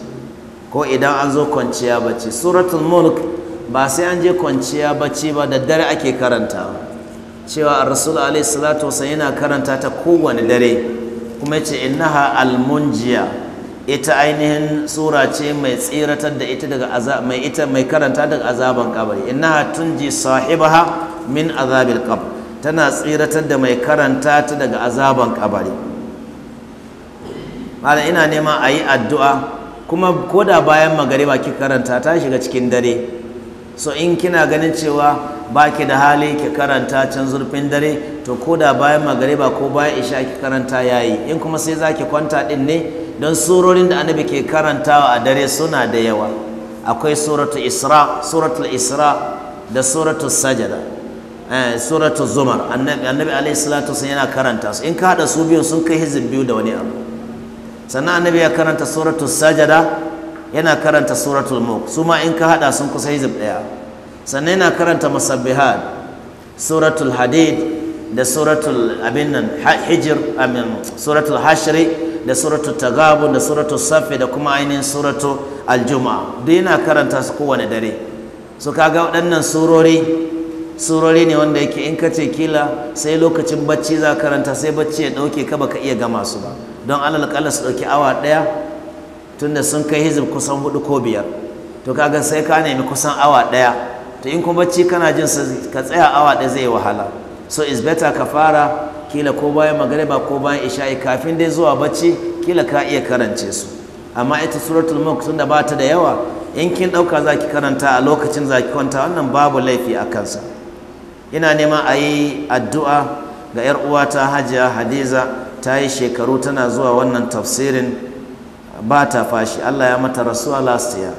ko idan an zo kwanciya bacci suratul mulk ba sai an je kwanciya bacci ba da dare ake karanta cewa a rasul alaihi salatu wasan yana karanta ta kowane dare kuma ce innaha almunjiya ita ainihin sura ce mai tsiratar da ita daga mai ita mai karanta daga azaban kabari innaha tunji sahibaha min azabil qabr tana tsiratar da mai karanta ta daga azaban kabari malam ina nema a yi addu'a kuma ko da bayan magariba ki karanta ta shiga cikin dare so in kina ganin cewa ba ki da hali ki karanta can zurfin dare to ko da bayan ba ko bayan isha ki karanta ya yi. in kuma sai za ki kwanta din ne don surorin da annabi ke karantawa a dare suna da yawa akwai suratul isra suratul isra da suratul sajada Eh, suratul zumar annabi alaihi salatu wasallam yana karanta su in ka hada su biyu sun kai hizib biyu da wani abu sannan annabi ya karanta suratul sajada yana karanta suratul mulk su ma in ka hada sun kusa hizib daya sannan yana karanta musabbihat suratul hadid da suratul abin nan hijir amin suratul hashri da suratul tagabun da suratul safi da kuma ainihin suratul aljuma'a duk yana karanta su kowane dare su kaga waɗannan surori surori ne wanda yake in ka ce kila sai lokacin bacci za karanta sai bacci ya ɗauke ka baka iya gama su ba don alal su ɗauki awa ɗaya tunda sun kai hizib kusan hudu ko biyar to kaga sai ka nemi kusan awa ɗaya to in kuma bacci kana jin su ka tsaya awa ɗaya zai wahala so is better ka fara kila ko bayan magariba ko bayan isha'i kafin dai zuwa bacci kila ka iya karance su amma ita suratul mulk tunda ba ta da yawa in kin ɗauka za ki karanta a lokacin za ki kwanta wannan babu laifi a kansa ina neman a yi addu'a ga 'yar uwata hajiya hadiza ta yi shekaru tana zuwa wannan tafsirin ba ta fashi allah ya mata rasuwa last year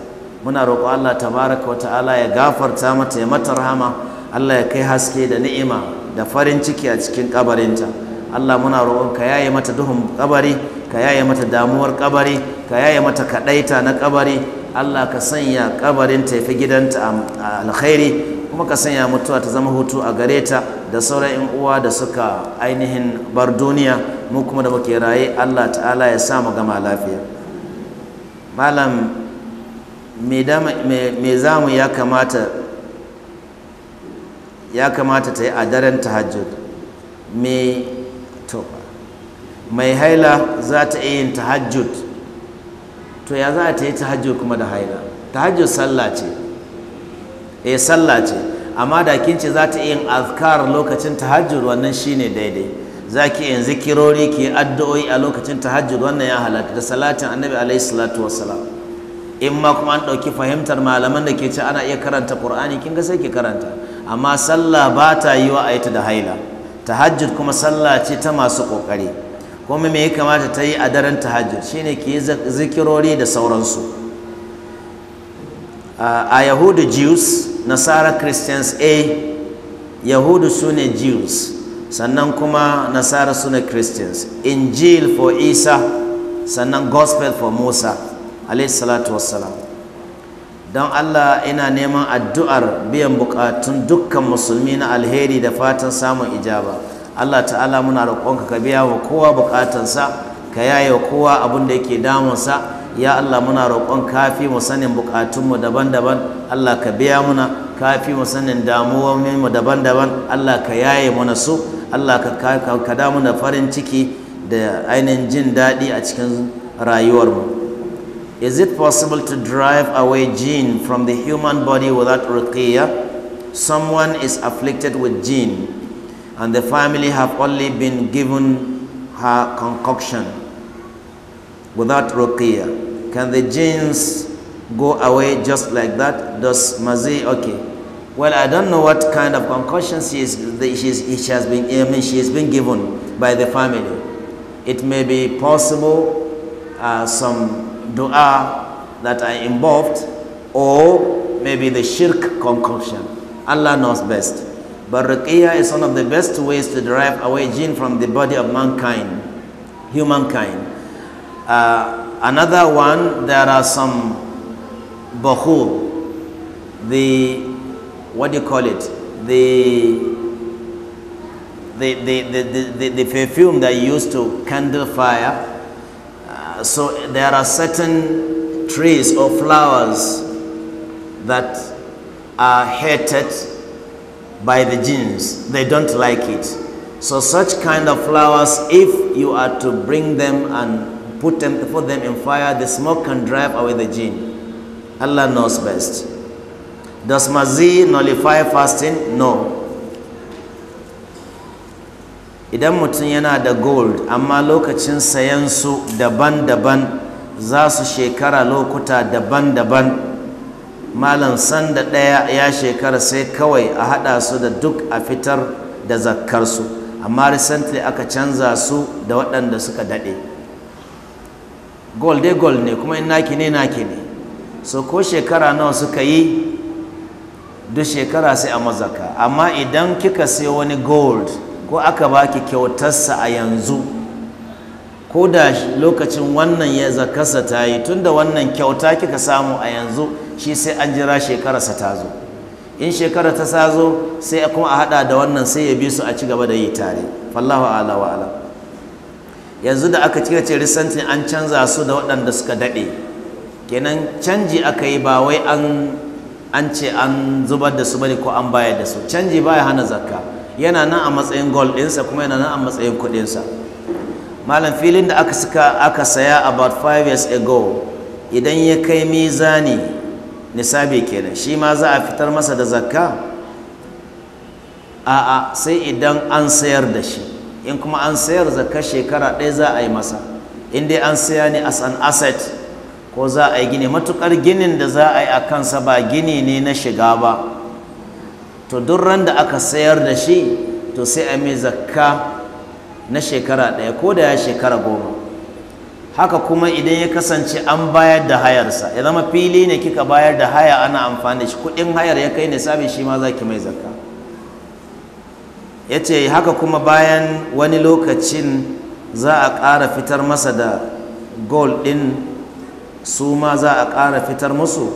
muna roƙo allah ta tabaraka wa ta'ala ya gafarta mata ya mata rahama allah ya kai haske da ni'ima da farin ciki a cikin kabarinta allah muna roƙon ka yaye mata duhun kabari ka yaye mata damuwar kabari ka yaye mata kaɗaita na kabari allah ka sanya ƙabarinta ya fi gidanta alkhairi kuma ka sanya mutuwa ta zama hutu a gare ta da sauran yan uwa da suka ainihin bar duniya mu kuma da muke raye Allah ta'ala ya sa mu gama lafiya malam me zamu ya kamata ya kamata ta yi a daren tahajjud me to mai haila za ta iya yin tahajjud to ya za ta yi tahajjud kuma da haila tahajjud sallah ce eh sallah ce amma da kin ce za ta yin azkar lokacin tahajjud wannan shine daidai za ki yin zikirori ki addu'o'i a lokacin tahajjud wannan ya halatta da salatin annabi alaihi salatu wassalam in ma kuma an ɗauki fahimtar malaman da ke ce ana iya karanta qur'ani kin ga sai ki karanta amma sallah ba ta yi wa ayata da haila tahajjud kuma sallah ce ta masu kokari kuma me ya kamata ta yi a daren tahajjud shine ki yi zikirori da sauransu Uh, a yahudu jews nasara christians a yahudu su ne jews sannan kuma nasara su ne christians injil for isa sannan gospel for musa salatu wassalam don allah ina neman addu'ar biyan bukatun dukkan musulmi na alheri da fatan samun ijaba allah ta'ala muna roƙonka ka biya wa kowa bukatansa ka yaye wa kowa abin da yake damunsa ya Allah muna roƙon kafi mu sanin buƙatunmu daban-daban Allah ka biya muna kafi mu sanin damuwanmu daban-daban Allah ka yaye muna su Allah ka ka da muna farin ciki da ainihin jin daɗi a cikin rayuwarmu Is it possible to drive away gene from the human body without ruqiyya? Someone is afflicted with gene and the family have only been given her concoction without ruqiyya. Can the genes go away just like that? Does Mazi, okay. Well, I don't know what kind of concussion she, is, she, she has been, I mean, she has been given by the family. It may be possible uh, some dua that are involved or maybe the shirk concoction. Allah knows best. But ruqiyah is one of the best ways to drive away jinn from the body of mankind, humankind. Uh, Another one, there are some bahu. the, what do you call it? The, the, the, the, the, the perfume that used to candle fire. Uh, so there are certain trees or flowers that are hated by the jinns. They don't like it. So such kind of flowers, if you are to bring them and put them put them in fire, the smoke can drive away the jinn. Allah knows best. Does mazi nullify fasting? No. Idan mutum yana da gold, amma lokacin sayan su daban-daban za su shekara lokuta daban-daban. Malam sanda ɗaya ya shekara sai kawai a haɗa su da duk a fitar da zakkarsu. amma recently aka canza su da waɗanda suka daɗe. gold dai gold ne kuma in naki ne naki ne so ko shekara nawa suka yi duk shekara sai a mazaka amma idan kika sai wani gold ko aka baki kyautarsa a yanzu ko da lokacin wannan ya zakarsa ta yi tunda wannan kyauta kika samu a yanzu shi sai an jira shekararsa ta zo in shekara ta sa zo sai kuma a hada da wannan sai ya bi su a ci gaba da yi tare fallahu ala wa ala yanzu da aka cire recently an canza su da waɗanda suka daɗe kenan canji aka yi ba wai an an ce an zubar da su bane ko an bayar da su canji baya hana zakka yana nan a matsayin gold ɗinsa kuma yana nan a matsayin kuɗinsa malam filin da aka suka aka saya about five years ago idan ya kai mizani nisabi kenan shi ma za a fitar masa da zakka a'a sai idan an sayar da shi in kuma an sayar zakar shekara ɗaya za a yi masa in dai an saya ne as an asset ko za a yi gini matukar ginin da za a yi a kansa ba gini ne na shiga ba to duk ran da aka sayar da shi to sai a mai zakka na shekara ɗaya ko da ya shekara goma haka kuma idan ya kasance an bayar da hayarsa ya zama fili ne kika bayar da haya ana amfani da shi kuɗin hayar ya kai ne sabi shi ma za ki mai zakka ya ce haka kuma bayan wani lokacin za a ƙara fitar masa da gol ɗin su ma za a ƙara fitar musu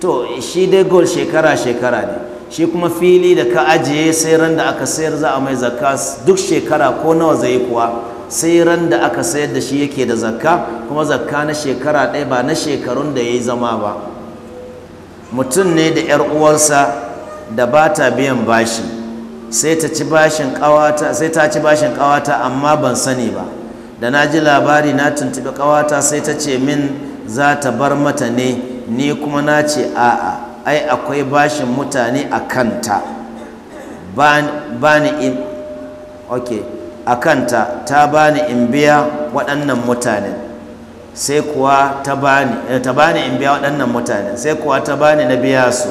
to shi dai gol shekara-shekara ne shi kuma fili da ka ajiye sai ran da aka sayar za a mai zakka duk shekara ko nawa zai yi kuwa sai ran da aka sayar da shi yake da zakka kuma zakka na shekara ɗaya ba na shekarun da ya yi zama ba mutum ne da 'yar uwarsa da ba ta biyan bashi sai ta ci bashin kawata amma ban sani ba da na ji labari na tuntuɓi kawata sai ta ce min za ta bar mata ne ni kuma na ce a'a ai akwai bashin mutane a kanta bani in ok a kanta ta bani in biya waɗannan mutane sai kuwa ta bani eh, ta bani in biya waɗannan mutane sai kuwa ta bani na biya su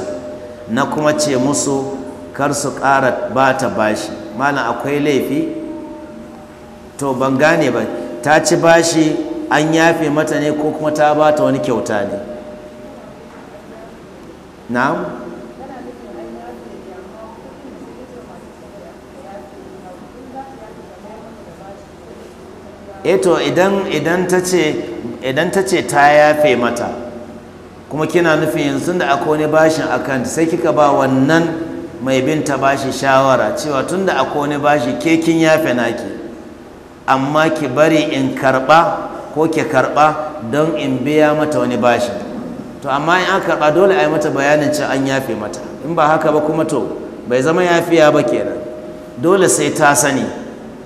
na kuma ce musu kar su ƙara ba ta bashi malam akwai laifi to ban gane ba ta ci bashi an yafe mata ne ko kuma ta ba ta wani kyauta ne na'am eto eh idan to ta idan ta ce ta yafe mata kuma kina nufin yanzu da akwai wani bashin kanta sai kika ba wannan mai bin ta bashi shawara cewa tunda akwai wani bashi ke kin yafe naki amma ki bari in karba ko ki karba don in biya mata wani bashi to amma in an karba dole a yi mata bayanin cin an yafe mata in ba haka ba kuma to bai zama yafiya ba kenan dole sai ta sani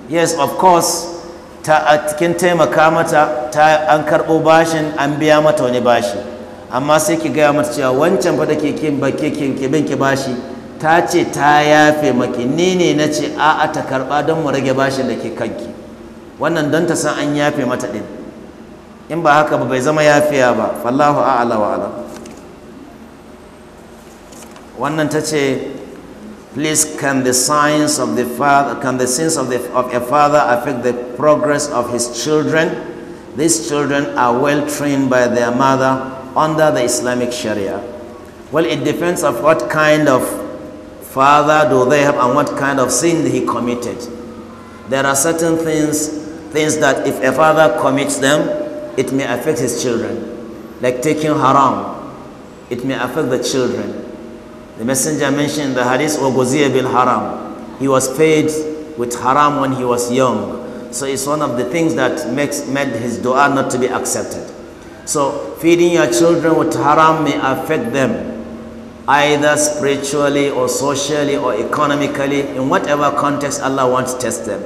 yes of course ta a cikin taimaka mata ta an karɓo bashin an biya mata wani bashi amma sai ki gaya mata cewa wancan fa da ke kin ke bin ki bashi ta ce ta yafe maki ni ne a ce a'a ta karɓa don mu rage bashin da ke kanki wannan don ta san an yafe mata ɗin in ba haka ba bai zama yafiya ba fallahu a'ala wa ala wannan ta please can the sins of the father can the sins of, the, of a father affect the progress of his children these children are well trained by their mother under the islamic sharia well it depends of what kind of father do they have and what kind of sin he committed. There are certain things, things that if a father commits them, it may affect his children. Like taking haram, it may affect the children. The messenger mentioned the hadith, bin haram. He was paid with haram when he was young. So it's one of the things that makes made his dua not to be accepted. So feeding your children with haram may affect them either spiritually or socially or economically, in whatever context Allah wants to test them.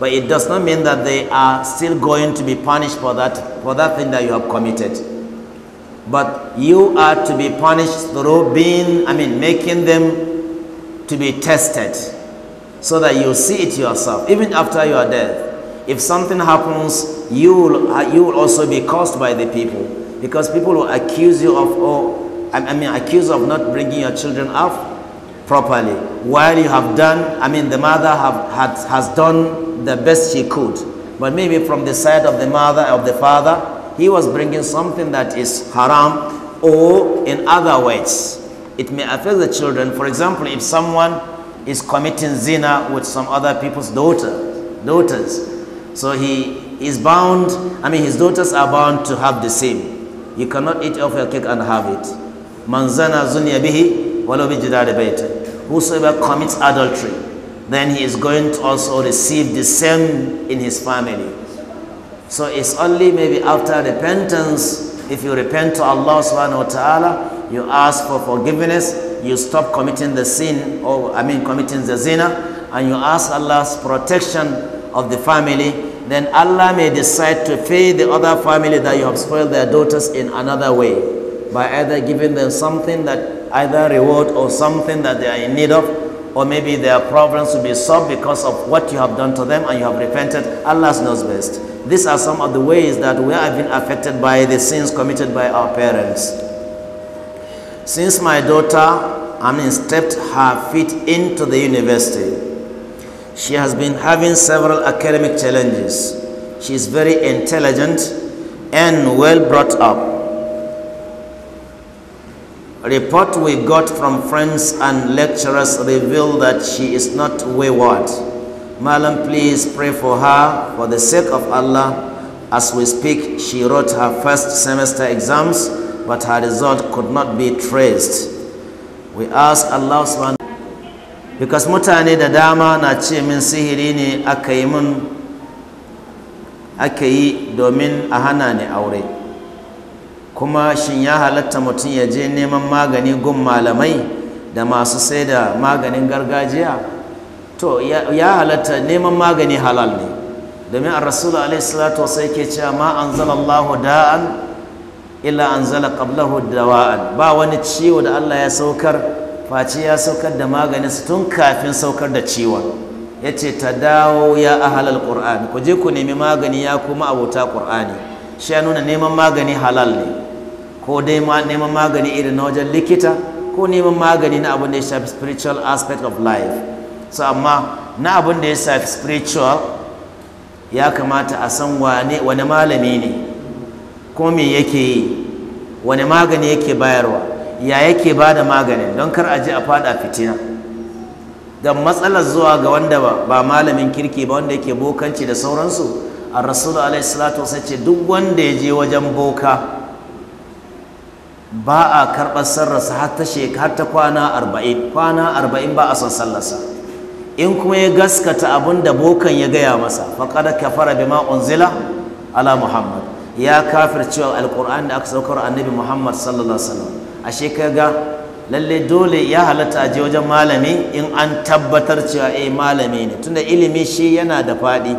But it does not mean that they are still going to be punished for that, for that thing that you have committed. But you are to be punished through being, I mean, making them to be tested so that you see it yourself, even after your death. If something happens, you will, you will also be caused by the people because people will accuse you of, oh, I mean, accused of not bringing your children up properly. While you have done, I mean, the mother have, had, has done the best she could. But maybe from the side of the mother, of the father, he was bringing something that is haram or in other ways. It may affect the children. For example, if someone is committing zina with some other people's daughter, daughters, so he is bound, I mean, his daughters are bound to have the same. You cannot eat off your cake and have it. Manzana zunya bihi walobi jidari Whosoever commits adultery, then he is going to also receive the same in his family. So it's only maybe after repentance, if you repent to Allah subhanahu wa ta'ala, you ask for forgiveness, you stop committing the sin, or I mean committing the zina, and you ask Allah's protection of the family, then Allah may decide to pay the other family that you have spoiled their daughters in another way by either giving them something that either reward or something that they are in need of or maybe their problems will be solved because of what you have done to them and you have repented. Allah knows best. These are some of the ways that we have been affected by the sins committed by our parents. Since my daughter, I mean, stepped her feet into the university, she has been having several academic challenges. She is very intelligent and well brought up report we got from friends and lecturers reveal that she is not wayward. Malam, please pray for her for the sake of Allah. As we speak, she wrote her first semester exams, but her result could not be traced. We ask Allah subhanahu because mutane da dama na ce min sihiri ne aka yi yi domin a hana ni aure. kuma shin ya halatta mutum ya je neman magani gun malamai da masu sai da maganin gargajiya to ya halatta neman magani halal ne domin a rasulu alaihissalatu wasu yake cewa ma an zala allahu da'an illa an zala qablahu dawa'an ba wani ciwo da allah ya saukar face ya saukar da maganinsu su tun kafin saukar da ciwon ya ce ta dawo ya halal qur'an ku je ku nemi magani ya kuma abota qur'ani shi ya nuna neman magani halal ne ko dai ma neman magani irin na wajen likita ko neman magani na abin da ya shafi spiritual aspect of life so amma na abin da ya shafi spiritual ya kamata a san wane wani malami ne ko me yake yi wani magani yake bayarwa ya yake ba da maganin don kar a ji a fada fitina da matsalar zuwa ga wanda ba malamin kirki ba wanda yake bokanci da sauransu a rasulu alaihi salatu wasu ce duk wanda ya je wajen boka ba a karɓar sarrasa har ta har ta kwana arba'in kwana arba'in ba a son sallarsa in kuma ya gaskata abin da bokan ya gaya masa faƙada kafara bima unzila ala muhammad ya kafir cewa alƙur'an da aka saukar annabi muhammad sallallahu alaihi wasallam ga lalle dole ya halatta a wajen malami in an tabbatar cewa eh malami ne tunda ilimi shi yana da faɗi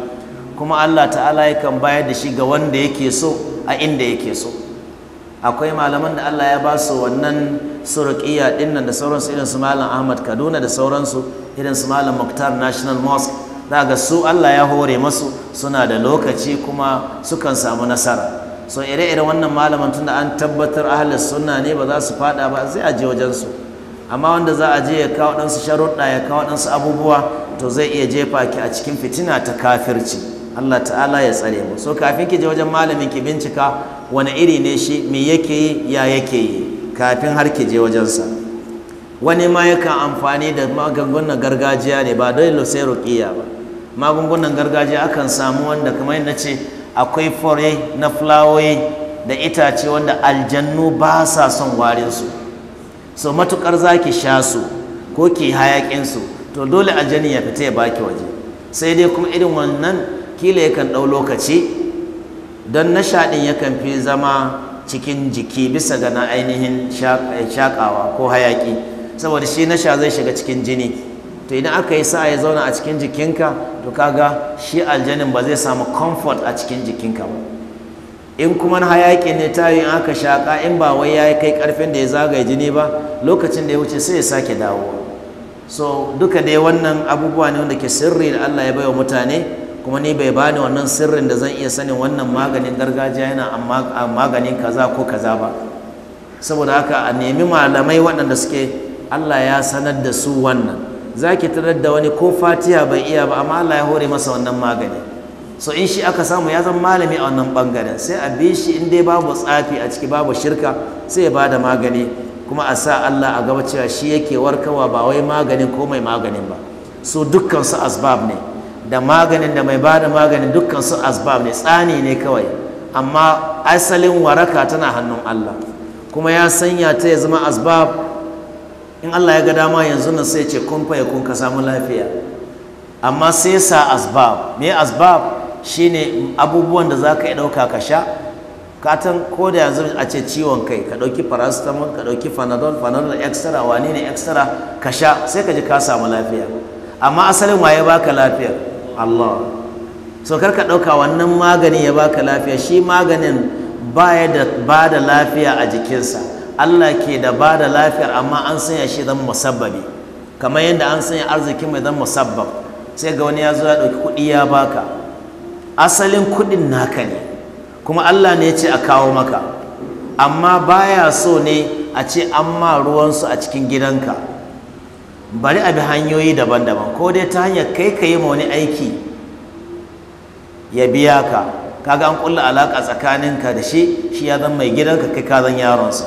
kuma allah ta'ala yakan bayar da shi ga wanda yake so a inda yake so akwai malaman da Allah ya ba su wannan surukiya din nan da sauransu irin su malam Ahmad Kaduna da sauransu irin su malam Muktar National Mosque za ga su Allah ya hore masu suna da lokaci kuma sukan samu nasara so ire-ire wannan malaman tunda an tabbatar ahlus sunna ne ba za su fada ba zai a je wajen su amma wanda za a je ya kawo ɗansu sharuɗa ya kawo ɗansu abubuwa to zai iya jefa ki a cikin fitina ta kafirci Allah ta'ala ya tsare mu so kafin ki je wajen malamin ki bincika wani iri ne shi me yake yi ya yake yi kafin har ki je wajensa wani ma yakan amfani da magungunan gargajiya ne ba dole sai ruqiya ba magungunan gargajiya akan samu wanda kamar yadda ce akwai fure na fulawoyi da itace wanda aljannu ba sa son warinsu so matukar za ki sha su ko ki hayaƙinsu to dole aljani ya fita ya baki waje sai dai kuma irin wannan kila yakan ɗau lokaci don nasha ɗin yakan fi zama cikin jiki bisa ga na ainihin shaƙawa ko hayaƙi. saboda shi nasha zai shiga cikin jini to idan aka yi sa ya zauna a cikin jikinka to kaga shi aljanin ba zai samu comfort a cikin jikinka ba in kuma na hayaƙi ne tayoyin aka shaƙa in ba wai ya kai ƙarfin da ya zagaye jini ba lokacin da ya wuce sai ya sake dawowa. so duka dai wannan abubuwa ne wanda ke sirri da Allah ya baiwa mutane kuma ni bai bani wannan sirrin da zan iya sanin wannan maganin gargajiya yana a maganin kaza ko kaza ba saboda haka a nemi malamai waɗanda suke Allah ya sanar da su wannan za ki tarar da wani ko fatiya bai iya ba amma Allah ya hore masa wannan magani so in shi aka samu ya zama malami a wannan bangaren sai a bi shi in dai babu tsafi a ciki babu shirka sai ya bada magani kuma a sa Allah a gaba cewa shi yake warkarwa ba wai maganin ko mai maganin ba su dukkan su asbab ne da maganin da mai bada maganin dukkan su asbab ne tsani ne kawai amma asalin waraka tana hannun Allah kuma ya sanya ta ya zama asbab in Allah ya ga dama yanzu na sai ce kun faye kun ka samu lafiya amma sai sa asbab me asbab shine abubuwan da za ka ɗauka ka sha katon ko da yanzu a ce ciwon kai ka ɗauki paracetamol ka ɗauki panadol panadol extra wani ne extra ka sha sai ka ji ka samu lafiya amma asalin waye baka lafiyar Allah so ka ɗauka wannan magani ya baka lafiya shi maganin baya da ba da lafiya a jikinsa Allah ke da ba da lafiyar amma an sanya shi zan musabbabi kamar yadda an sanya arzikin mai zan musabbab sai ga wani ya zo ya ɗauki kuɗi ya baka asalin kuɗin naka ne kuma Allah ne ya ce a kawo maka amma baya so ne a ce an ma ruwansu a cikin gidanka bari a bi hanyoyi daban-daban ko dai ta hanyar kai ka yi ma wani aiki ya biya ka kaga an kulla alaƙa tsakaninka da shi shi ya zan mai gidanka kai ka zan yaronsa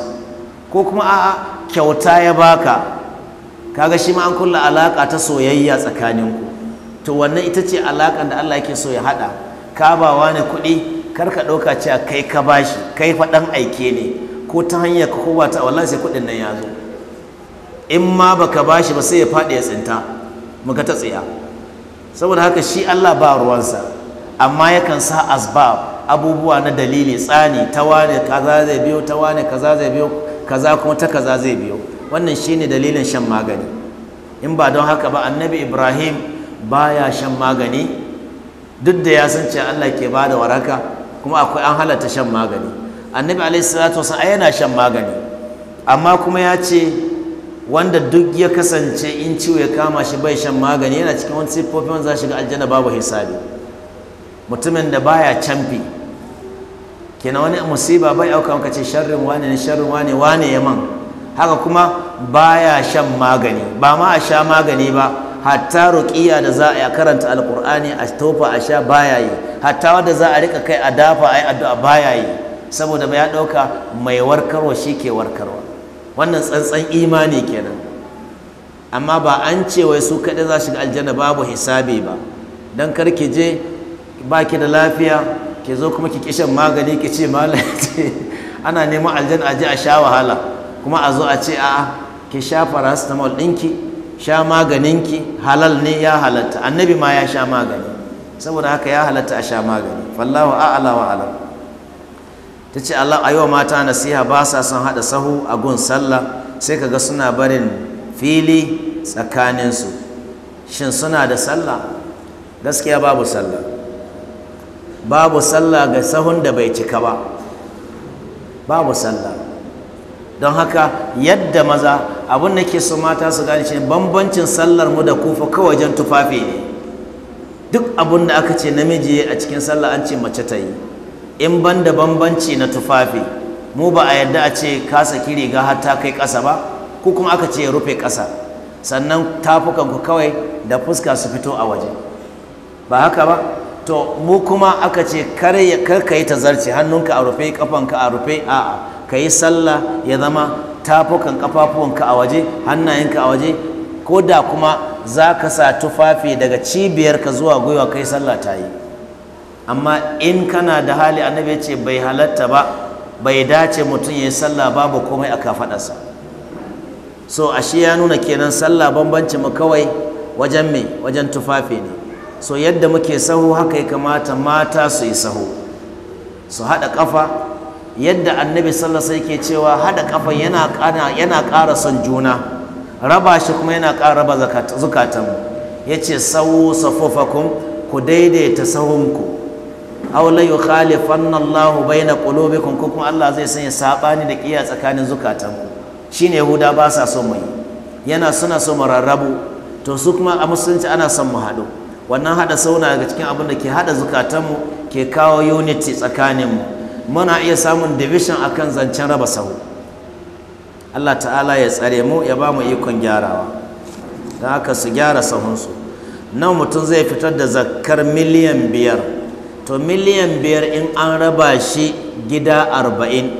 ko kuma a'a kyauta ya baka kaga shi ma an kulla alaƙa ta soyayya tsakaninku to wannan ita ce alaƙar da Allah yake so ya haɗa ka ba wani kuɗi kar ka ɗauka cewa kai ka bashi kai fa ɗan aike ne ko ta hanyar ka ko ba ta wallahi sai kuɗin nan ya zo in ma baka bashi ba sai ya faɗi ya tsinta muka ta tsiya saboda haka shi Allah ba ruwansa amma yakan sa asbab abubuwa na dalili tsani ta wane kaza zai biyo ta wane kaza zai biyo kaza kuma ta kaza zai biyo wannan shine dalilin shan magani in ba don haka ba annabi Ibrahim baya shan magani duk da ya san cewa Allah ke bada waraka kuma akwai an halarta shan magani annabi alaihi salatu wasallam yana shan magani amma kuma ya ce wanda duk ya kasance in ciwo ya kama shi bai shan magani yana cikin wani sifofi wanda za shiga aljanna babu hisabi mutumin da baya canfi kenan wani musiba bai auka maka ce sharrin wane ne sharrin wane wane ya man haka kuma baya shan magani ba ma a sha magani ba hatta ruqiya da za a karanta alqur'ani a tofa a sha baya yi hatta wanda za a rika kai a dafa ai addu'a baya yi saboda bai ya dauka mai warkarwa shi ke warkarwa wannan tsantsan imani kenan amma ba an ce wai su kaɗai za shiga aljanna babu hisabi ba don kar ki je ba ki da lafiya ki zo kuma ki kishin magani ki ce malaci ana neman aljanna a je a sha wahala kuma a zo a ce a'a ki sha paracetamol ɗinki sha maganinki halal ne ya halatta annabi ma ya sha magani saboda haka ya halatta a sha magani fallahu a'ala wa alam ta ce Allah ayo mata nasiha ba sa son haɗa sahu a gun sallah sai kaga suna barin fili tsakaninsu shin suna da sallah gaskiya babu sallah babu sallah ga sahun da bai cika ba babu sallah don haka yadda maza abin da ke so mata su gane shi bambancin sallar mu da kufa kawai wajen tufafi ne duk abin da aka ce namiji a cikin sallah an ce mace ta yi in ban da bambanci na tufafi mu ba a yadda a ce ka saki riga har ta kai ƙasa ba ko kuma aka ce ya rufe ƙasa sannan tafukanku kawai da fuska su fito a waje ba haka ba to mu kuma aka ce kar ka yi tazarci hannunka a rufe kafanka a rufe a'a ka yi sallah ya zama tafukan kafafuwanka a waje hannayenka a waje ko da kuma za ka sa tufafi daga cibiyarka zuwa gwiwa kai sallah ta yi amma in kana da hali annabi ya ce bai halatta ba bai dace mutum ya yi sallah babu komai a kafaɗarsa so ashe ya nuna kenan sallah bambanci mu kawai wajen me wajen tufafi ne so yadda muke sahu haka ya kamata mata su yi sahu su haɗa ƙafa yadda annabi sai ke cewa haɗa ƙafa yana ƙara son juna raba shi kuma yana ƙara raba zukatanmu ya ce sahu safofakun ku daidaita sahunku aw la yukhalifanna Allah baina qulubikum ko kuma Allah zai sanya sabani da kiyaye tsakanin zukatanku shine yahuda ba sa so mai yana suna so mu rarrabu to su kuma a musulunci ana son mu haɗu wannan haɗa sauna daga cikin abin da ke haɗa zukatanmu ke kawo unity tsakaninmu muna iya samun division akan zancen raba sahu Allah ta'ala ya tsare mu ya ba mu ikon gyarawa don haka su gyara sahunsu nan mutum zai fitar da zakkar miliyan biyar to miliyan biyar in an raba shi gida arba'in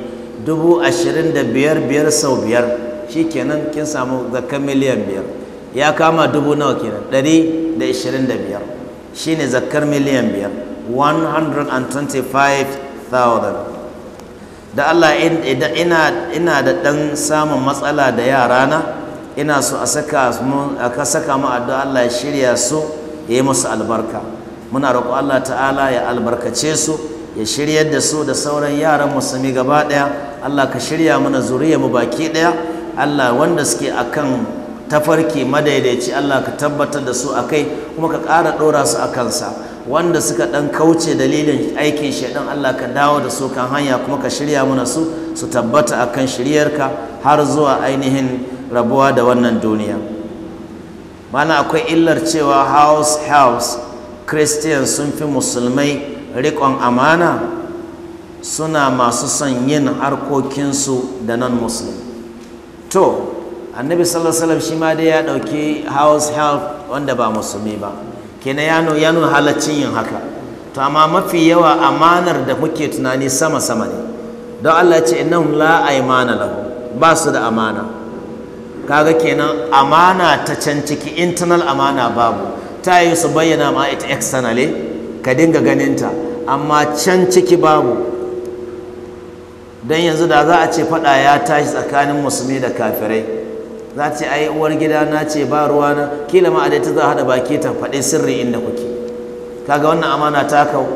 dubu ashirin da biyar biyar sau biyar shi kenan kin samu zakkan miliyan biyar ya kama dubu nawa kenan ɗari da ashirin da biyar shi ne zakkar miliyan biyar 125,000 da Allah ina da ɗan samun matsala da yarana ina so a saka mu addu'a Allah ya shirya su ya yi musu albarka muna roƙo Allah ta'ala ya albarkace su ya shiryar da su da sauran yaran musulmi gaba ɗaya Allah ka shirya mana mu baki ɗaya Allah wanda suke akan tafarki madaidaici Allah ka tabbatar da su akai kuma ka ƙara ɗora su a kansa wanda suka ɗan kauce dalilin aikin shaidan Allah ka dawo da su kan hanya kuma ka shirya mana su su tabbata akan shiryarka har zuwa ainihin rabuwa da wannan duniya mana akwai illar cewa house house christian sun fi musulmai rikon amana suna masu son yin harkokinsu da nan muslim to annabi sallallahu alaihi shi ma dai ya ɗauki house health wanda ba musulmi ba kenan ya nuna halaccin yin haka to amma mafi yawa amanar da muke tunani sama sama ne don Allah ce innahum la aymana ba su da amana kaga kenan amana ta can ciki internal amana babu ta yi su bayyana ma ita externally ka dinga ganinta amma can ciki babu don yanzu da za a ce fada ya tashi tsakanin musulmi da kafirai za ce ai uwar gida na ce ba ruwa na kila ma ta za a haɗa baki ta faɗi sirri inda kuke kaga wannan amana ta kau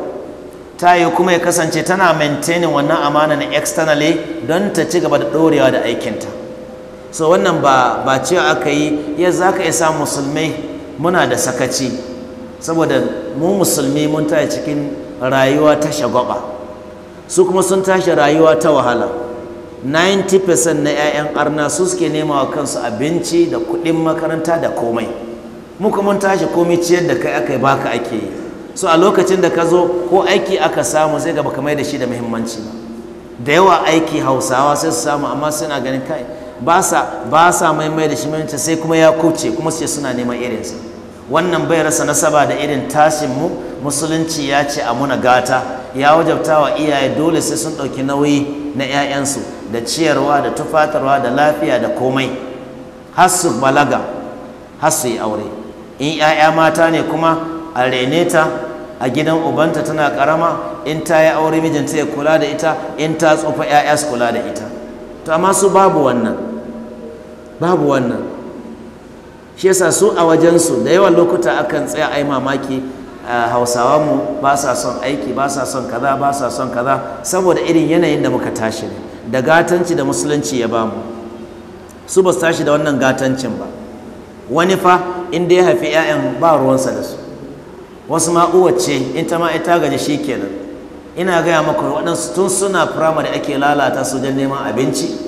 ta yi kuma ya kasance tana maintaining wannan amana na externally don ta ci gaba da ɗorewa da aikinta so wannan ba ba cewa aka yi ya za ka isa musulmai muna da sakaci saboda mu musulmi mun tashi cikin rayuwa ta shagwaba su kuma sun tashi rayuwa ta wahala 90% na 'ya'yan arna su suke nema wa kansu abinci da kuɗin makaranta da komai mu kuma mun tashi komai ciyar da kai aka baka ake yi so a lokacin da ka zo ko aiki aka samu sai gaba kamar da shi da muhimmanci da yawa aiki hausawa sai su samu amma suna ganin kai ba sa ba sa maimai da shi mahimmanci sai kuma ya kuce kuma sai suna neman irinsa wannan bai rasa nasaba da irin tashin mu musulunci ya ce a muna gata ya wajabta wa iyaye dole sai sun ɗauki nauyi na 'ya'yansu da ciyarwa da tufatarwa da lafiya da komai har su balaga har su yi aure in 'ya'ya mata ne kuma a rene ta a gidan ubanta tana karama in ta yi aure mijinta ya kula da ita in ta tsufa 'ya'ya su kula da ita to amma su babu wannan babu wannan shi yasa su a wajensu da yawan lokuta akan tsaya ai mamaki hausawa mu ba sa son aiki ba sa son kaza ba sa son kaza saboda irin yanayin da muka tashi ne da gatanci da musulunci ya bamu su ba su tashi da wannan gatancin ba wani fa inda ya haifi 'ya'yan ba ruwansa da su wasu ma uwace in ta ma ita gaji shi kenan ina gaya maka waɗansu tun suna firamare ake lalata su don neman abinci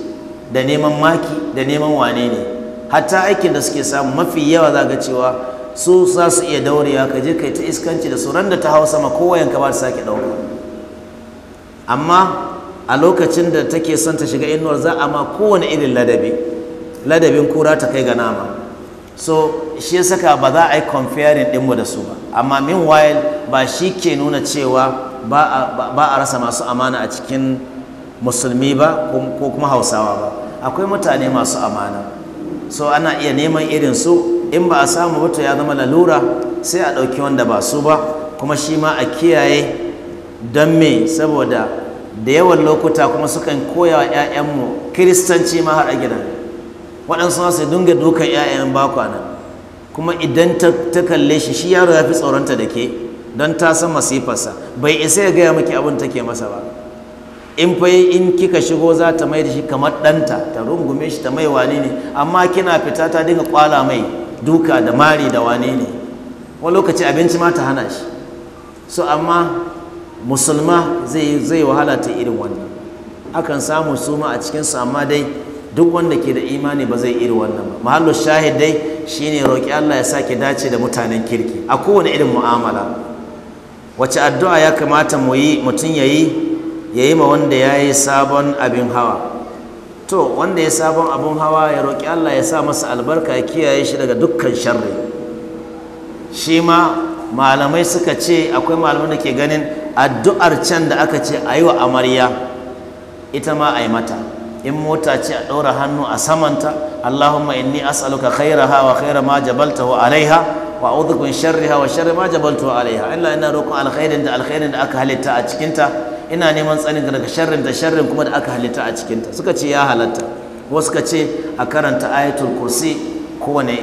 da neman maki da neman wane ne hatta aikin da suke samu mafi yawa za ga cewa su za su iya daurewa ka je kai ta iskanci da sauran da ta hau sama kowayen ka ba ta sake ɗauka amma a lokacin da take son ta shiga inuwar za a ma kowane irin ladabi ladabin kura ta kai ga nama so shi ya saka ba za a yi comparing ɗinmu da su ba amma meanwhile ba shi ke nuna cewa ba a rasa masu amana a cikin musulmi ba ko kuma hausawa ba akwai mutane masu amana so ana iya neman irin su in ba a samu wato ya zama lalura sai a ɗauki wanda ba su ba kuma shi ma a kiyaye don me saboda da yawan lokuta kuma sukan koya wa 'ya'yanmu kiristanci ma har a gidan waɗansu su dinga dukan 'ya'yan bakwana kuma idan ta kalle shi shi yaro ya fi tsoronta da ke don ta san masifarsa bai isa ya gaya miki abin take masa ba in fa in kika shigo za ta mai da shi kamar ɗanta ta rungume shi ta mai wane ne amma kina fita ta dinga kwala mai duka da mari da wane ne wani lokaci abinci ma ta hana shi so amma musulma zai zai wahala ta irin wannan akan samu suma a cikin su amma dai duk wanda ke da imani ba zai iri wannan ba mahallu shahid dai shine roƙi Allah ya sake dace da mutanen kirki a kowane irin mu'amala wace addu'a ya kamata mu yi mutum ya yi ya yi ma wanda ya yi sabon abin hawa to wanda ya sabon abin hawa ya roƙi Allah ya sa masa albarka ya kiyaye shi daga dukkan sharri shi ma malamai suka ce akwai malamai da ke ganin addu'ar can da aka ce a yi wa amarya ita ma a yi mata in mota ce a ɗaura hannu a samanta Allahumma inni as'aluka ha wa khaira ma wa alaiha wa a'udhu min sharriha wa sharri ma wa alaiha illa ina roƙon alkhairin da alkhairin da aka halitta a cikinta ina neman tsanin daga sharrin da sharrin kuma da aka halitta a cikinta suka ce ya halatta wasu suka ce a karanta ayatul kursi kowane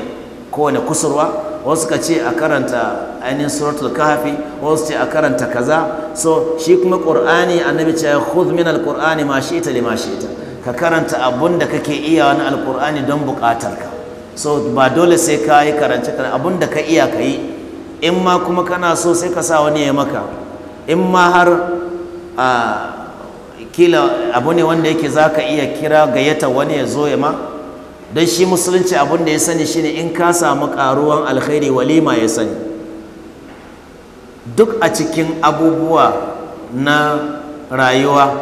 kowane kusurwa wasu suka ce a karanta ainihin suratul kahfi wasu ce a karanta kaza so shi kuma qur'ani annabi ce khudh min alqur'ani ma shi'ta lima shi'ta ka karanta abun da kake iya wani Al-Qur'ani don buƙatarka so ba dole sai ka yi karance abun da ka iya ka yi in ma kuma kana so sai ka sa wani ya maka in ma har kila abu ne wanda yake za ka iya kira gayyata wani ya zo ya ma don shi musulunci abun da ya sani shine in ka samu karuwan alkhairi walima ya sani duk a cikin abubuwa na rayuwa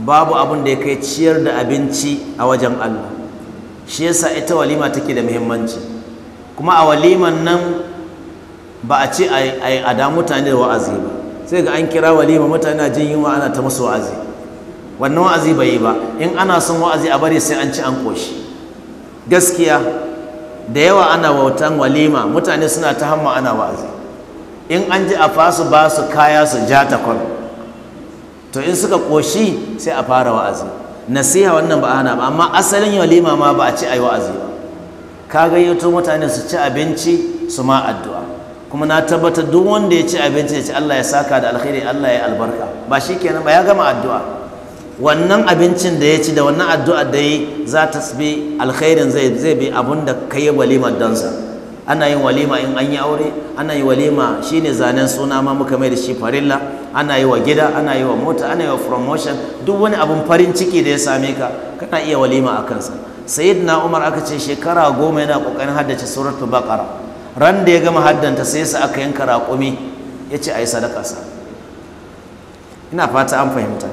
babu abun da ya kai ciyar da abinci a wajen Allah shi yasa ita walima take da muhimmanci kuma a waliman nan ba a ce a damu mutane da wa'azi ba sai ga an kira walima mutane jin yunwa ana ta musu wa'azi wannan wa'azi bai yi ba in ana son wa'azi a bari sai an ci an koshi gaskiya da yawa ana wautan walima mutane suna ta hamma ana wa'azi in an ji a fasu ba su kaya su ja takwal, to in suka koshi sai a fara wa'azi nasiha wannan ba ana ba amma asalin walima ma ba a ci a yi wa'azi ba ka gayyato mutane su ci abinci su ma addu'a kuma na tabbatar duk wanda ya ci abinci ya ci Allah ya saka da alkhairi Allah ya albarka ba shi kenan ba ya gama addu'a wannan abincin da ya ci da wannan addu'a da yi za ta bi alkhairin zai zai bi abun da kai walima dansa ana yin walima in an yi aure ana yi walima shine zanen suna ma muka mai da shi farilla ana yi wa gida ana yi wa mota ana yi wa promotion duk wani abin farin ciki da ya same ka kana iya walima a kansa sayyidina umar aka ce shekara goma yana kokarin haddace suratul baqara ran da ya gama haddanta sai sa aka yanka raƙumi ya ce a yi sadaka sa ina fata an fahimta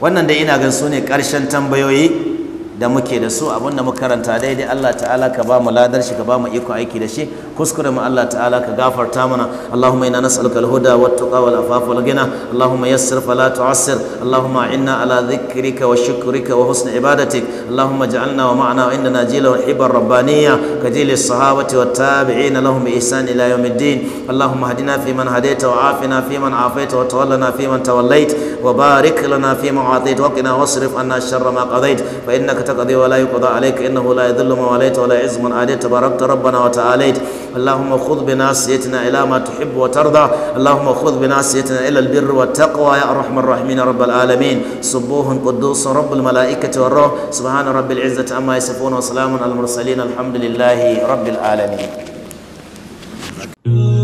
wannan da ina gan su ne ƙarshen tambayoyi da muke da su abinda muka karanta daidai Allah ta'ala ka ba mu ladar shi ka ba mu iko aiki da shi kuskure mu Allah ta'ala ka gafarta mana Allahumma inna nas'aluka al-huda wat tuqa wal afafa wal ghina Allahumma yassir fala tu'assir Allahumma inna ala dhikrika wa shukrika wa husni ibadatik Allahumma ij'alna wa ma'ana wa inna najila wa hibar rabbaniyya ka jili sahabati wa tabi'in lahum bi ihsan ila yawmiddin Allahumma hadina fi man hadaita wa afina fi man afaita wa tawallana fi man tawallait wa barik lana fi ma atait wa qina wasrif anna sharra ma qadait fa innaka تقضي ولا يقضى عليك إنه لا يذل ما وليت ولا يعز من عاديت تباركت ربنا وتعاليت اللهم خذ بناصيتنا إلى ما تحب وترضى اللهم خذ بناصيتنا إلى البر والتقوى يا أرحم الراحمين رب العالمين سبوه قدوس رب الملائكة والروح سبحان رب العزة أما يصفون وسلام على المرسلين الحمد لله رب العالمين